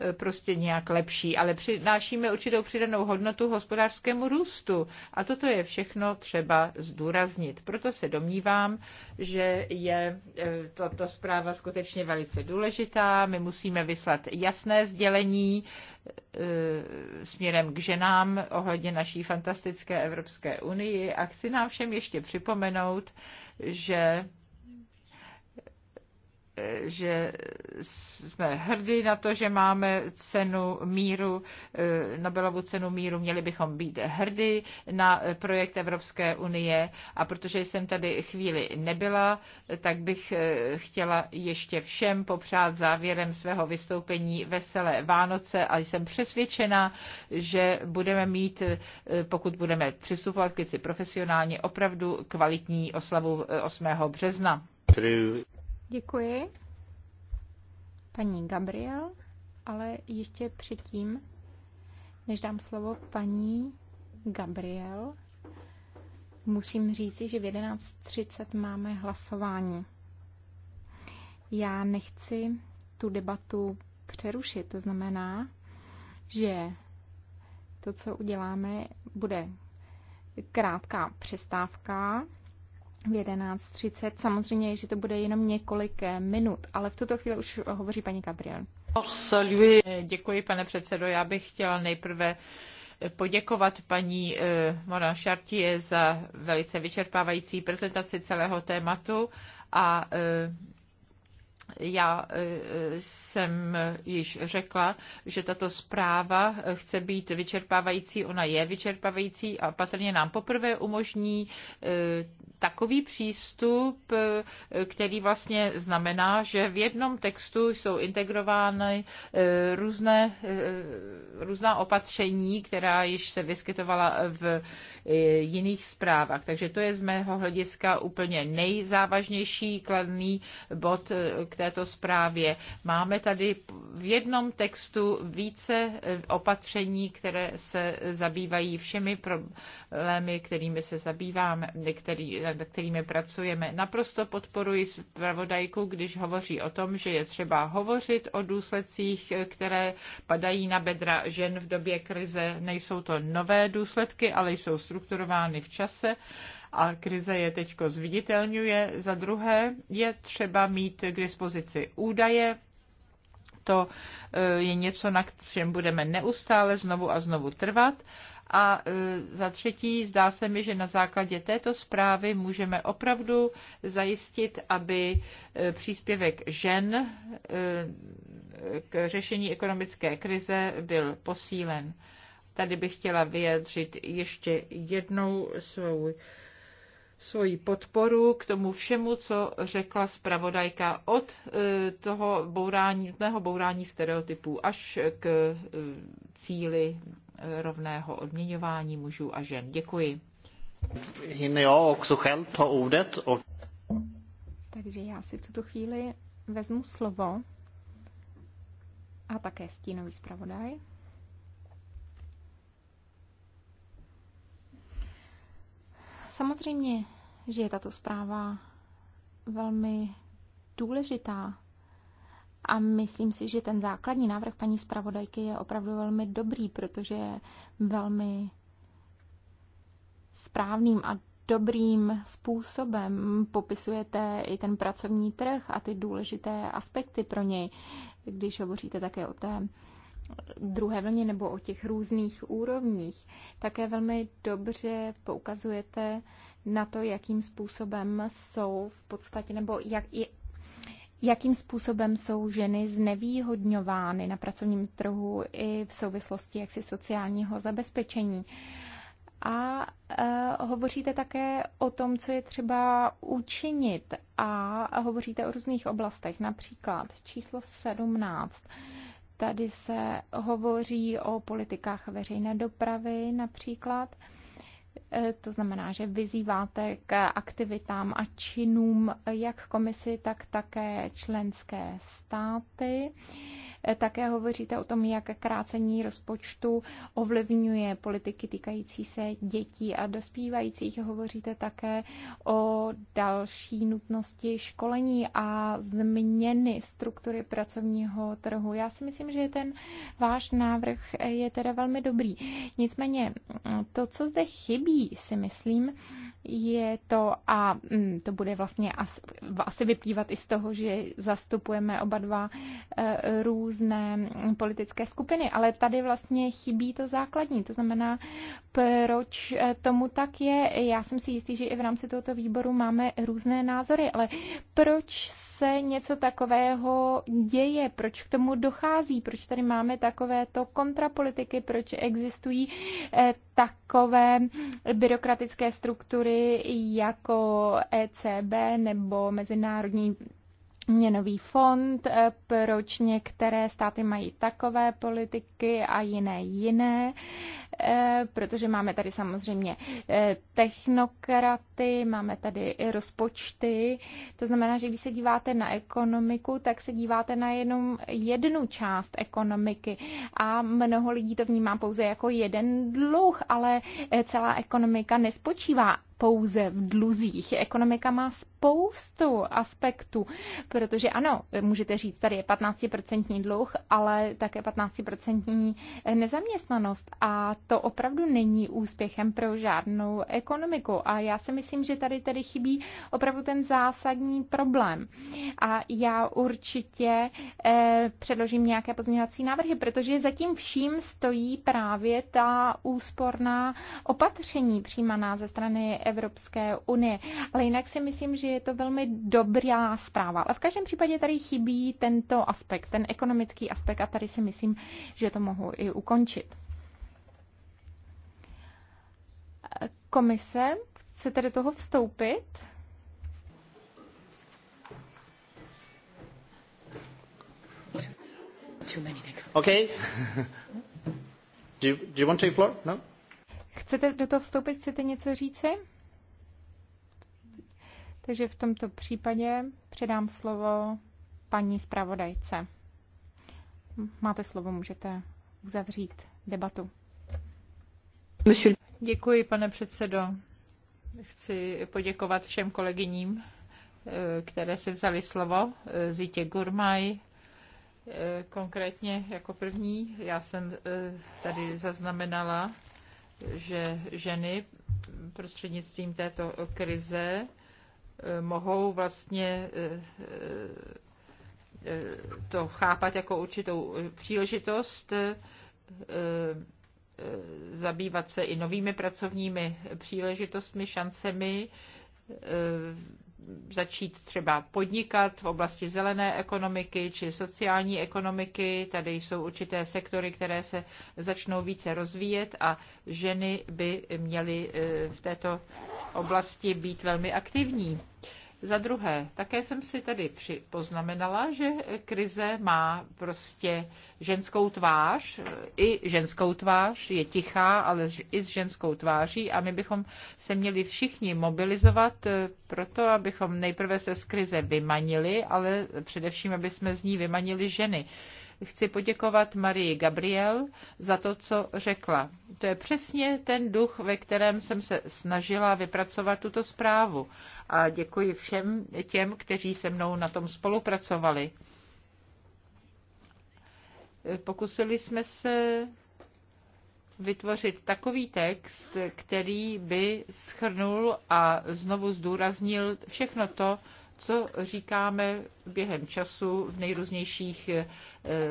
E, prostě nějak lepší, ale přinášíme určitou přidanou hodnotu hospodářskému růstu. A toto je všechno třeba zdůraznit. Proto se domnívám, že je e, tato zpráva skutečně velice důležitá. My musíme vyslat jasné sdělení e, směrem k ženám ohledně naší fantastické Evropské unii a chci nám všem ještě připomenout, že že jsme hrdí na to, že máme cenu míru, eh, Nobelovu cenu míru, měli bychom být hrdí na projekt Evropské unie a protože jsem tady chvíli nebyla, tak bych eh, chtěla ještě všem popřát závěrem svého vystoupení veselé Vánoce a jsem přesvědčena, že budeme mít, eh, pokud budeme přistupovat k věci profesionálně, opravdu kvalitní oslavu 8. března. Děkuji. Paní Gabriel, ale ještě předtím, než dám slovo paní Gabriel, musím říci, že v 11.30 máme hlasování. Já nechci tu debatu přerušit, to znamená, že to, co uděláme, bude krátká přestávka, v 11.30. Samozřejmě, že to bude jenom několik eh, minut, ale v tuto chvíli už hovoří paní Gabriel. Eh, děkuji, pane předsedo. Já bych chtěla nejprve eh, poděkovat paní Mona Chartier za velice vyčerpávající prezentaci celého tématu a já e, jsem již řekla, že tato zpráva chce být vyčerpávající, ona je vyčerpávající a patrně nám poprvé umožní e, takový přístup, e, který vlastně znamená, že v jednom textu jsou integrovány různé, různá opatření, která již se vyskytovala v E, jiných zprávách. Takže to je z mého hlediska úplně nejzávažnější kladný bod e, k této zprávě. Máme tady v jednom textu více e, opatření, které se zabývají všemi problémy, kterými se zabýváme, který, nad kterými pracujeme. Naprosto podporuji zpravodajku, když hovoří o tom, že je třeba hovořit o důsledcích, které padají na bedra žen v době krize. Nejsou to nové důsledky, ale jsou strukturovány v čase a krize je teď zviditelňuje. Za druhé je třeba mít k dispozici údaje, to e, je něco, na čem budeme neustále znovu a znovu trvat. A e, za třetí, zdá se mi, že na základě této zprávy můžeme opravdu zajistit, aby e, příspěvek žen k řešení ekonomické krize byl posílen. Tady bych chtěla vyjadřit ještě jednou svou svoji podporu k tomu všemu, co řekla zpravodajka od e, toho bourání, mého bourání stereotypů až k e, cíli rovného odměňování mužů a žen. Děkuji. Takže já si v tuto chvíli vezmu slovo a také stínový zpravodaj. Samozřejmě, že je tato zpráva velmi důležitá a myslím si, že ten základní návrh paní zpravodajky je opravdu velmi dobrý, protože je velmi správným a dobrým způsobem popisujete i ten pracovní trh a ty důležité aspekty pro něj, když hovoříte také o té druhé vlně nebo o těch různých úrovních, také velmi dobře poukazujete na to, jakým způsobem jsou v podstatě, nebo jak, jakým způsobem jsou ženy znevýhodňovány na pracovním trhu i v souvislosti jaksi sociálního zabezpečení. A e, hovoříte také o tom, co je třeba učinit a hovoříte o různých oblastech, například číslo 17 Tady se hovoří o politikách veřejné dopravy například. E, to znamená, že vyzýváte k aktivitám a činům jak komisi, tak také členské státy. Eh, také hovoříte o tom, jak krácení rozpočtu ovlivňuje politiky týkající se dětí a dospívajících. Hovoříte také o další nutnosti školení a změny struktury pracovního trhu. Já si myslím, že ten váš návrh eh, je teda velmi dobrý. Nicméně mm, to, co zde chybí, si myslím, je to, a mm, to bude vlastně asi, asi vyplývat i z toho, že zastupujeme oba dva eh, různé různé politické skupiny, ale tady vlastně chybí to základní, to znamená, proč eh, tomu tak je. Já jsem si jistý, že i v rámci tohoto výboru máme různé názory, ale proč se něco takového děje, proč k tomu dochází, proč tady máme takovéto kontrapolitiky, proč existují eh, takové byrokratické struktury jako ECB nebo Mezinárodní měnový fond, eh, proč některé státy mají takové politiky a jiné jiné, eh, protože máme tady samozřejmě eh, technokraty, máme tady rozpočty. To znamená, že když se díváte na ekonomiku, tak se díváte na jenom jednu část ekonomiky a mnoho lidí to vnímá pouze jako jeden dluh, ale celá ekonomika nespočívá pouze v dluzích. Ekonomika má spoustu aspektů, protože ano, můžete říct, tady je 15% dluh, ale také 15% nezaměstnanost a to opravdu není úspěchem pro žádnou ekonomiku. A já si myslím, že tady tedy chybí opravdu ten zásadní problém. A já určitě eh, předložím nějaké pozměňovací návrhy, protože zatím vším stojí právě ta úsporná opatření přijímaná ze strany Evropské unie. Ale jinak si myslím, že je to velmi dobrá zpráva. Ale v každém případě tady chybí tento aspekt, ten ekonomický aspekt a tady si myslím, že to mohu i ukončit. Komise, chcete do toho vstoupit? Okay. do, you, do you want to take floor? No? Chcete do toho vstoupit? Chcete něco říci? Takže v tomto případě předám slovo paní zpravodajce. Máte slovo, můžete uzavřít debatu. Děkuji, pane předsedo. Chci poděkovat všem kolegyním, eh, které si vzali slovo. Eh, Zítě Gurmaj, eh, konkrétně jako první. Já jsem tady zaznamenala, že ženy prostřednictvím této krize Eh, mohou vlastně eh, eh, to chápat jako určitou příležitost zabývat se i novými pracovními příležitostmi, šancemi, začít třeba podnikat v oblasti zelené ekonomiky či sociální ekonomiky. Tady jsou určité sektory, které se začnou více rozvíjet a ženy by měly eh, v této oblasti být velmi aktivní. Za druhé, také jsem si tady poznamenala, že krize má prostě ženskou tvář, i ženskou tvář, je tichá, ale i s ženskou tváří a my bychom se měli všichni mobilizovat eh, proto, abychom nejprve se z krize vymanili, ale především, aby jsme z ní vymanili ženy. Chci poděkovat Marii Gabriel za to, co řekla. To je přesně ten duch, ve kterém jsem se snažila vypracovat tuto zprávu. A děkuji všem těm, kteří se mnou na tom spolupracovali. Pokusili jsme se vytvořit takový text, který by schrnul a znovu zdůraznil všechno to, co říkáme během času v nejrůznějších eh,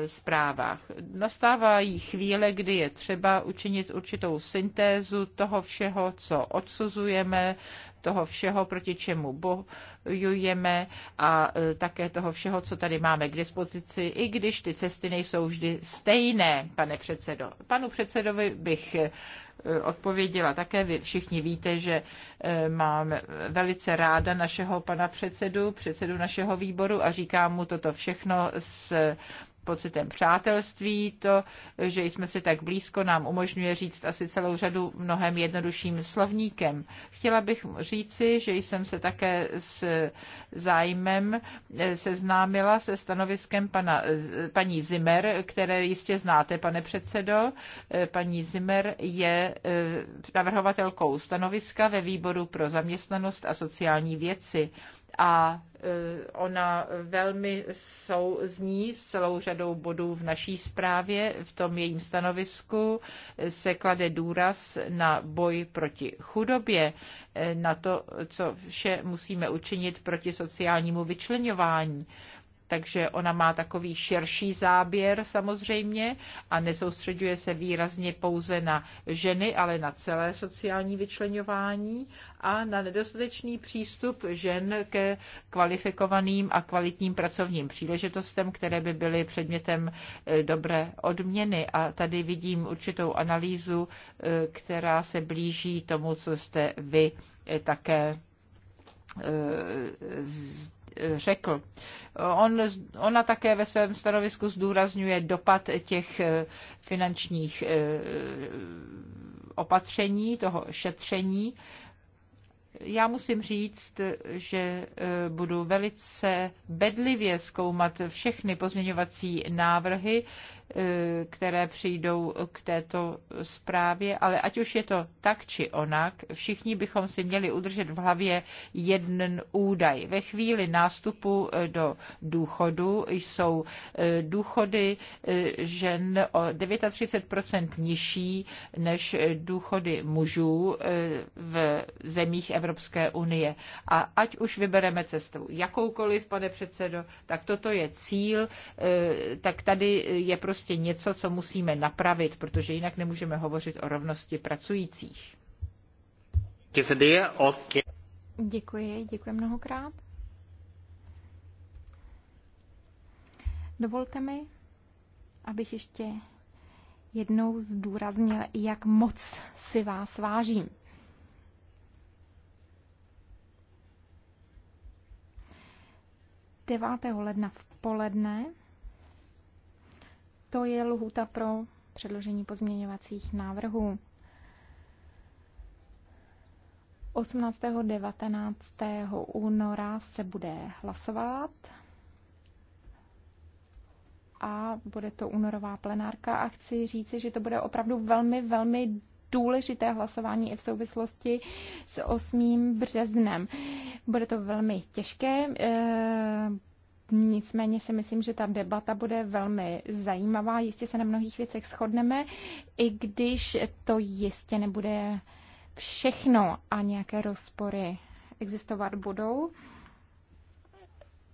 zprávách. Nastávají chvíle, kdy je třeba učinit určitou syntézu toho všeho, co odsuzujeme, toho všeho, proti čemu bojujeme a eh, také toho všeho, co tady máme k dispozici, i když ty cesty nejsou vždy stejné, pane předsedo. Panu předsedovi bych eh, odpověděla. Také vy všichni víte, že e, mám velice ráda našeho pana předsedu, předsedu našeho výboru a říkám mu toto všechno s pocitem přátelství. To, že jsme si tak blízko, nám umožňuje říct asi celou řadu mnohem jednodušším slovníkem. Chtěla bych říci, že jsem se také s zájmem eh, seznámila se stanoviskem pana, eh, paní Zimmer, které jistě znáte, pane předsedo. Eh, paní Zimmer je navrhovatelkou stanoviska ve výboru pro zaměstnanost a sociální věci a e, ona velmi souzní s celou řadou bodů v naší zprávě. V tom jejím stanovisku se klade důraz na boj proti chudobě, e, na to, co vše musíme učinit proti sociálnímu vyčlenování takže ona má takový širší záběr samozřejmě a nesoustředuje se výrazně pouze na ženy, ale na celé sociální vyčlenování a na nedostatečný přístup žen ke kvalifikovaným a kvalitním pracovním příležitostem, které by byly předmětem e, dobré odměny. A tady vidím určitou analýzu, e, která se blíží tomu, co jste vy e, také řekl. On, ona také ve svém stanovisku zdůrazňuje dopad těch eh, finančních eh, opatření, toho šetření. Já musím říct, že eh, budu velice bedlivě zkoumat všechny pozměňovací návrhy, Eh, které přijdou k této zprávě, ale ať už je to tak či onak, všichni bychom si měli udržet v hlavě jeden údaj. Ve chvíli nástupu eh, do důchodu jsou eh, důchody žen o 39% nižší než důchody mužů v zemích Evropské unie. A ať už vybereme cestu jakoukoliv, pane předsedo, tak toto je cíl, tak tady je prostě prostě něco, co musíme napravit, protože jinak nemůžeme hovořit o rovnosti pracujících. Děkuji, děkuji mnohokrát. Dovolte mi, abych ještě jednou zdůraznil, jak moc si vás vážím. Devátého ledna v poledne to je lhůta pro předložení pozměňovacích návrhů. 18. 19. února se bude hlasovat a bude to únorová plenárka a chci říci, že to bude opravdu velmi, velmi důležité hlasování i v souvislosti s 8. březnem. Bude to velmi těžké, eh, Nicméně si myslím, že ta debata bude velmi zajímavá. Jistě se na mnohých věcech shodneme, i když to jistě nebude všechno a nějaké rozpory existovat budou.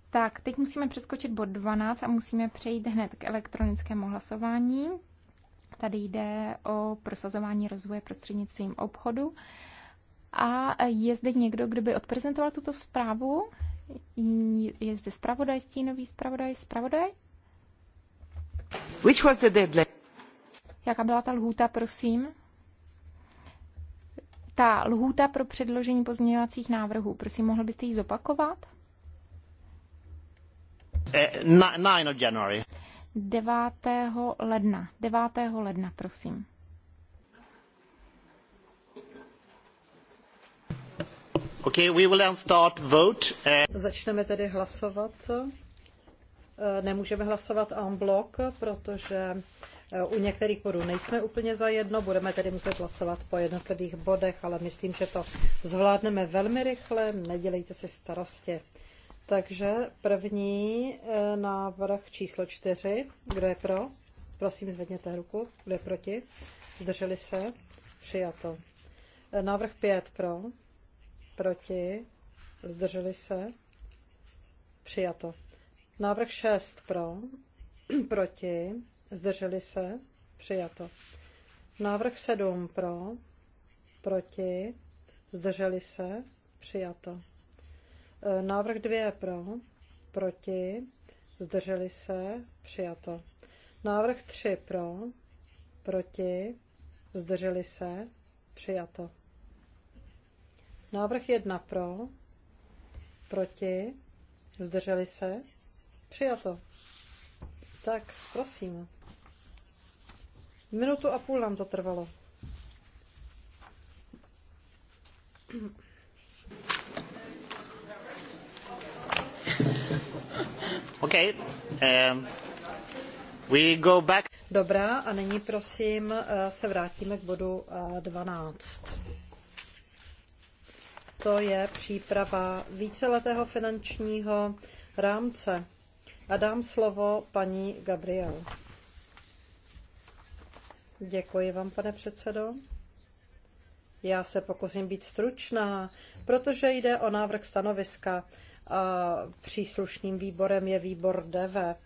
Tak, teď musíme přeskočit bod 12 a musíme přejít hned k elektronickému hlasování. Tady jde o prosazování rozvoje prostřednictvím obchodu. A je zde někdo, kdo by odprezentoval tuto zprávu? Je zde spravodaj, stínový spravodaj, spravodaj? Which was the deadline? Jaká byla ta lhůta, prosím? Ta lhůta pro předložení pozměňovacích návrhů, prosím, mohl byste ji zopakovat? 9. Eh, January. 9. ledna. 9. ledna, prosím. Okay, we will start vote. Eh, Začneme tedy hlasovat. Eh, nemůžeme hlasovat en bloc, protože eh, u některých bodů nejsme úplně za jedno, budeme tedy muset hlasovat po jednotlivých bodech, ale myslím, že to zvládneme velmi rychle, nedělejte si starosti. Takže první návrh číslo čtyři. Kdo je pro? Prosím, zvedněte ruku. Kdo je proti? Zdrželi se? Přijato. Návrh pět pro proti, zdrželi se, přijato. Návrh 6 e, pro, proti, zdrželi se, přijato. Návrh 7 pro, proti, zdrželi se, přijato. Návrh 2 pro, proti, zdrželi se, přijato. Návrh 3 pro, proti, zdrželi se, přijato. Návrh 1 pro, proti, zdrželi se, přijato. Tak, prosím. Minutu a půl nám to trvalo. Okay. Um, we go back. Dobrá, a nyní prosím eh, se vrátíme k bodu 12. Eh, to je příprava víceletého finančního rámce. A dám slovo paní Gabriel. Děkuji vám, pane předsedo. Já se pokusím být stručná, protože jde o návrh stanoviska a příslušným výborem je výbor DV.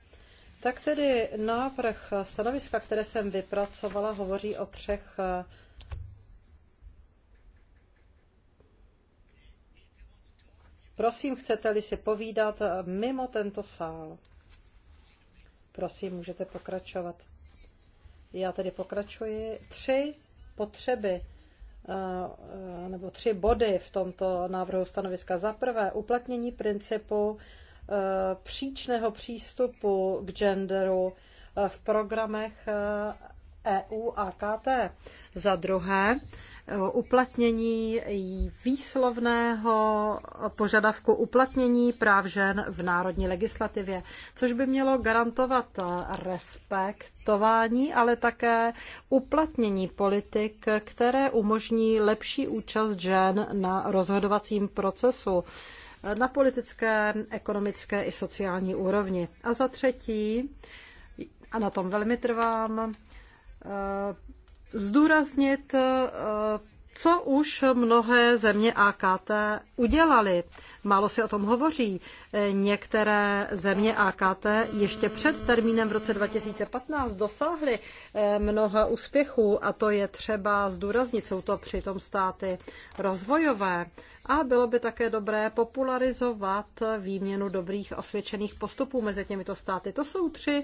Tak tedy návrh stanoviska, které jsem vypracovala, hovoří o třech Prosím, chcete-li si povídat eh, mimo tento sál? Prosím, můžete pokračovat. Já tedy pokračuji. Tři potřeby eh, eh, nebo tři body v tomto návrhu stanoviska. Za prvé, uplatnění principu příčného přístupu k genderu v programech EU e a KT. Za druhé, uplatnění výslovného požadavku uplatnění práv žen v národní legislativě, což by mělo garantovat respektování, ale také uplatnění politik, které umožní lepší účast žen na rozhodovacím procesu na politické, ekonomické i sociální úrovni. A za třetí, a na tom velmi trvám, zdůraznit, eh, co už mnohé země AKT udělaly. Málo se o tom hovoří. Některé země AKT ještě před termínem v roce 2015 dosáhly eh, mnoha úspěchů a to je třeba zdůraznit. Jsou to přitom státy rozvojové. A bylo by také dobré popularizovat výměnu dobrých osvědčených postupů mezi těmito státy. To jsou tři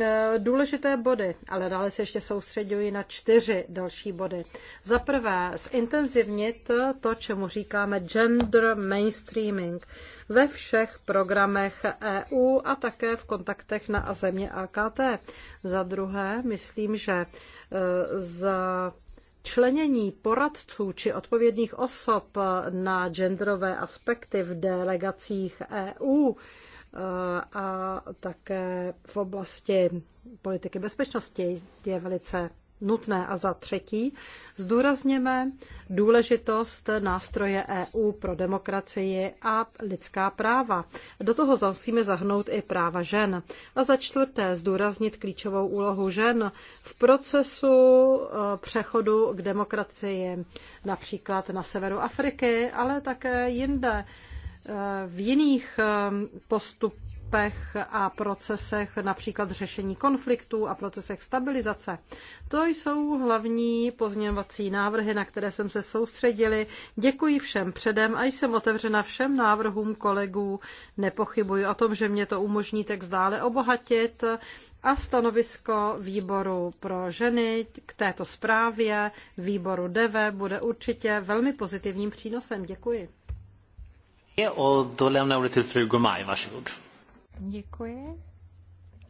eh, důležité body, ale dále se ještě soustředuji na čtyři další body. Za prvé, zintenzivnit to, čemu říkáme gender mainstreaming ve všech programech EU a také v kontaktech na země AKT. Za druhé, myslím, že e, za členění poradců či odpovědných osob na genderové aspekty v delegacích EU e, a také v oblasti politiky bezpečnosti je velice nutné. A za třetí, zdůrazněme důležitost nástroje EU pro demokracii a lidská práva. Do toho musíme zahnout i práva žen. A za čtvrté, zdůraznit klíčovou úlohu žen v procesu eh, přechodu k demokracii, například na severu Afriky, ale také jinde eh, v jiných eh, postupech postupech a procesech například řešení konfliktů a procesech stabilizace. To jsou hlavní pozměňovací návrhy, na které jsem se soustředili. Děkuji všem předem a jsem otevřena všem návrhům kolegů. Nepochybuji o tom, že mě to umožní tak zdále obohatit a stanovisko výboru pro ženy k této zprávě výboru DV bude určitě velmi pozitivním přínosem. Děkuji. Och då lämnar jag ordet till fru Děkuji.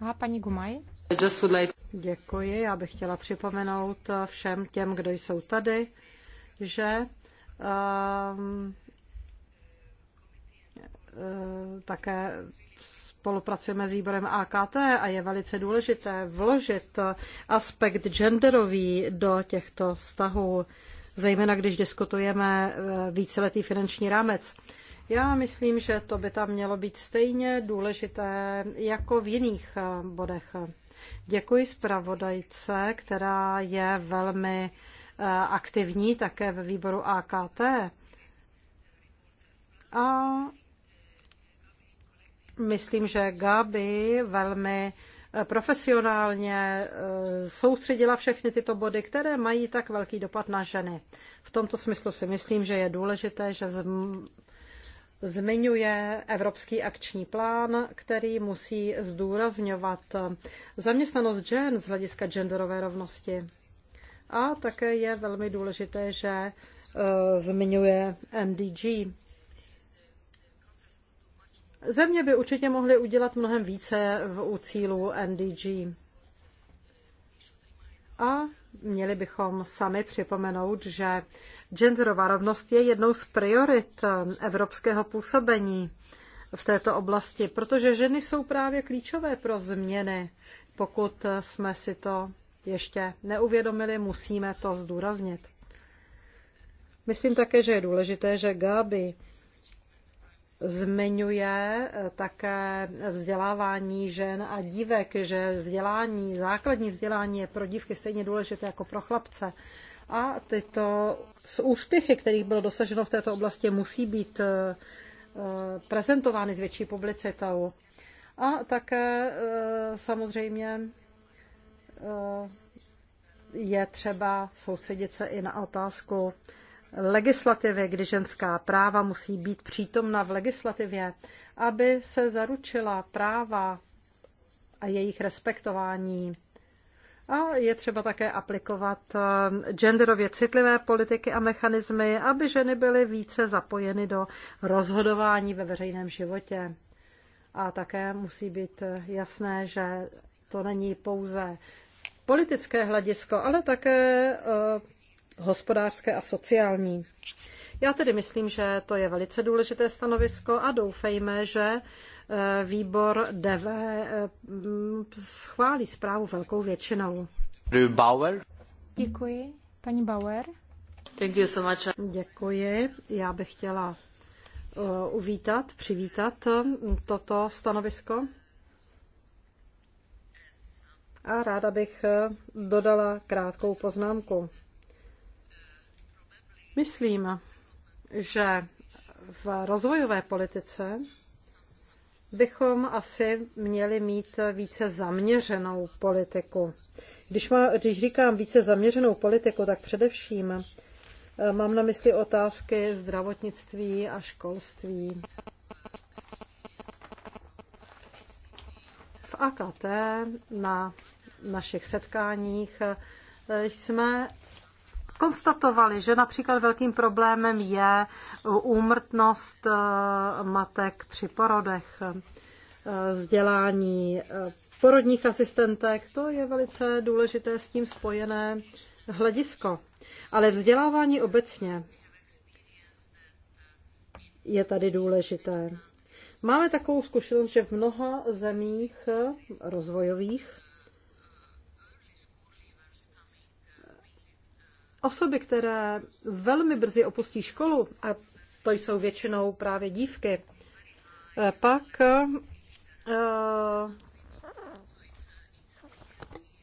A paní Gumaj. Děkuji. Já bych chtěla připomenout všem těm, kdo jsou tady, že um, také spolupracujeme s výborem AKT a je velice důležité vložit aspekt genderový do těchto vztahů, zejména když diskutujeme eh, víceletý finanční rámec. Já myslím, že to by tam mělo být stejně důležité jako v jiných eh, bodech. Děkuji zpravodajce, která je velmi eh, aktivní také ve výboru AKT. A myslím, že Gabi velmi eh, profesionálně soustředila všechny tyto body, které mají tak velký dopad na ženy. V tomto smyslu si myslím, že je důležité, že zmiňuje Evropský akční plán, který musí zdůrazňovat zaměstnanost žen z hlediska genderové rovnosti. A také je velmi důležité, že e, zmiňuje MDG. Země by určitě mohly udělat mnohem více v, u cílů MDG. A měli bychom sami připomenout, že genderová rovnost je jednou z priorit um, evropského působení v této oblasti, protože ženy jsou právě klíčové pro změny. Pokud jsme si to ještě neuvědomili, musíme to zdůraznit. Myslím také, že je důležité, že Gabi Zmiňuje eh, také vzdělávání žen a dívek, že vzdělání, základní vzdělání je pro dívky stejně důležité jako pro chlapce. A tyto z úspěchy, kterých bylo dosaženo v této oblasti, musí být eh, eh, prezentovány s větší publicitou. A také samozřejmě je třeba soustředit se i na otázku legislativy, kdy ženská práva musí být přítomna v legislativě, aby se zaručila práva a jejich respektování. A je třeba také aplikovat eh, genderově citlivé politiky a mechanismy, aby ženy byly více zapojeny do rozhodování ve veřejném životě. A také musí být eh, jasné, že to není pouze politické hledisko, ale také eh, hospodářské a sociální. Já tedy myslím, že to je velice důležité stanovisko a doufejme, že eh, výbor DV eh, schválí zprávu velkou většinou. Bauer. Děkuji. Paní Bauer. Thank you so much. Děkuji. Já bych chtěla eh, uvítat, přivítat toto stanovisko. A ráda bych dodala krátkou poznámku. Myslím, že v rozvojové politice bychom asi měli mít více zaměřenou politiku. Když, má, když říkám více zaměřenou politiku, tak především eh, mám na mysli otázky zdravotnictví a školství. V AKT na našich setkáních eh, jsme konstatovali, že například velkým problémem je úmrtnost eh, matek při porodech, eh, vzdělání eh, porodních asistentek. To je velice důležité s tím spojené hledisko. Ale vzdělávání obecně je tady důležité. Máme takovou zkušenost, že v mnoha zemích rozvojových Osoby, které velmi brzy opustí školu, a to jsou většinou právě dívky, eh, pak eh,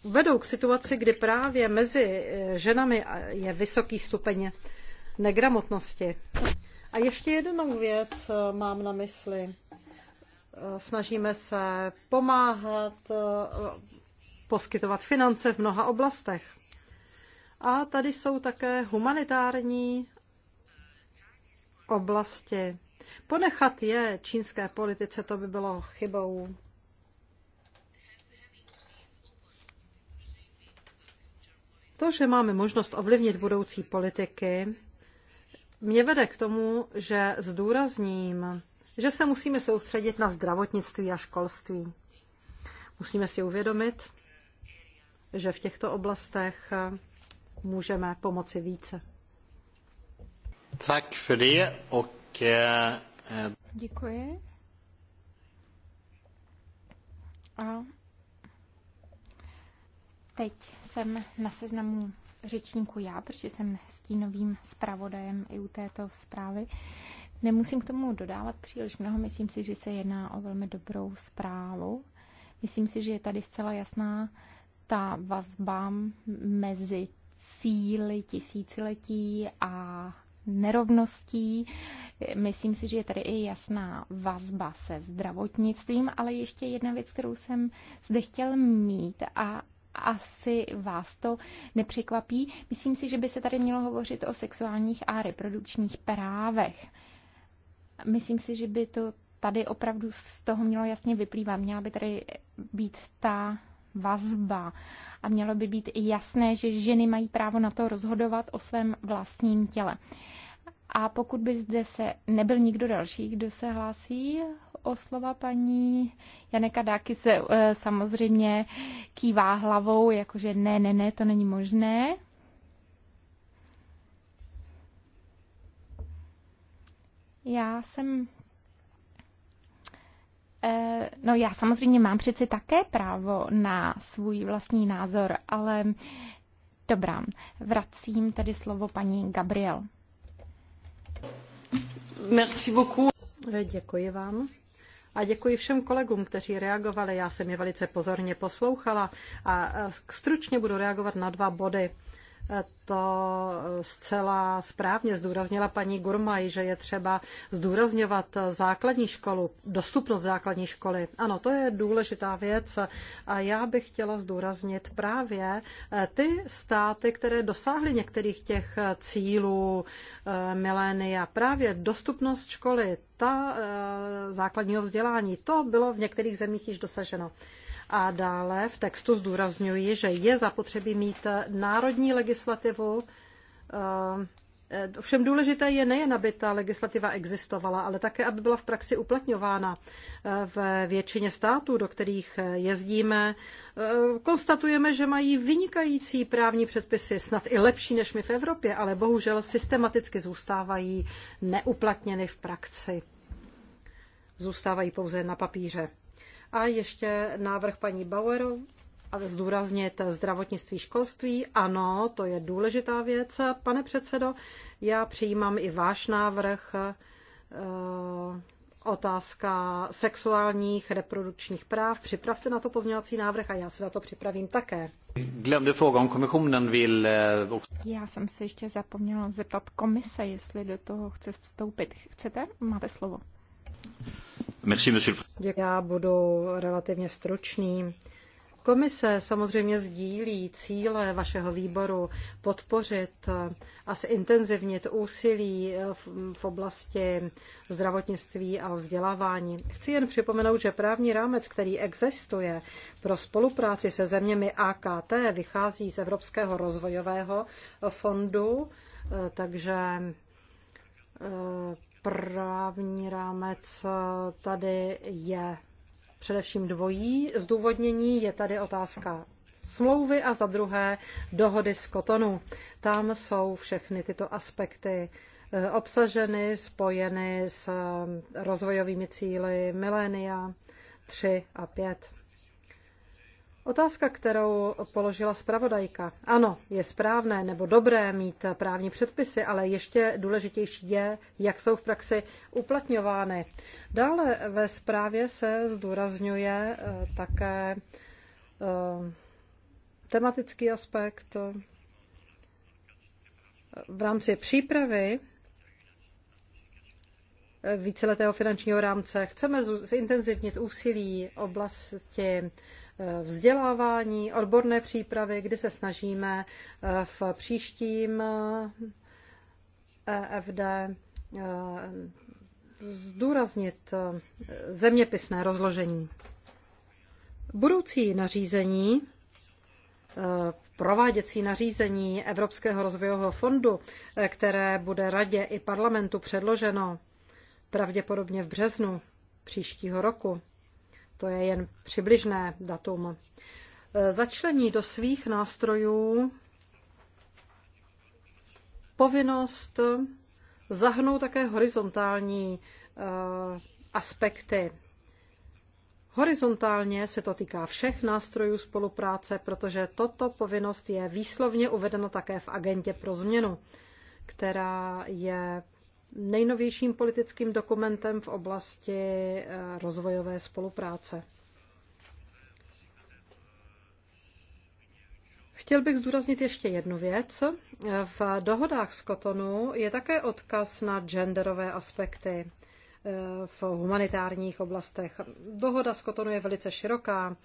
vedou k situaci, kdy právě mezi eh, ženami je vysoký stupeň negramotnosti. A ještě jednou věc mám na mysli. Snažíme se pomáhat, poskytovat finance v mnoha oblastech. A tady jsou také humanitární oblasti. Ponechat je čínské politice, to by bylo chybou. To, že máme možnost ovlivnit budoucí politiky, mě vede k tomu, že zdůrazním, že se musíme soustředit na zdravotnictví a školství. Musíme si uvědomit, že v těchto oblastech můžeme pomoci více. Tak för ok. Eh, Děkuji. A teď jsem na seznamu řečníku já, protože jsem stínovým zpravodajem i u této zprávy. Nemusím k tomu dodávat příliš mnoho, myslím si, že se jedná o velmi dobrou zprávu. Myslím si, že je tady zcela jasná ta vazba mezi síly tisíciletí a nerovností. Myslím si, že je tady i jasná vazba se zdravotnictvím, ale ještě jedna věc, kterou jsem zde chtěl mít a asi vás to nepřekvapí. Myslím si, že by se tady mělo hovořit o sexuálních a reprodukčních právech. Myslím si, že by to tady opravdu z toho mělo jasně vyplývat. Měla by tady být ta vazba. A mělo by být i jasné, že ženy mají právo na to rozhodovat o svém vlastním těle. A pokud by zde se nebyl nikdo další, kdo se hlásí o slova paní Janeka Dáky se e, samozřejmě kývá hlavou, jakože ne, ne, ne, to není možné. Já jsem Eh, no já samozřejmě mám přeci také právo na svůj vlastní názor, ale dobrá, vracím tedy slovo paní Gabriel. Merci beaucoup. Eh, děkuji vám. A děkuji všem kolegům, kteří reagovali. Já jsem je velice pozorně poslouchala a eh, stručně budu reagovat na dva body to zcela správně zdůraznila paní Gurmaj, že je třeba zdůrazňovat základní školu, dostupnost základní školy. Ano, to je důležitá věc a já bych chtěla zdůraznit právě eh, ty státy, které dosáhly některých těch eh, cílů eh, milénia. Právě dostupnost školy, ta základního vzdělání, to bylo v některých zemích již dosaženo. A dále v textu zdůrazňuji, že je zapotřebí mít národní legislativu. Eh, ovšem důležité je nejen, aby ta legislativa existovala, ale také, aby byla v praxi uplatňována. Eh, v většině států, do kterých jezdíme, eh, konstatujeme, že mají vynikající právní předpisy, snad i lepší než my v Evropě, ale bohužel systematicky zůstávají neuplatněny v praxi. Zůstávají pouze na papíře. A ještě návrh paní A zdůraznit zdravotnictví školství. Ano, to je důležitá věc. Pane předsedo, já přijímám i váš návrh. Eh, otázka sexuálních reprodukčních práv. Připravte na to pozměňovací návrh a já se na to připravím také. Eh, já jsem se ještě zapomněla zeptat komise, jestli do toho chce vstoupit. Chcete? Máte slovo. Já budu relativně stručný. Komise samozřejmě sdílí cíle vašeho výboru podpořit a zintenzivnit úsilí v oblasti zdravotnictví a vzdělávání. Chci jen připomenout, že právní rámec, který existuje pro spolupráci se zeměmi AKT, vychází z Evropského rozvojového fondu, eh, takže eh, Právní rámec eh, tady je především dvojí zdůvodnění. Je tady otázka smlouvy a za druhé dohody z kotonu. Tam jsou všechny tyto aspekty eh, obsaženy, spojeny s eh, rozvojovými cíly milénia 3 a 5. Otázka, kterou položila zpravodajka. Ano, je správné nebo dobré mít právní předpisy, ale ještě důležitější je, jak jsou v praxi uplatňovány. Dále ve zprávě se zdůrazňuje eh, také eh, tematický aspekt eh, v rámci přípravy víceletého finančního rámce. Chceme zintenzivnit úsilí oblasti vzdělávání, odborné přípravy, kdy se snažíme eh, v příštím EFD eh, e eh, zdůraznit zeměpisné rozložení. Budoucí nařízení, prováděcí nařízení Evropského rozvojového fondu, které bude radě i parlamentu předloženo pravděpodobně v březnu příštího roku, to je jen přibližné datum, e, začlení do svých nástrojů povinnost zahnout také horizontální e, aspekty. Horizontálně se to týká všech nástrojů spolupráce, protože toto povinnost je výslovně uvedena také v agentě pro změnu, která je nejnovějším politickým dokumentem v oblasti eh, rozvojové spolupráce. Chtěl bych zdůraznit ještě jednu věc. V dohodách z Kotonu je také odkaz na genderové aspekty eh, v humanitárních oblastech. Dohoda z Kotonu je velice široká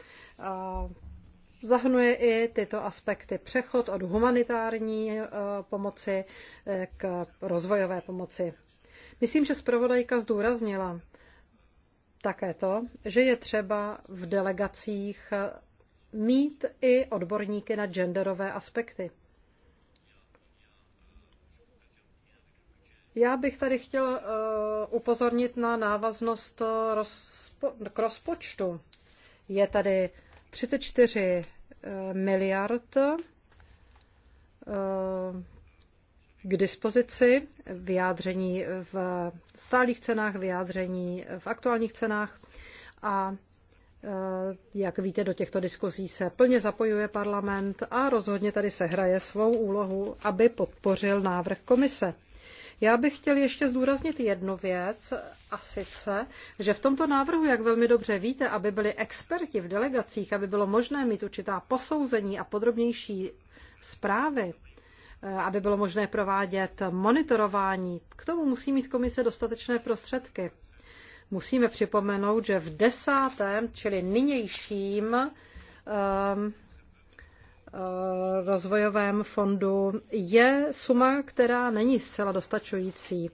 zahrnuje i tyto aspekty. Přechod od humanitární eh, pomoci eh, k rozvojové pomoci. Myslím, že zpravodajka zdůraznila také to, že je třeba v delegacích eh, mít i odborníky na genderové aspekty. Já bych tady chtěl upozornit na návaznost k rozpočtu. Je tady 34 eh, miliard eh, k dispozici, vyjádření v stálých cenách, vyjádření v aktuálních cenách a eh, jak víte, do těchto diskuzí se plně zapojuje parlament a rozhodně tady se hraje svou úlohu, aby podpořil návrh komise. Já bych chtěl ještě zdůraznit jednu věc, a sice, že v tomto návrhu, jak velmi dobře víte, aby byli experti v delegacích, aby bylo možné mít určitá posouzení a podrobnější zprávy, eh, aby bylo možné provádět monitorování, k tomu musí mít komise dostatečné prostředky. Musíme připomenout, že v desátém, čili nynějším um, Eh, rozvojovém fondu je suma, která není zcela dostačující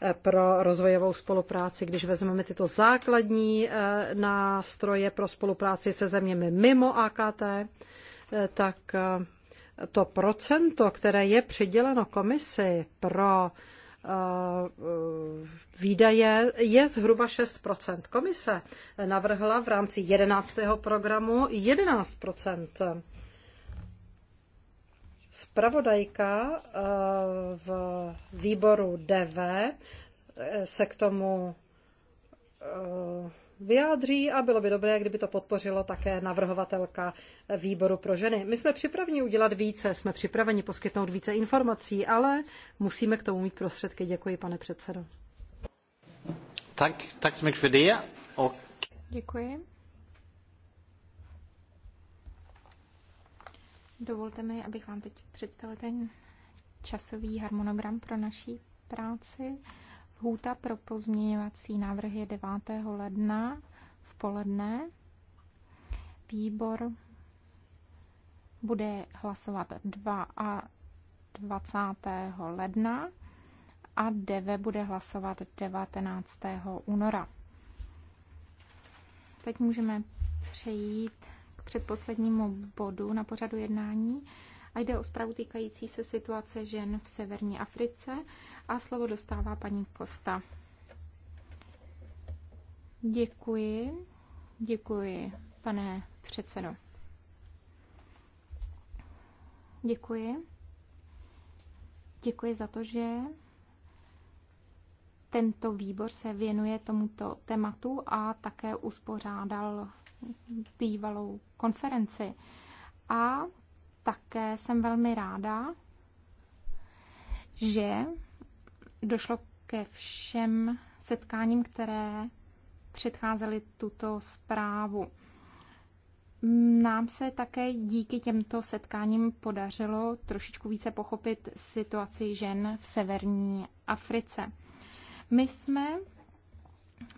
eh, pro rozvojovou spolupráci, když vezmeme tyto základní eh, nástroje pro spolupráci se zeměmi mimo AKT, tak to procento, které je přiděleno komisi pro výdaje je zhruba 6 Komise navrhla v rámci 11. programu 11 Spravodajka eh, v výboru DV eh, se k tomu eh, vyjádří a bylo by dobré, kdyby to podpořilo také navrhovatelka výboru pro ženy. My jsme připraveni udělat více, jsme připraveni poskytnout více informací, ale musíme k tomu mít prostředky. Děkuji, pane předsedo. Tak, tak jsme k Děkuji. Dovolte mi, abych vám teď představil ten časový harmonogram pro naší práci. Hůta pro pozměňovací návrhy je 9. ledna v poledne. Výbor bude hlasovat 2 a 20. ledna a DV bude hlasovat 19. února. Teď můžeme přejít předposlednímu bodu na pořadu jednání a jde o zprávu týkající se situace žen v severní Africe a slovo dostává paní Kosta. Děkuji, děkuji, pane předsedo. Děkuji. Děkuji za to, že tento výbor se věnuje tomuto tématu a také uspořádal bývalou konferenci. A také jsem velmi ráda, že došlo ke všem setkáním, které předcházely tuto zprávu. Nám se také díky těmto setkáním podařilo trošičku více pochopit situaci žen v severní Africe. My jsme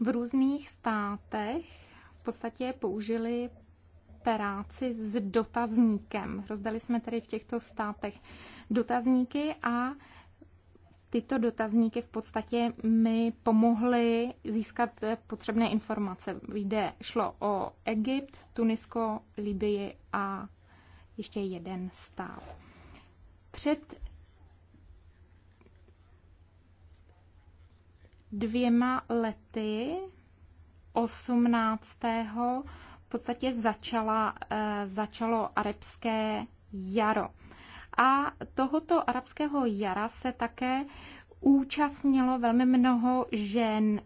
v různých státech v podstatě použili peráci s dotazníkem. Rozdali jsme tady v těchto státech dotazníky a tyto dotazníky v podstatě mi pomohly získat potřebné informace. Jde, šlo o Egypt, Tunisko, Libii a ještě jeden stát. Před dvěma lety 18. v podstatě začala, eh, začalo arabské jaro. A tohoto arabského jara se také účastnilo velmi mnoho žen.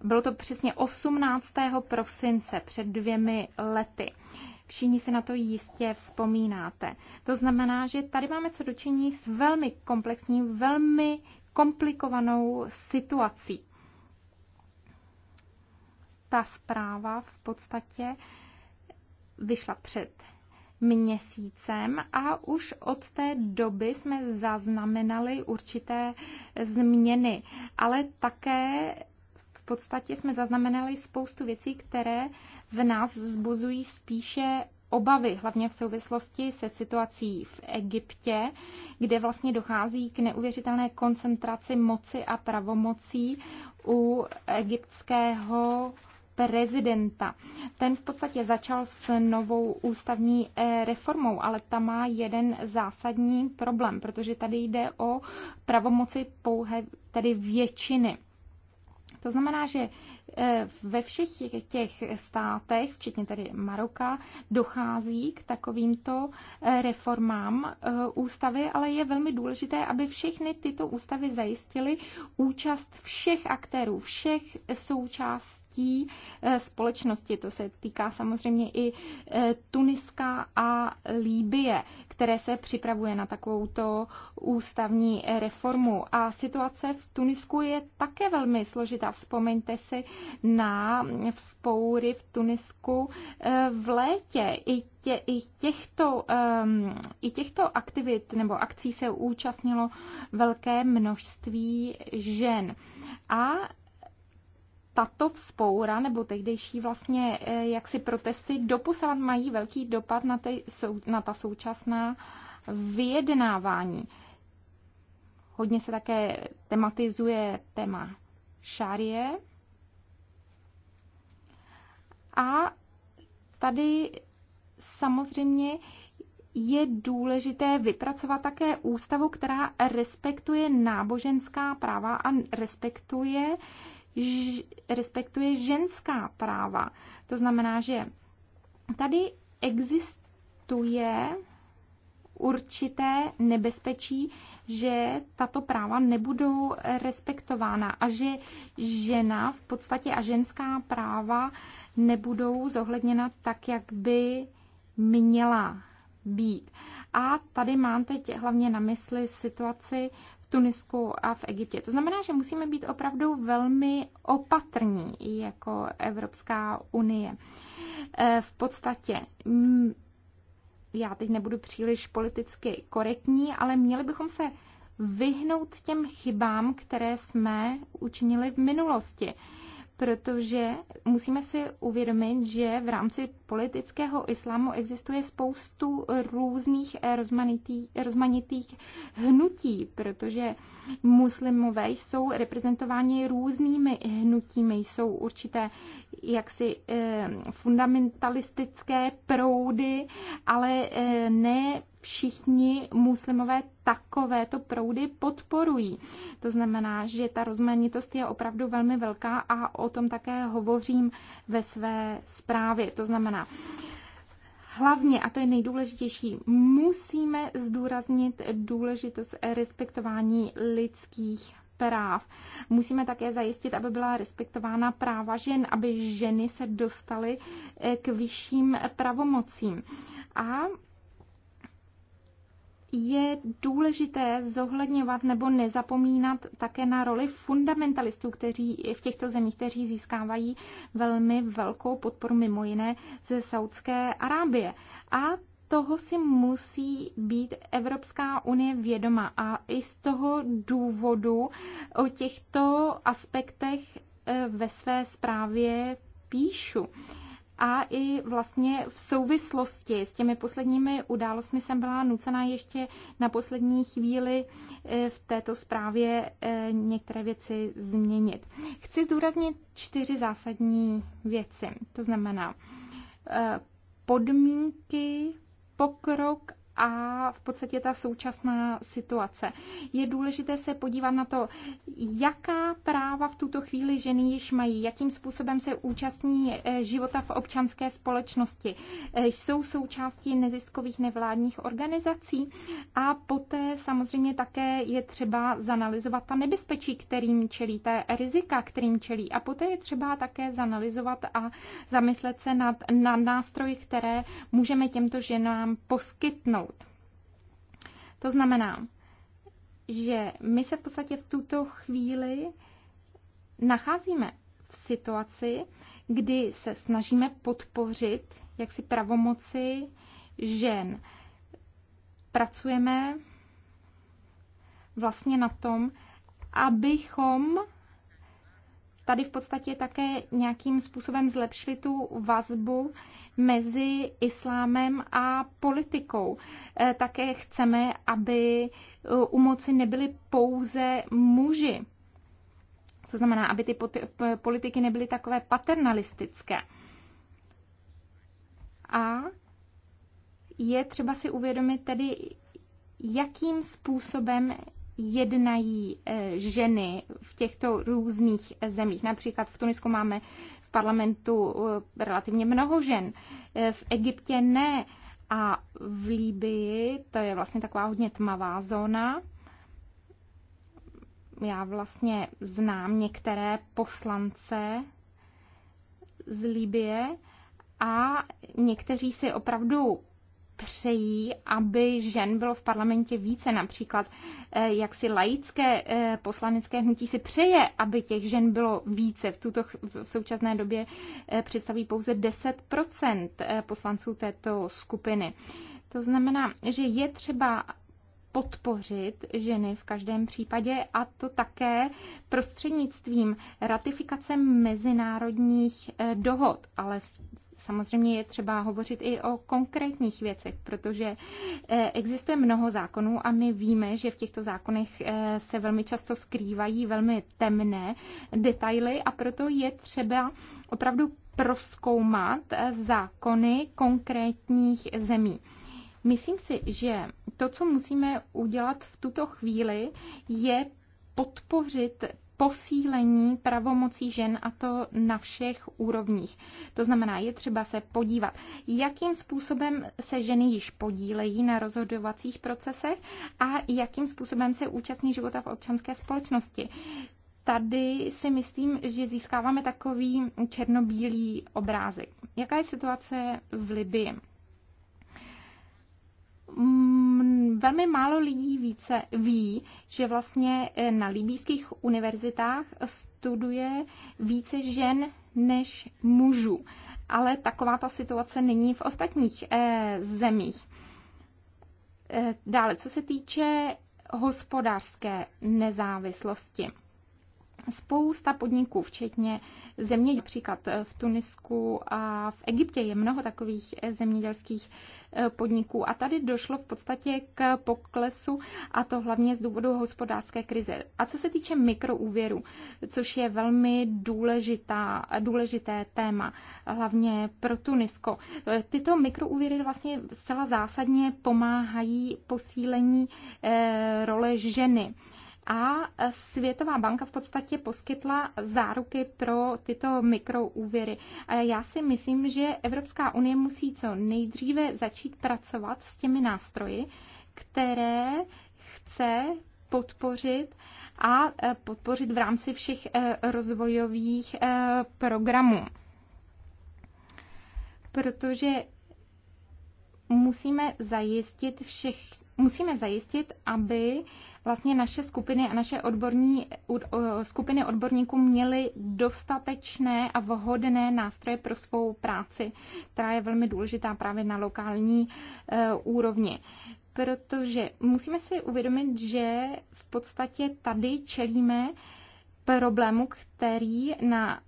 Bylo to přesně 18. prosince před dvěmi lety. Všichni si na to jistě vzpomínáte. To znamená, že tady máme co dočinění s velmi komplexní, velmi komplikovanou situací ta zpráva v podstatě vyšla před měsícem a už od té doby jsme zaznamenali určité změny, ale také v podstatě jsme zaznamenali spoustu věcí, které v nás vzbuzují spíše obavy, hlavně v souvislosti se situací v Egyptě, kde vlastně dochází k neuvěřitelné koncentraci moci a pravomocí u egyptského prezidenta. Ten v podstatě začal s novou ústavní eh, reformou, ale ta má jeden zásadní problém, protože tady jde o pravomoci pouhé tedy většiny. To znamená, že eh, ve všech těch státech, včetně tedy Maroka, dochází k takovýmto eh, reformám ústavy, ale je velmi důležité, aby všechny tyto ústavy zajistily účast všech aktérů, všech součástí částí eh, společnosti. To se týká samozřejmě i eh, Tuniska a Líbie, které se připravuje na takovouto ústavní eh, reformu. A situace v Tunisku je také velmi složitá. Vzpomeňte si na vzpoury v Tunisku v létě. I tě, i, těchto, um, i těchto aktivit nebo akcí se účastnilo velké množství žen. A tato vzpoura nebo tehdejší vlastně eh, jaksi protesty doposavat mají velký dopad na, ty, na ta současná vyjednávání. Hodně se také tematizuje téma šarie. A tady samozřejmě je důležité vypracovat také ústavu, která respektuje náboženská práva a respektuje respektuje ženská práva. To znamená, že tady existuje určité nebezpečí, že tato práva nebudou respektována a že žena v podstatě a ženská práva nebudou zohledněna tak, jak by měla být. A tady mám teď hlavně na mysli situaci Tunisku a v Egyptě. To znamená, že musíme být opravdu velmi opatrní jako Evropská unie. E, v podstatě já teď nebudu příliš politicky korektní, ale měli bychom se vyhnout těm chybám, které jsme učinili v minulosti protože musíme si uvědomit, že v rámci politického islámu existuje spoustu různých rozmanitých, rozmanitých hnutí, protože muslimové jsou reprezentováni různými hnutími, jsou určité jaksi eh, fundamentalistické proudy, ale eh, ne všichni muslimové takovéto proudy podporují. To znamená, že ta rozmanitost je opravdu velmi velká a o tom také hovořím ve své zprávě. To znamená, Hlavně, a to je nejdůležitější, musíme zdůraznit důležitost respektování lidských práv. Musíme také zajistit, aby byla respektována práva žen, aby ženy se dostaly eh, k vyšším pravomocím. A je důležité zohledňovat nebo nezapomínat také na roli fundamentalistů, kteří v těchto zemích, kteří získávají velmi velkou podporu mimo jiné ze Saudské Arábie. A toho si musí být Evropská unie vědoma a i z toho důvodu o těchto aspektech eh, ve své zprávě píšu. A i vlastně v souvislosti s těmi posledními událostmi jsem byla nucena ještě na poslední chvíli eh, v této zprávě eh, některé věci změnit. Chci zdůraznit čtyři zásadní věci. To znamená eh, podmínky, pokrok a v podstatě ta současná situace. Je důležité se podívat na to, jaká práva v tuto chvíli ženy již mají, jakým způsobem se účastní eh, života v občanské společnosti. Eh, jsou součástí neziskových nevládních organizací a poté samozřejmě také je třeba zanalizovat ta nebezpečí, kterým čelí, ta rizika, kterým čelí. A poté je třeba také zanalizovat a zamyslet se nad, nad nástroji, které můžeme těmto ženám poskytnout to znamená, že my se v podstatě v tuto chvíli nacházíme v situaci, kdy se snažíme podpořit jaksi pravomoci žen. Pracujeme vlastně na tom, abychom tady v podstatě také nějakým způsobem zlepšili tu vazbu mezi islámem a politikou. Eh, také chceme, aby eh, u moci nebyli pouze muži. To znamená, aby ty politiky nebyly takové paternalistické. A je třeba si uvědomit tedy, jakým způsobem jednají eh, ženy v těchto různých zemích. Například v Tunisku máme v parlamentu eh, relativně mnoho žen, eh, v Egyptě ne a v Líbii to je vlastně taková hodně tmavá zóna. Já vlastně znám některé poslance z Libie a někteří si opravdu přejí, aby žen bylo v parlamentě více. Například eh, jak si laické eh, poslanecké hnutí si přeje, aby těch žen bylo více. V, tuto, v současné době eh, představí pouze 10% poslanců této skupiny. To znamená, že je třeba podpořit ženy v každém případě a to také prostřednictvím ratifikace mezinárodních dohod, ale Samozřejmě je třeba hovořit i o konkrétních věcech, protože eh, existuje mnoho zákonů a my víme, že v těchto zákonech eh, se velmi často skrývají velmi temné detaily a proto je třeba opravdu proskoumat eh, zákony konkrétních zemí. Myslím si, že to, co musíme udělat v tuto chvíli, je podpořit posílení pravomocí žen a to na všech úrovních. To znamená, je třeba se podívat, jakým způsobem se ženy již podílejí na rozhodovacích procesech a jakým způsobem se účastní života v občanské společnosti. Tady si myslím, že získáváme takový černobílý obrázek. Jaká je situace v Libii? velmi málo lidí více ví, že vlastně eh, na libýských univerzitách studuje více žen než mužů. Ale taková ta situace není v ostatních eh, zemích. Eh, dále, co se týče hospodářské nezávislosti. Spousta podniků, včetně země, například v Tunisku a v Egyptě je mnoho takových zemědělských Eh, podniků. A tady došlo v podstatě k poklesu a to hlavně z důvodu hospodářské krize. A co se týče mikroúvěru, což je velmi důležitá, důležité téma, hlavně pro Tunisko. Eh, tyto mikroúvěry vlastně zcela zásadně pomáhají posílení eh, role ženy a Světová banka v podstatě poskytla záruky pro tyto mikroúvěry. A já si myslím, že Evropská unie musí co nejdříve začít pracovat s těmi nástroji, které chce podpořit a e, podpořit v rámci všech e, rozvojových e, programů. Protože musíme zajistit všech, musíme zajistit, aby vlastně naše skupiny a naše odborní, skupiny odborníků měly dostatečné a vhodné nástroje pro svou práci, která je velmi důležitá právě na lokální e, úrovni protože musíme si uvědomit, že v podstatě tady čelíme problému, který na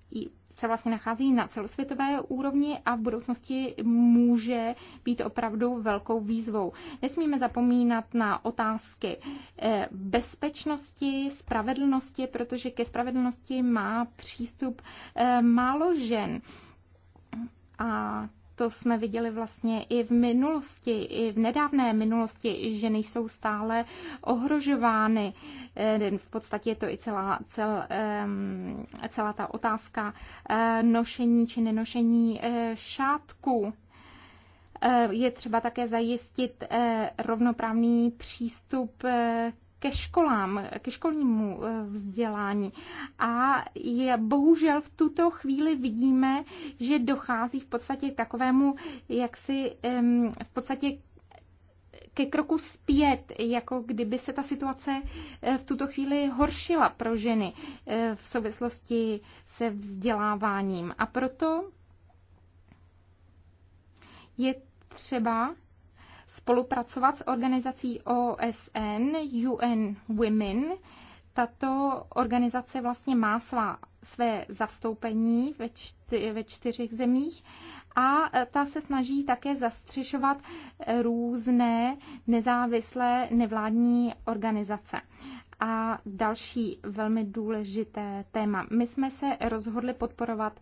se vlastně nachází na celosvětové úrovni a v budoucnosti může být opravdu velkou výzvou. Nesmíme zapomínat na otázky eh, bezpečnosti, spravedlnosti, protože ke spravedlnosti má přístup eh, málo žen. A to jsme viděli vlastně i v minulosti, i v nedávné minulosti, že nejsou stále ohrožovány. Eh, v podstatě je to i celá, cel, celá ta otázka eh, nošení či nenošení eh, šátků. Je třeba také zajistit rovnoprávný přístup ke školám, ke školnímu eh, vzdělání. A je, bohužel v tuto chvíli vidíme, že dochází v podstatě k takovému, jak si v podstatě ke kroku zpět, jako kdyby se ta situace eh, v tuto chvíli horšila pro ženy eh, v souvislosti se vzděláváním. A proto je třeba spolupracovat s organizací OSN UN Women. Tato organizace vlastně má svá, své zastoupení ve, čty, ve čtyřech zemích a e, ta se snaží také zastřešovat e, různé nezávislé nevládní organizace. A další velmi důležité téma. My jsme se rozhodli podporovat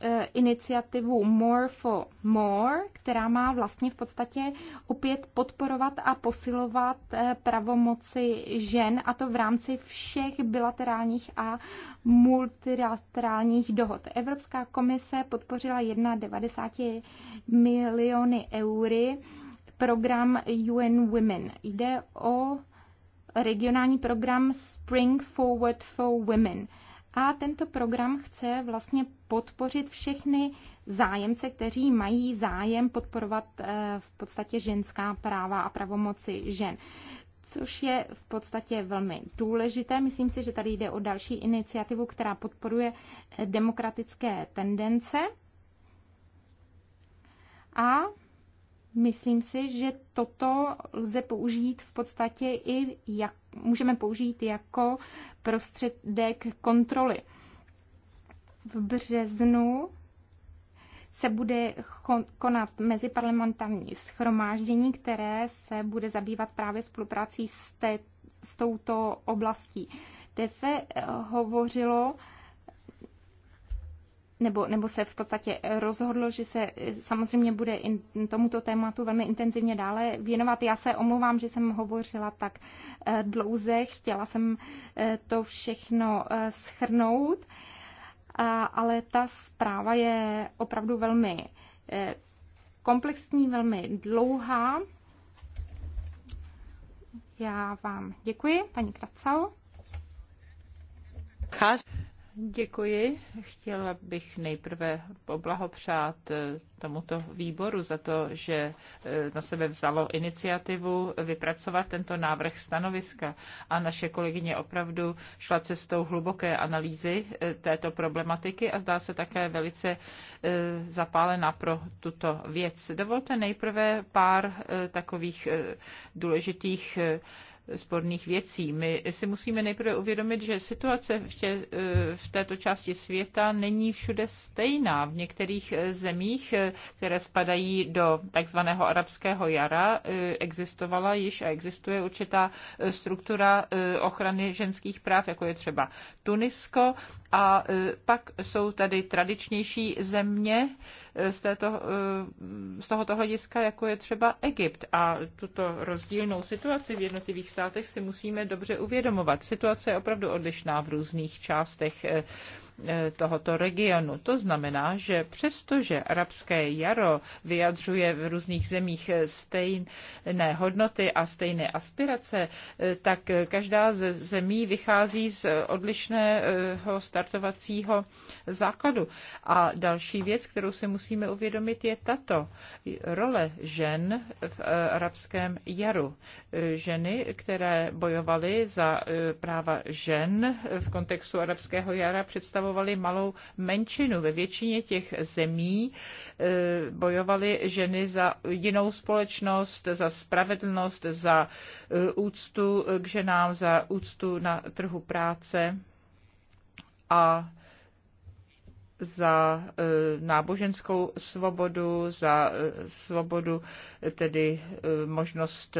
Eh, iniciativu More for More, která má vlastně v podstatě opět podporovat a posilovat eh, pravomoci žen, a to v rámci všech bilaterálních a multilaterálních dohod. Evropská komise podpořila 91 miliony eury program UN Women. Jde o regionální program Spring Forward for Women. A tento program chce vlastně podpořit všechny zájemce, kteří mají zájem podporovat eh, v podstatě ženská práva a pravomoci žen což je v podstatě velmi důležité. Myslím si, že tady jde o další iniciativu, která podporuje eh, demokratické tendence. A Myslím si, že toto lze použít v podstatě i jak, můžeme použít jako prostředek kontroly. V březnu se bude konat meziparlamentární schromáždění, které se bude zabývat právě spoluprací s, té, s touto oblastí. Kde se eh, hovořilo nebo, nebo se v podstatě rozhodlo, že se eh, samozřejmě bude in, tomuto tématu velmi intenzivně dále věnovat. Já se omlouvám, že jsem hovořila tak eh, dlouze, chtěla jsem eh, to všechno schrnout, ale ta zpráva je opravdu velmi komplexní, velmi dlouhá. Já vám děkuji, paní Kracau. Děkuji. Chtěla bych nejprve poblahopřát eh, tomuto výboru za to, že eh, na sebe vzalo iniciativu vypracovat tento návrh stanoviska. A naše kolegyně opravdu šla cestou hluboké analýzy eh, této problematiky a zdá se také velice zapálená pro tuto věc. Dovolte nejprve pár takových důležitých sporných věcí. My si musíme nejprve uvědomit, že situace v, tě, e, v této části světa není všude stejná. V některých e, zemích, e, které spadají do takzvaného arabského jara, existovala již a existuje určitá struktura ochrany ženských práv, jako je třeba Tunisko. A pak jsou tady tradičnější země, z, této, eh, z tohoto hlediska, jako je třeba Egypt. A tuto rozdílnou situaci v jednotlivých státech si musíme dobře uvědomovat. Situace je opravdu odlišná v různých částech eh, E, tohoto regionu. To znamená, že přestože arabské jaro vyjadřuje v různých zemích stejné hodnoty a stejné aspirace, e, tak každá ze zemí vychází z odlišného startovacího základu. A další věc, kterou si musíme uvědomit, je tato role žen v e, arabském jaru. Ženy, které bojovaly za práva žen v kontextu arabského jara, představovaly představovali malou menšinu. Ve většině těch zemí e, bojovaly ženy za jinou společnost, za spravedlnost, za e, úctu k ženám, za úctu na trhu práce a za e, náboženskou svobodu, za svobodu tedy možnost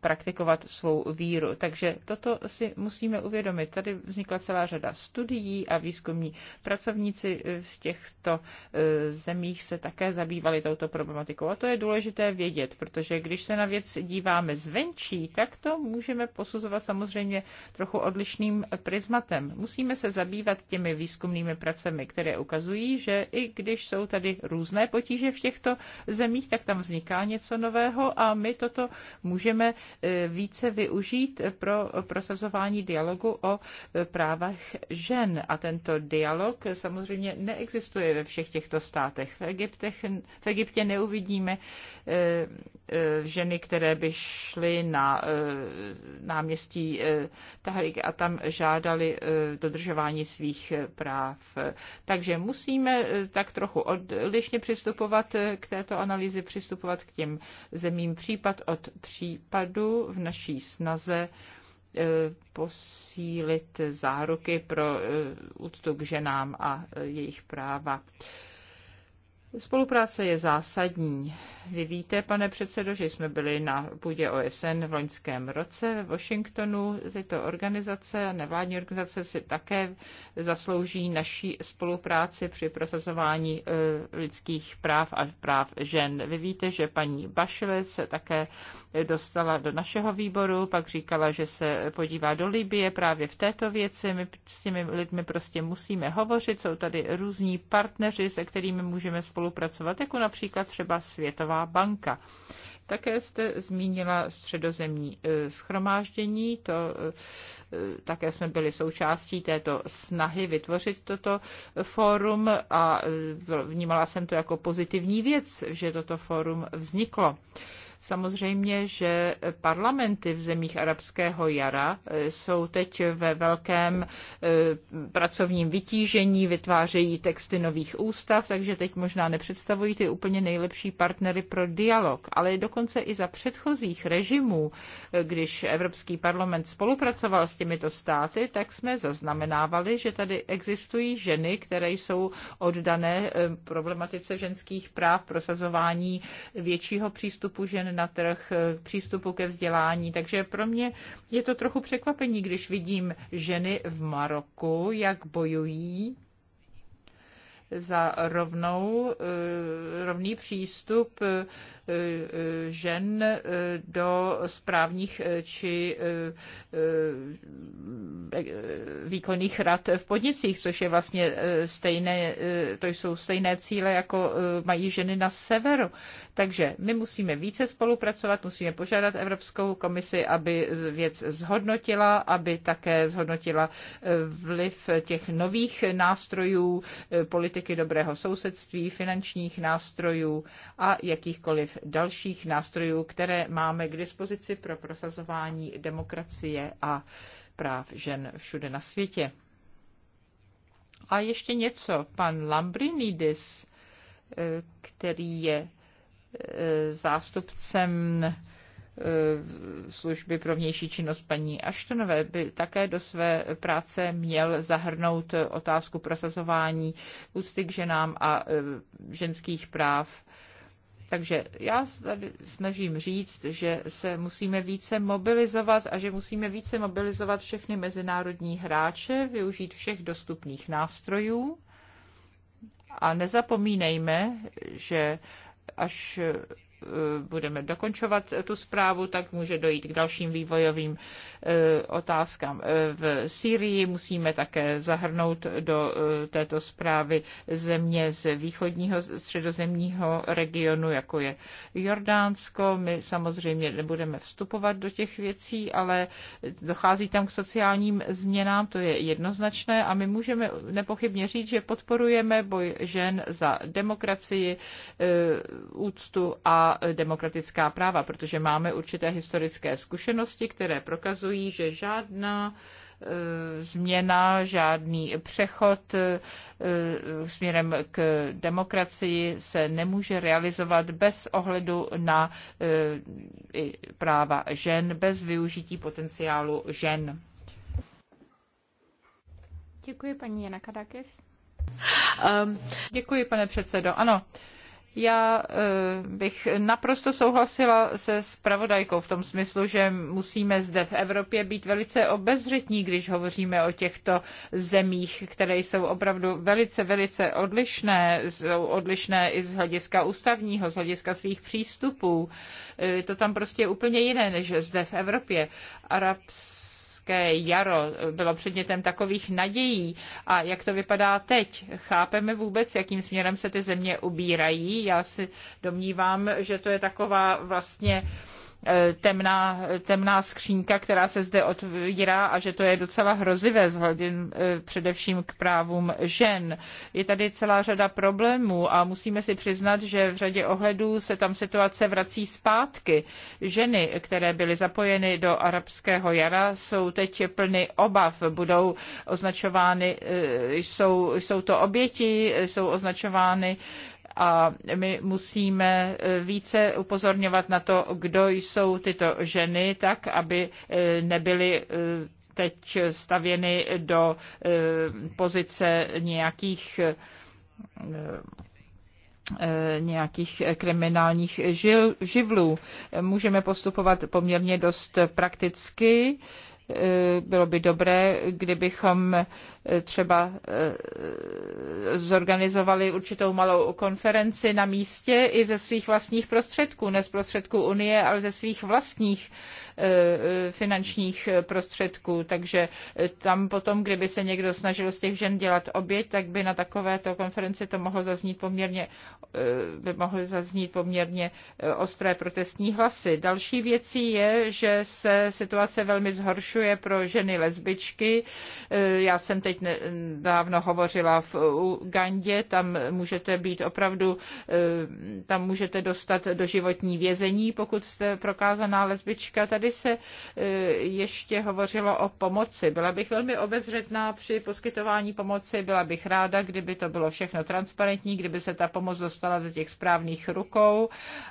praktikovat svou víru. Takže toto si musíme uvědomit. Tady vznikla celá řada studií a výzkumní pracovníci eh, v těchto eh, zemích se také zabývali touto problematikou. A to je důležité vědět, protože když se na věc díváme zvenčí, tak to můžeme posuzovat samozřejmě trochu odlišným prismatem. Musíme se zabývat těmi výzkumnými pracemi, které ukazují, že i když jsou tady různé potíže v těchto zemích, tak tam vzniká něco nového a my toto můžeme E, více využít pro prosazování dialogu o e, právech žen. A tento dialog samozřejmě neexistuje ve všech těchto státech. V, Egyptech, v Egyptě neuvidíme e, ženy, které by šly na náměstí Tahrik a tam žádali dodržování svých práv. Takže musíme tak trochu odlišně přistupovat k této analýzi, přistupovat k těm zemím případ od případu soudu v naší snaze eh, posílit záruky pro eh, úctu k ženám a eh, jejich práva. Spolupráce je zásadní. Vy víte, pane předsedo, že jsme byli na půdě OSN v loňském roce v Washingtonu. Tyto organizace a nevládní organizace si také zaslouží naší spolupráci při prosazování e, lidských práv a práv žen. Vy víte, že paní Bašile se také dostala do našeho výboru, pak říkala, že se podívá do Libie právě v této věci. My s těmi lidmi prostě musíme hovořit. Jsou tady různí partneři, se kterými můžeme spolupracovat spolupracovat, jako například třeba Světová banka. Také jste zmínila středozemní e, schromáždění, to e, také jsme byli součástí této snahy vytvořit toto fórum a e, vnímala jsem to jako pozitivní věc, že toto fórum vzniklo. Samozřejmě, že parlamenty v zemích arabského jara eh, jsou teď ve velkém eh, pracovním vytížení, vytvářejí texty nových ústav, takže teď možná nepředstavují ty úplně nejlepší partnery pro dialog. Ale dokonce i za předchozích režimů, eh, když Evropský parlament spolupracoval s těmito státy, tak jsme zaznamenávali, že tady existují ženy, které jsou oddané problematice ženských práv, prosazování většího přístupu žen na trh, k eh, přístupu ke vzdělání. Takže pro mě je to trochu překvapení, když vidím ženy v Maroku, jak bojují za rovnou, eh, rovný přístup eh, žen eh, do správních eh, či eh, výkonných rad v podnicích, což je vlastně stejné, to jsou stejné cíle, jako mají ženy na severu. Takže my musíme více spolupracovat, musíme požádat Evropskou komisi, aby věc zhodnotila, aby také zhodnotila vliv těch nových nástrojů, politiky dobrého sousedství, finančních nástrojů a jakýchkoliv dalších nástrojů, které máme k dispozici pro prosazování demokracie a práv žen všude na světě. A ještě něco, pan Lambrinidis, eh, který je eh, zástupcem eh, služby pro vnější činnost paní Aštonové by také do své práce měl zahrnout otázku prosazování úcty k ženám a ženských práv takže já tady snažím říct, že se musíme více mobilizovat a že musíme více mobilizovat všechny mezinárodní hráče, využít všech dostupných nástrojů a nezapomínejme, že až Eh, budeme dokončovat tu zprávu, tak může dojít k dalším vývojovým eh, otázkám eh, v Syrii. Musíme také zahrnout do této zprávy země z východního středozemního regionu, jako je Jordánsko. My samozřejmě nebudeme vstupovat do těch věcí, ale dochází tam k sociálním změnám, to je jednoznačné a my můžeme nepochybně říct, že podporujeme boj žen za demokracii, úctu a demokratická práva, protože máme určité historické zkušenosti, které prokazují, že žádná eh, změna, žádný přechod eh, směrem k demokracii se nemůže realizovat bez ohledu na eh, práva žen, bez využití potenciálu žen. Děkuji, paní Jana Kadakis. Um, děkuji, pane předsedo. Ano, uh, já eh, bych naprosto souhlasila se spravodajkou v tom smyslu, že musíme zde v Evropě být velice obezřetní, když hovoříme o těchto zemích, které jsou opravdu velice, velice odlišné. Jsou odlišné i z hlediska ústavního, z hlediska svých přístupů. Eh, to tam prostě je úplně jiné než zde v Evropě. Arabs arabské jaro bylo předmětem takových nadějí a jak to vypadá teď? Chápeme vůbec, jakým směrem se ty země ubírají? Já si domnívám, že to je taková vlastně E, temná, temná skřínka, která se zde otvírá a že to je docela hrozivé vzhledem především k právům žen. Je tady celá řada problémů a musíme si přiznat, že v řadě ohledů se tam situace vrací zpátky. Ženy, které byly zapojeny do arabského jara, jsou teď plny obav, budou označovány, e, jsou, jsou to oběti, jsou označovány a my musíme eh, více upozorňovat na to, kdo jsou tyto ženy, tak aby eh, nebyly eh, teď stavěny do pozice nějakých nějakých kriminálních živlů. Můžeme postupovat poměrně dost prakticky Eh, bylo by dobré, kdybychom eh, třeba eh, zorganizovali určitou malou konferenci na místě i ze svých vlastních prostředků, ne z prostředků Unie, ale ze svých vlastních Eh, finančních prostředků. Takže eh, tam potom, kdyby se někdo snažil z těch žen dělat oběť, tak by na takovéto konferenci to mohlo zaznít poměrně, eh, by mohly zaznít poměrně ostré protestní hlasy. Další věcí je, že se situace velmi zhoršuje pro ženy lesbičky. Já jsem teď dávno hovořila v Ugandě, tam můžete být opravdu, tam můžete dostat do životní vězení, pokud jste prokázaná lesbička. Tady aby se e, ještě hovořilo o pomoci. Byla bych velmi obezřetná při poskytování pomoci, byla bych ráda, kdyby to bylo všechno transparentní, kdyby se ta pomoc dostala do těch správných rukou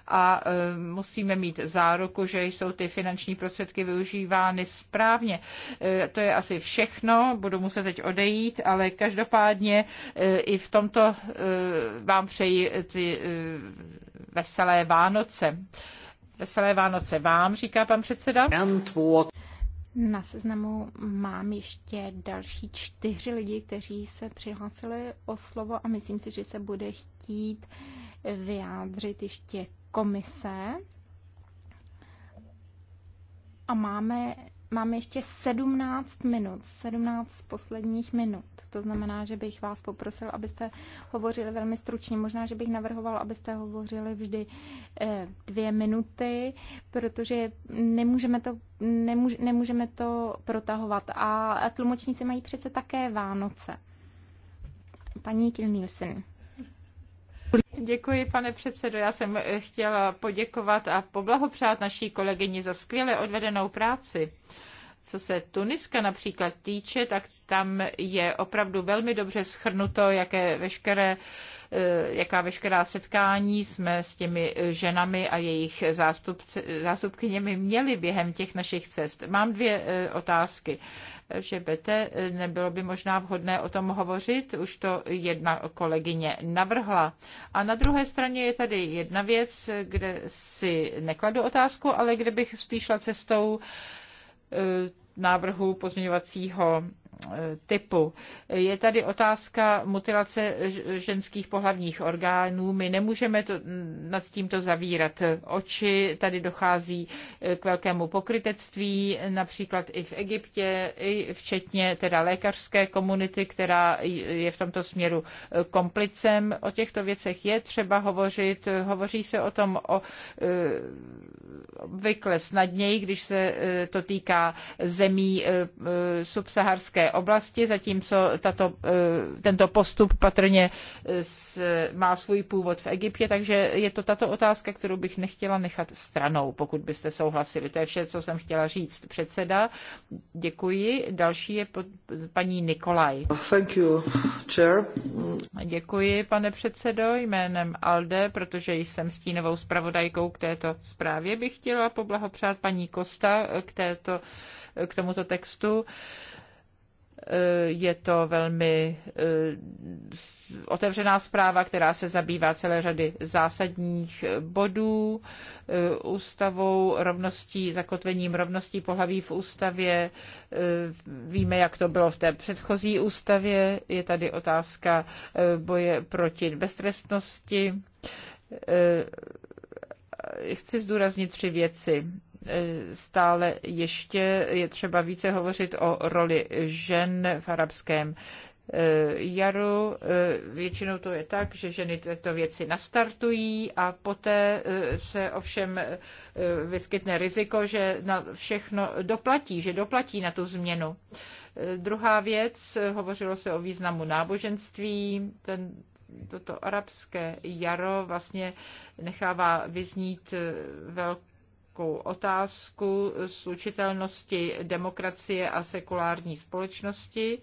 a e, musíme mít záruku, že jsou ty finanční prostředky využívány správně. E, to je asi všechno, budu muset teď odejít, ale každopádně i v tomto vám přeji ty veselé Vánoce. Veselé Vánoce vám, říká pan předseda. Na seznamu mám ještě další čtyři lidi, kteří se přihlásili o slovo a myslím si, že se bude chtít vyjádřit ještě komise. A máme Mám ještě 17 minut, 17 posledních minut. To znamená, že bych vás poprosil, abyste hovořili velmi stručně. Možná, že bych navrhoval, abyste hovořili vždy eh, dvě minuty, protože nemůžeme to, nemůž, nemůžeme to protahovat. A tlumočníci mají přece také Vánoce. Paní Kilnilsen. Děkuji, pane předsedo. Já jsem chtěla poděkovat a poblahopřát naší kolegyni za skvěle odvedenou práci. Co se Tuniska například týče, tak tam je opravdu velmi dobře schrnuto, jaké veškeré uh, Eh, jaká veškerá setkání jsme s těmi eh, ženami a jejich zástupce, zástupkyněmi měli během těch našich cest. Mám dvě eh, otázky. Že bete, nebylo by možná vhodné o tom hovořit, už to jedna kolegyně navrhla. A na druhé straně je tady jedna věc, kde si nekladu otázku, ale kde bych spíšla cestou návrhu pozměňovacího typu. Je tady otázka mutilace ženských pohlavních orgánů. My nemůžeme to, nad tímto zavírat oči. Tady dochází eh, k velkému pokrytectví, například i v Egyptě, i včetně teda lékařské komunity, která je v tomto směru eh, komplicem. O těchto věcech je třeba hovořit. Hovoří se o tom o, eh, obvykle snadněji, když se to týká zemí subsaharské oblasti, zatímco tato, e, tento postup patrně e, má svůj původ v Egyptě, takže je to tato otázka, kterou bych nechtěla nechat stranou, pokud byste souhlasili. To je vše, co jsem chtěla říct. Předseda, děkuji. Další je pod, paní Nikolaj. Thank you, chair. Děkuji, pane předsedo, jménem ALDE, protože jsem stínovou zpravodajkou k této zprávě, bych chtěla poblahopřát paní Kosta k, této, k tomuto textu. Eh, je to velmi eh, otevřená zpráva, která se zabývá celé řady zásadních eh, bodů, ústavou, rovností, zakotvením rovností pohlaví v ústavě. Víme, jak to bylo v té předchozí ústavě. Je tady otázka boje proti beztrestnosti chci zdůraznit tři věci. Eh, stále ještě je třeba více hovořit o roli žen v arabském eh, jaru. Eh, většinou to je tak, že ženy tyto věci nastartují a poté se ovšem vyskytne riziko, že na všechno doplatí, že doplatí na tu změnu. Druhá věc, hovořilo se o významu náboženství. Ten, toto arabské jaro vlastně nechává vyznít velkou krátkou otázku slučitelnosti demokracie a sekulární společnosti.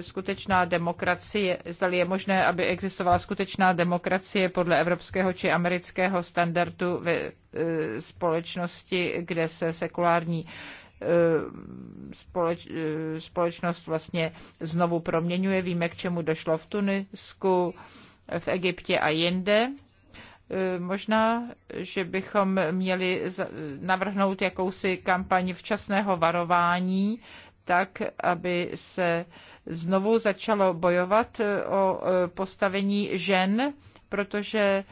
Skutečná demokracie, zda je možné, aby existovala skutečná demokracie podle evropského či amerického standardu ve e, společnosti, kde se sekulární e, společ, e, společnost vlastně znovu proměňuje. Víme, k čemu došlo v Tunisku, v Egyptě a jinde. Eh, možná, že bychom měli navrhnout jakousi kampaň včasného varování, tak, aby se znovu začalo bojovat eh, o eh, postavení žen, protože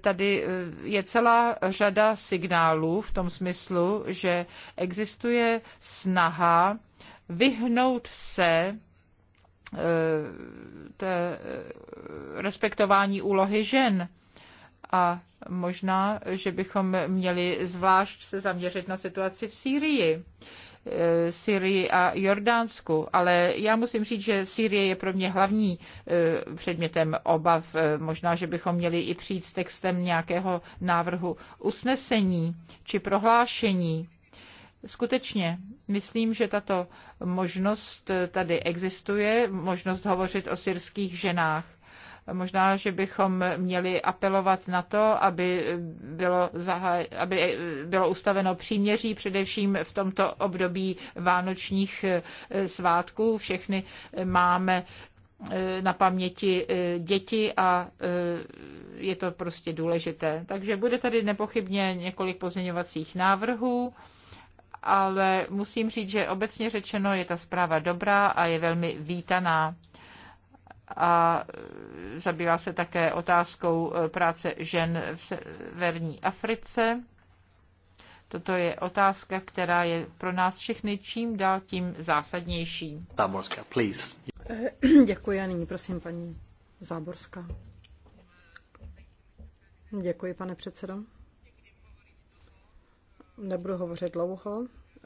tady je celá řada signálů v tom smyslu, že existuje snaha vyhnout se respektování úlohy žen a možná, že bychom měli zvlášť se zaměřit na situaci v Sýrii. Eh, Syrii a Jordánsku, ale já musím říct, že Syrie je pro mě hlavní eh, předmětem obav. Eh, možná, že bychom měli i přijít s textem nějakého návrhu usnesení či prohlášení. Skutečně, myslím, že tato možnost tady existuje, možnost hovořit o syrských ženách Možná, že bychom měli apelovat na to, aby bylo, zahaj, aby bylo ustaveno příměří, především v tomto období vánočních eh, svátků. Všechny eh, máme eh, na paměti děti a je to prostě důležité. Takže bude tady nepochybně několik pozměňovacích návrhů, ale musím říct, že obecně řečeno je ta zpráva dobrá a je velmi vítaná a e, zabývá se také otázkou e, práce žen v severní Africe. Toto je otázka, která je pro nás všechny čím dál tím zásadnější. Záborská, please. Eh, děkuji a nyní prosím paní Záborská. Děkuji, pane předsedo. Nebudu hovořit dlouho,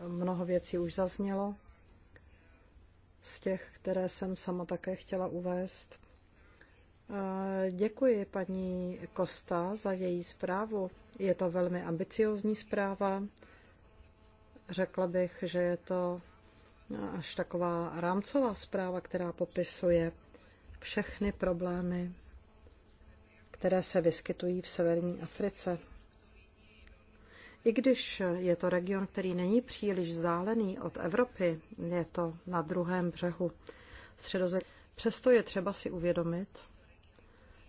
mnoho věcí už zaznělo z těch, které jsem sama také chtěla uvést. Děkuji paní Kosta za její zprávu. Je to velmi ambiciozní zpráva. Řekla bych, že je to až taková rámcová zpráva, která popisuje všechny problémy, které se vyskytují v severní Africe. I když je to region, který není příliš vzdálený od Evropy, je to na druhém břehu středozemí. Přesto je třeba si uvědomit,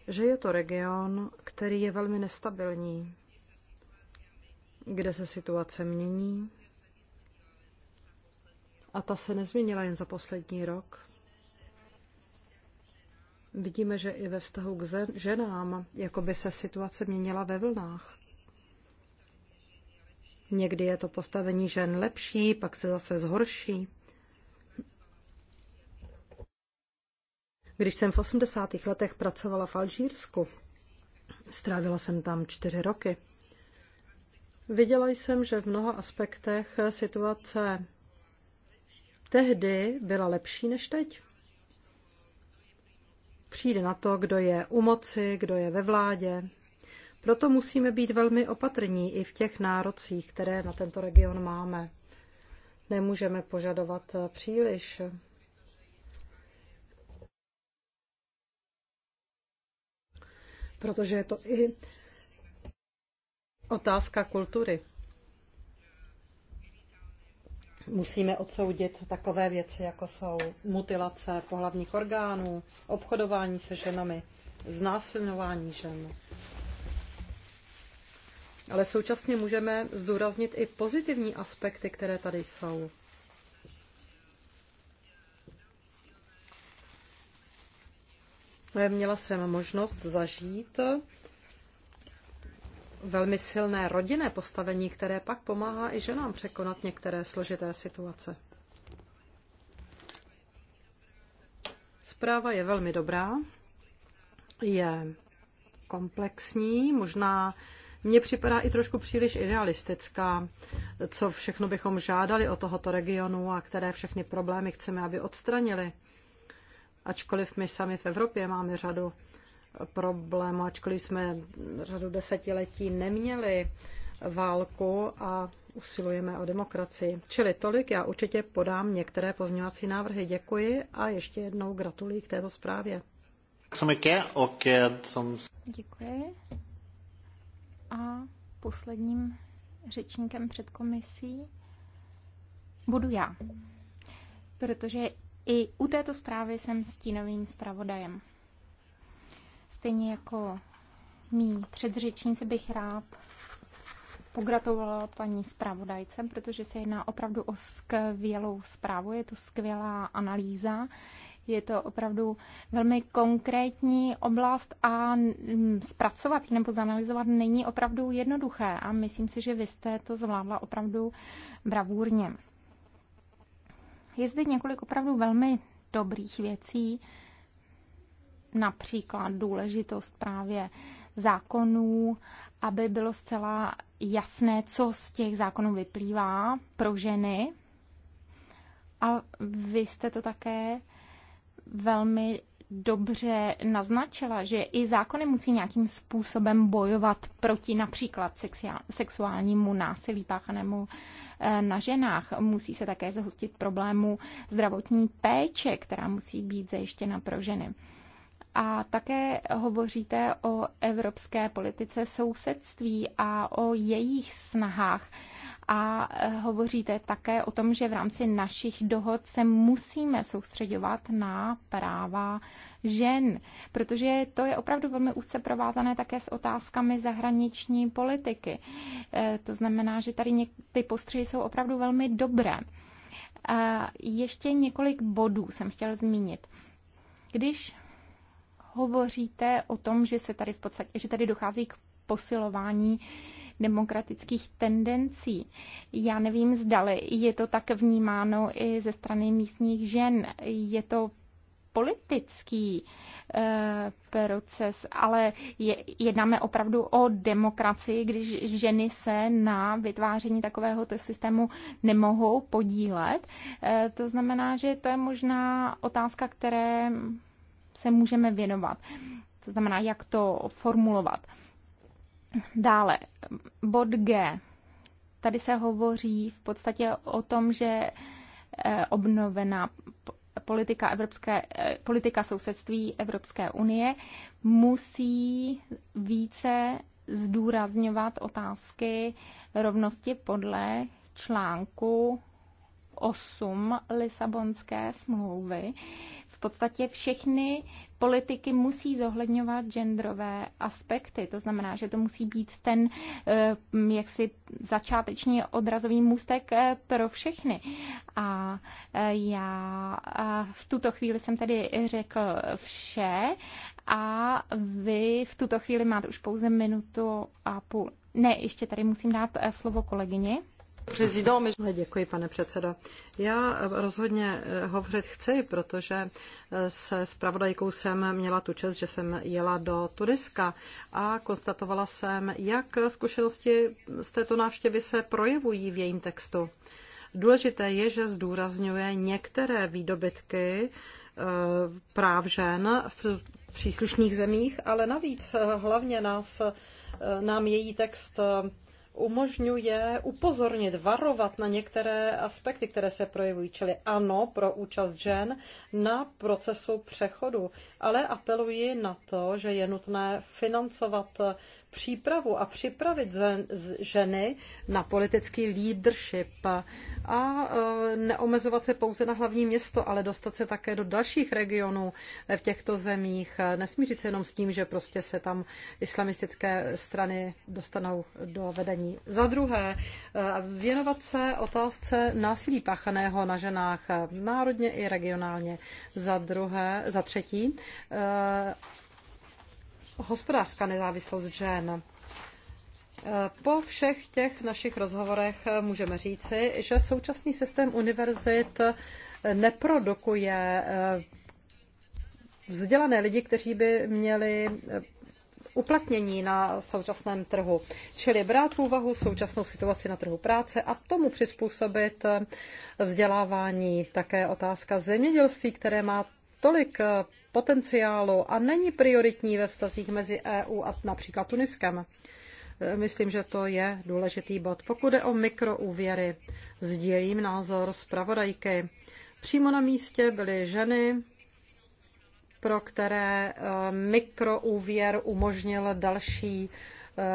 že je to region, který je velmi nestabilní, kde se situace mění. A ta se nezměnila jen za poslední rok. Vidíme, že i ve vztahu k ženám, jako by se situace měnila ve vlnách. Někdy je to postavení žen lepší, pak se zase zhorší. Když jsem v 80. letech pracovala v Alžírsku, strávila jsem tam čtyři roky, viděla jsem, že v mnoha aspektech situace tehdy byla lepší než teď. Přijde na to, kdo je u moci, kdo je ve vládě, proto musíme být velmi opatrní i v těch nárocích, které na tento region máme. Nemůžeme požadovat eh, příliš. Protože je to i otázka kultury. Musíme odsoudit takové věci, jako jsou mutilace pohlavních orgánů, obchodování se ženami, znásilňování žen ale současně můžeme zdůraznit i pozitivní aspekty, které tady jsou. Měla jsem možnost zažít velmi silné rodinné postavení, které pak pomáhá i ženám překonat některé složité situace. Zpráva je velmi dobrá, je komplexní, možná mně připadá i trošku příliš idealistická, co všechno bychom žádali o tohoto regionu a které všechny problémy chceme, aby odstranili. Ačkoliv my sami v Evropě máme řadu problémů, ačkoliv jsme řadu desetiletí neměli válku a usilujeme o demokracii. Čili tolik, já určitě podám některé pozměňovací návrhy. Děkuji a ještě jednou gratuluji k této zprávě. Děkuji a posledním řečníkem před komisí budu já, protože i u této zprávy jsem stínovým zpravodajem. Stejně jako mý předřečníci bych rád pogratulovala paní zpravodajce, protože se jedná opravdu o skvělou zprávu, je to skvělá analýza, je to opravdu velmi konkrétní oblast a mm, zpracovat nebo zanalizovat není opravdu jednoduché a myslím si, že vy jste to zvládla opravdu bravůrně. Je zde několik opravdu velmi dobrých věcí, například důležitost právě zákonů, aby bylo zcela jasné, co z těch zákonů vyplývá pro ženy. A vy jste to také velmi dobře naznačila, že i zákony musí nějakým způsobem bojovat proti například sexuálnímu násilí páchanému eh, na ženách. Musí se také zhostit problému zdravotní péče, která musí být zajištěna pro ženy. A také hovoříte o evropské politice sousedství a o jejich snahách a e, hovoříte také o tom, že v rámci našich dohod se musíme soustředovat na práva žen, protože to je opravdu velmi úzce provázané také s otázkami zahraniční politiky. E, to znamená, že tady ty postřehy jsou opravdu velmi dobré. E, ještě několik bodů jsem chtěl zmínit. Když hovoříte o tom, že se tady v podstatě, že tady dochází k posilování uh, demokratických tendencí. Já nevím, zdali je to tak vnímáno i ze strany místních žen. Je to politický e, proces, ale je, jednáme opravdu o demokracii, když ženy se na vytváření takového systému nemohou podílet. E, to znamená, že to je možná otázka, které se můžeme věnovat. To znamená, jak to formulovat. Dále, bod G. Tady se hovoří v podstatě o tom, že e, obnovená politika, Evropské, e, politika sousedství Evropské unie musí více zdůrazňovat otázky rovnosti podle článku 8 Lisabonské smlouvy, podstatě všechny politiky musí zohledňovat genderové aspekty. To znamená, že to musí být ten eh, jaksi začáteční odrazový můstek eh, pro všechny. A eh, já v tuto chvíli jsem tedy řekl vše a vy v tuto chvíli máte už pouze minutu a půl. Ne, ještě tady musím dát slovo kolegyni. Děkuji, pane předsedo. Já rozhodně eh, hovořit chci, protože eh, se spravodajkou jsem měla tu čest, že jsem jela do Tuniska a konstatovala jsem, jak zkušenosti z této návštěvy se projevují v jejím textu. Důležité je, že zdůrazňuje některé výdobytky eh, práv žen v příslušných zemích, ale navíc hlavně nás, nám její text umožňuje upozornit, varovat na některé aspekty, které se projevují. Čili ano pro účast žen na procesu přechodu, ale apeluji na to, že je nutné financovat přípravu a připravit ženy na politický leadership a e, neomezovat se pouze na hlavní město, ale dostat se také do dalších regionů e, v těchto zemích. E, Nesmířit se jenom s tím, že prostě se tam islamistické strany dostanou do vedení. Za druhé, věnovat se otázce násilí páchaného na ženách národně i regionálně. Za druhé, za třetí, hospodářská nezávislost žen. Po všech těch našich rozhovorech můžeme říci, že současný systém univerzit neprodukuje eh, vzdělané lidi, kteří by měli eh, uplatnění na současném trhu. Čili brát v úvahu současnou situaci na trhu práce a tomu přizpůsobit eh, vzdělávání. Také otázka zemědělství, které má tolik eh, potenciálu a není prioritní ve vztazích mezi EU a například Tuniskem. Eh, myslím, že to je důležitý bod. Pokud je o mikroúvěry, sdělím názor zpravodajky. Přímo na místě byly ženy, pro které eh, mikroúvěr umožnil další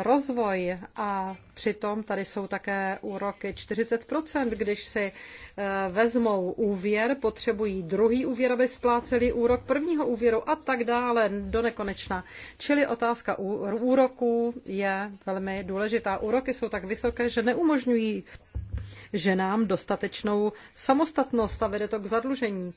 rozvoj a přitom tady jsou také úroky 40%, když si eh, vezmou úvěr, potřebují druhý úvěr, aby spláceli úrok prvního úvěru a tak dále do nekonečna. Čili otázka úroků je velmi důležitá. Úroky jsou tak vysoké, že neumožňují ženám dostatečnou samostatnost a vede to k zadlužení.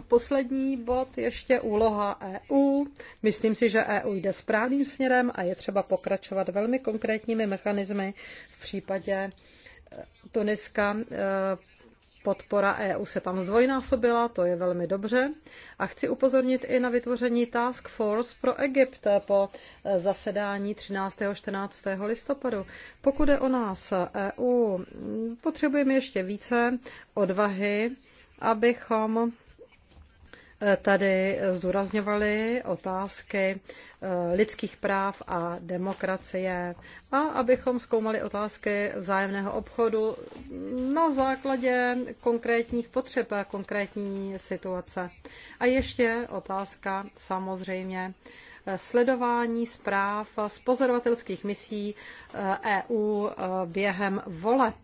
A poslední bod, ještě úloha EU. Myslím si, že EU jde správným směrem a je třeba pokračovat velmi konkrétními mechanismy v případě eh, Tuniska. Eh, podpora EU se tam zdvojnásobila, to je velmi dobře. A chci upozornit i na vytvoření Task Force pro Egypt po eh, zasedání 13. a 14. listopadu. Pokud je o nás, EU, potřebujeme ještě více odvahy, abychom tady zdůrazňovali otázky eh, lidských práv a demokracie a abychom zkoumali otázky vzájemného obchodu na základě konkrétních potřeb a konkrétní situace. A ještě otázka samozřejmě eh, sledování zpráv z pozorovatelských misí EU eh, e během voleb.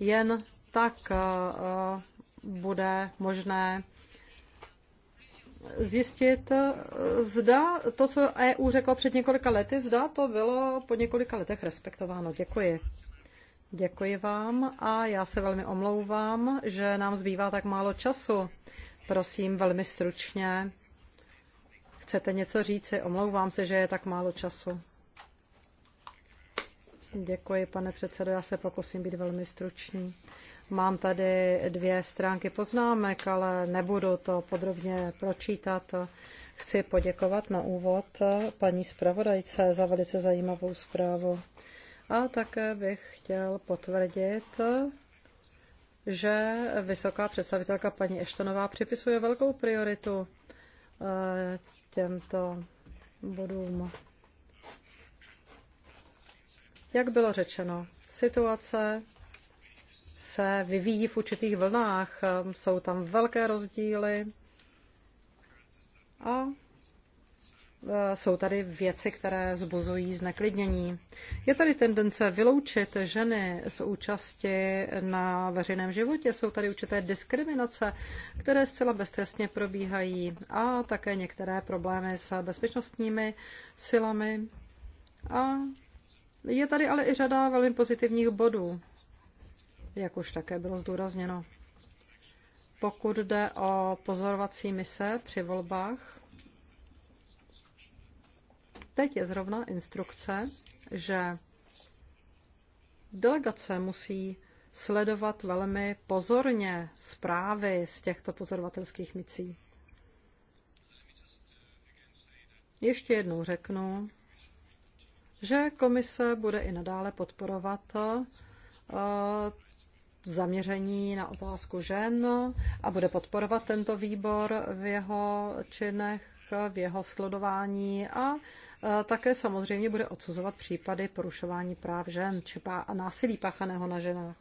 Jen tak bude možné zjistit, zda to, co EU řekla před několika lety, zda to bylo po několika letech respektováno. Děkuji. Děkuji vám a já se velmi omlouvám, že nám zbývá tak málo času. Prosím, velmi stručně. Chcete něco říci? Omlouvám se, že je tak málo času. Děkuji, pane předsedo, já se pokusím být velmi stručný. Mám tady dvě stránky poznámek, ale nebudu to podrobně pročítat. Chci poděkovat na úvod paní zpravodajce za velice zajímavou zprávu. A také bych chtěl potvrdit, že vysoká představitelka paní Eštonová připisuje velkou prioritu eh, těmto bodům. Jak bylo řečeno, situace se vyvíjí v určitých vlnách. Ehm, jsou tam velké rozdíly a e, jsou tady věci, které zbuzují zneklidnění. Je tady tendence vyloučit ženy z účasti na veřejném životě. Jsou tady určité diskriminace, které zcela beztrestně probíhají a také některé problémy s bezpečnostními silami. A je tady ale i řada velmi pozitivních bodů jak už také bylo zdůrazněno. Pokud jde o pozorovací mise při volbách, teď je zrovna instrukce, že delegace musí sledovat velmi pozorně zprávy z těchto pozorovatelských misí. Ještě jednou řeknu, že komise bude i nadále podporovat eh, zaměření na otázku žen a bude podporovat tento výbor v jeho činech, v jeho shledování a e, také samozřejmě bude odsuzovat případy porušování práv žen či a násilí páchaného na ženách.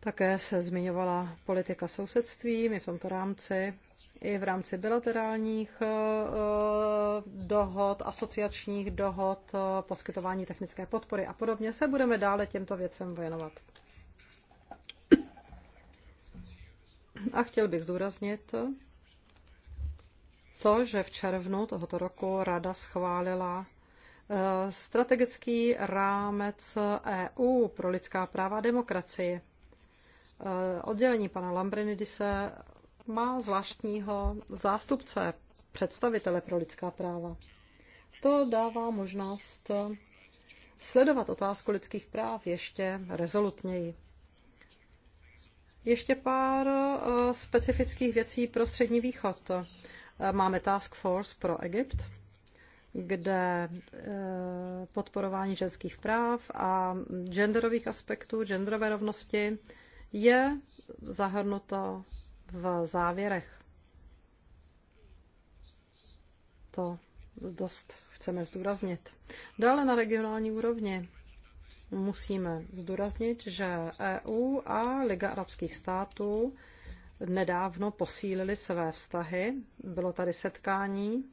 Také se zmiňovala politika sousedství. My v tomto rámci i v rámci bilaterálních eh, eh, dohod, asociačních dohod, eh, poskytování technické podpory a podobně se budeme dále těmto věcem věnovat. A chtěl bych zdůraznit to, že v červnu tohoto roku Rada schválila strategický rámec EU pro lidská práva a demokracii. Oddělení pana Lambrinidise má zvláštního zástupce, představitele pro lidská práva. To dává možnost sledovat otázku lidských práv ještě rezolutněji. Ještě pár eh, specifických věcí pro Střední východ. Eh, máme Task Force pro Egypt, kde eh, podporování ženských práv a genderových aspektů, genderové rovnosti je zahrnuto v závěrech. To dost chceme zdůraznit. Dále na regionální úrovni musíme zdůraznit, že EU a Liga arabských států nedávno posílili své vztahy. Bylo tady setkání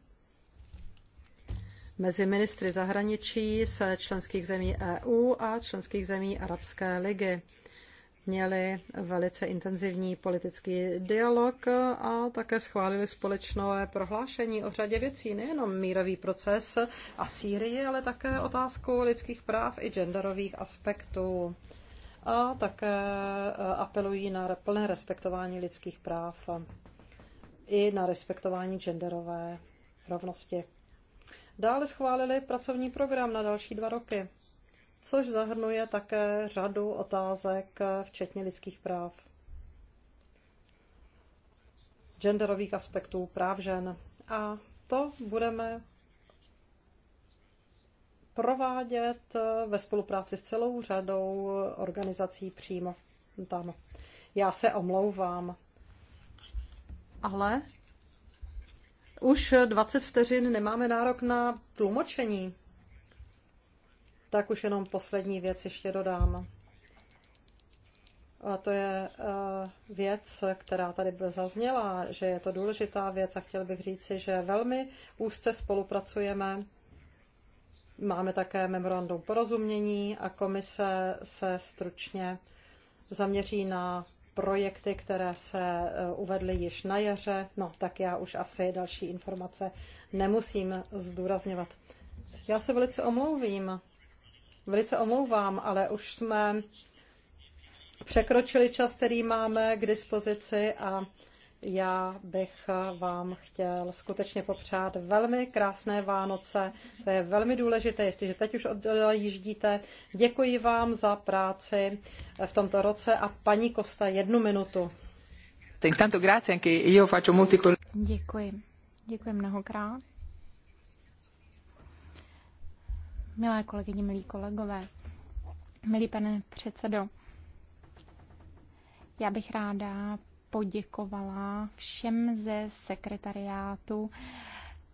mezi ministry zahraničí se členských zemí EU a členských zemí Arabské ligy měli velice intenzivní politický dialog a také schválili společné prohlášení o řadě věcí, nejenom mírový proces a Sýrii, ale také otázku lidských práv i genderových aspektů. A také e, apelují na plné respektování lidských práv i na respektování genderové rovnosti. Dále schválili pracovní program na další dva roky což zahrnuje také řadu otázek, včetně lidských práv, genderových aspektů práv žen. A to budeme provádět ve spolupráci s celou řadou organizací přímo tam. Já se omlouvám. Ale už 20 vteřin nemáme nárok na tlumočení tak už jenom poslední věc ještě dodám. A to je eh, věc, která tady byla zazněla, že je to důležitá věc a chtěl bych říci, že velmi úzce spolupracujeme. Máme také memorandum porozumění a komise se stručně zaměří na projekty, které se eh, uvedly již na jaře. No, tak já už asi další informace nemusím zdůrazňovat. Já se velice omlouvím velice omlouvám, ale už jsme překročili čas, který máme k dispozici a já bych vám chtěl skutečně popřát velmi krásné Vánoce. To je velmi důležité, jestliže teď už odjíždíte. Děkuji vám za práci v tomto roce a paní Kosta jednu minutu. Děkuji. Děkuji mnohokrát. milé kolegyně, milí kolegové, milý pane předsedo. Já bych ráda poděkovala všem ze sekretariátu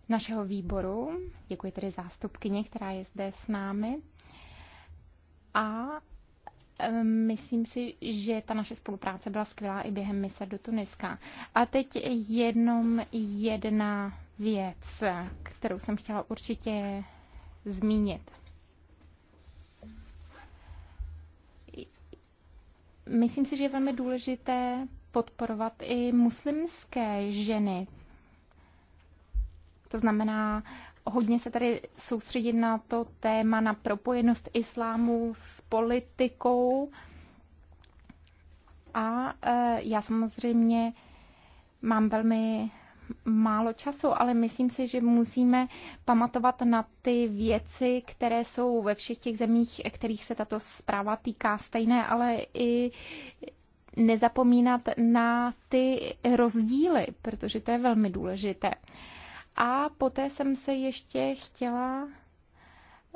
našeho výboru. Děkuji tedy zástupkyně, která je zde s námi. A Myslím si, že ta naše spolupráce byla skvělá i během mise do Tuniska. A teď jenom jedna věc, kterou jsem chtěla určitě zmínit. Myslím si, že je velmi důležité podporovat i muslimské ženy. To znamená, hodně se tady soustředit na to téma, na propojenost islámu s politikou. A e, já samozřejmě mám velmi málo času, ale myslím si, že musíme pamatovat na ty věci, které jsou ve všech těch zemích, kterých se tato zpráva týká stejné, ale i nezapomínat na ty rozdíly, protože to je velmi důležité. A poté jsem se ještě chtěla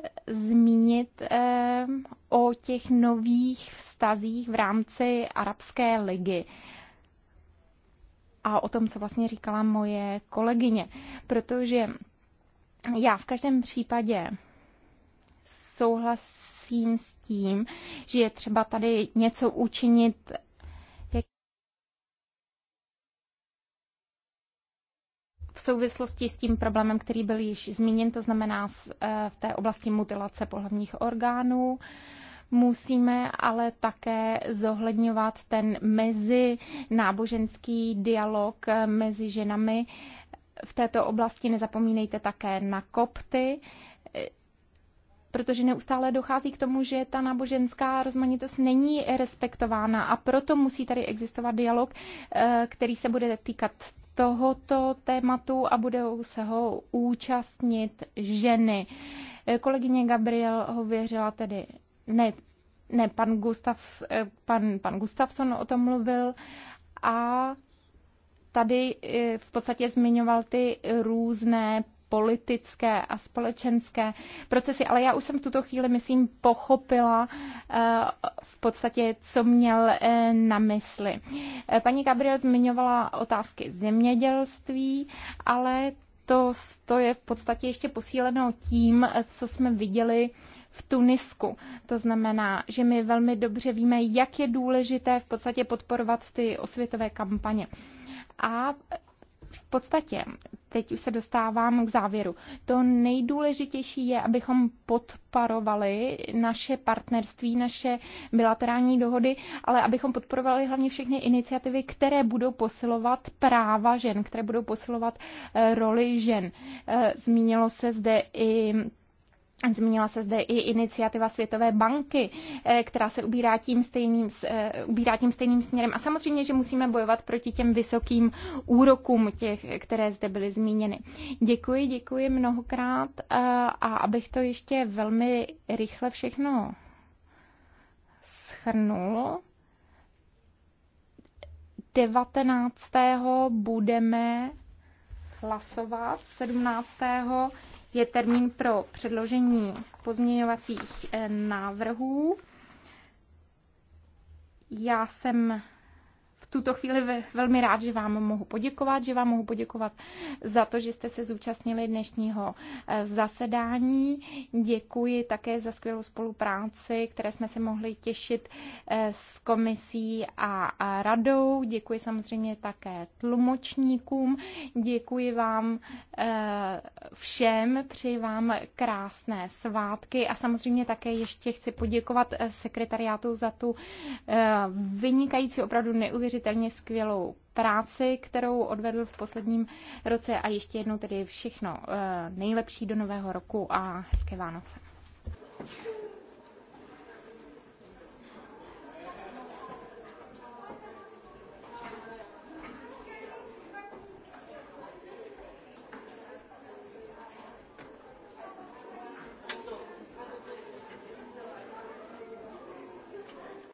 eh, zmínit eh, o těch nových vztazích v rámci Arabské ligy a o tom, co vlastně říkala moje kolegyně, protože já v každém případě souhlasím s tím, že je třeba tady něco učinit v souvislosti s tím problémem, který byl již zmíněn, to znamená eh, v té oblasti mutilace pohlavních orgánů musíme ale také zohledňovat ten mezi náboženský dialog mezi ženami. V této oblasti nezapomínejte také na kopty, protože neustále dochází k tomu, že ta náboženská rozmanitost není respektována a proto musí tady existovat dialog, eh, který se bude týkat tohoto tématu a budou se ho účastnit ženy. Kolegyně Gabriel hověřila tedy ne, ne pan, Gustav, eh, pan, pan Gustavson o tom mluvil a tady eh, v podstatě zmiňoval ty různé politické a společenské procesy, ale já už jsem v tuto chvíli, myslím, pochopila eh, v podstatě, co měl na mysli. Paní Gabriel zmiňovala otázky zemědělství, ale to, to je v podstatě ještě posíleno tím, co jsme viděli v Tunisku. To znamená, že my velmi dobře víme, jak je důležité v podstatě podporovat ty osvětové kampaně. A v podstatě, teď už se dostávám k závěru, to nejdůležitější je, abychom podporovali naše partnerství, naše bilaterální dohody, ale abychom podporovali hlavně všechny iniciativy, které budou posilovat práva žen, které budou posilovat eh, roli žen. Eh, zmínilo se zde i Zmínila se zde i iniciativa Světové banky, eh, která se ubírá tím, stejným, eh, ubírá tím stejným směrem. A samozřejmě, že musíme bojovat proti těm vysokým úrokům, těch, které zde byly zmíněny. Děkuji, děkuji mnohokrát eh, a abych to ještě velmi rychle všechno schrnul. 19. budeme hlasovat, 17 je termín pro předložení pozměňovacích eh, návrhů. Já jsem tuto chvíli velmi rád, že vám mohu poděkovat, že vám mohu poděkovat za to, že jste se zúčastnili dnešního eh, zasedání. Děkuji také za skvělou spolupráci, které jsme se mohli těšit eh, s komisí a radou. Děkuji samozřejmě také tlumočníkům. Děkuji vám eh, všem, přeji vám krásné svátky a samozřejmě také ještě chci poděkovat sekretariátu za tu vynikající opravdu neuvěřitelnou neuvěřitelně skvělou práci, kterou odvedl v posledním roce a ještě jednou tedy všechno eh, nejlepší do nového roku a hezké Vánoce.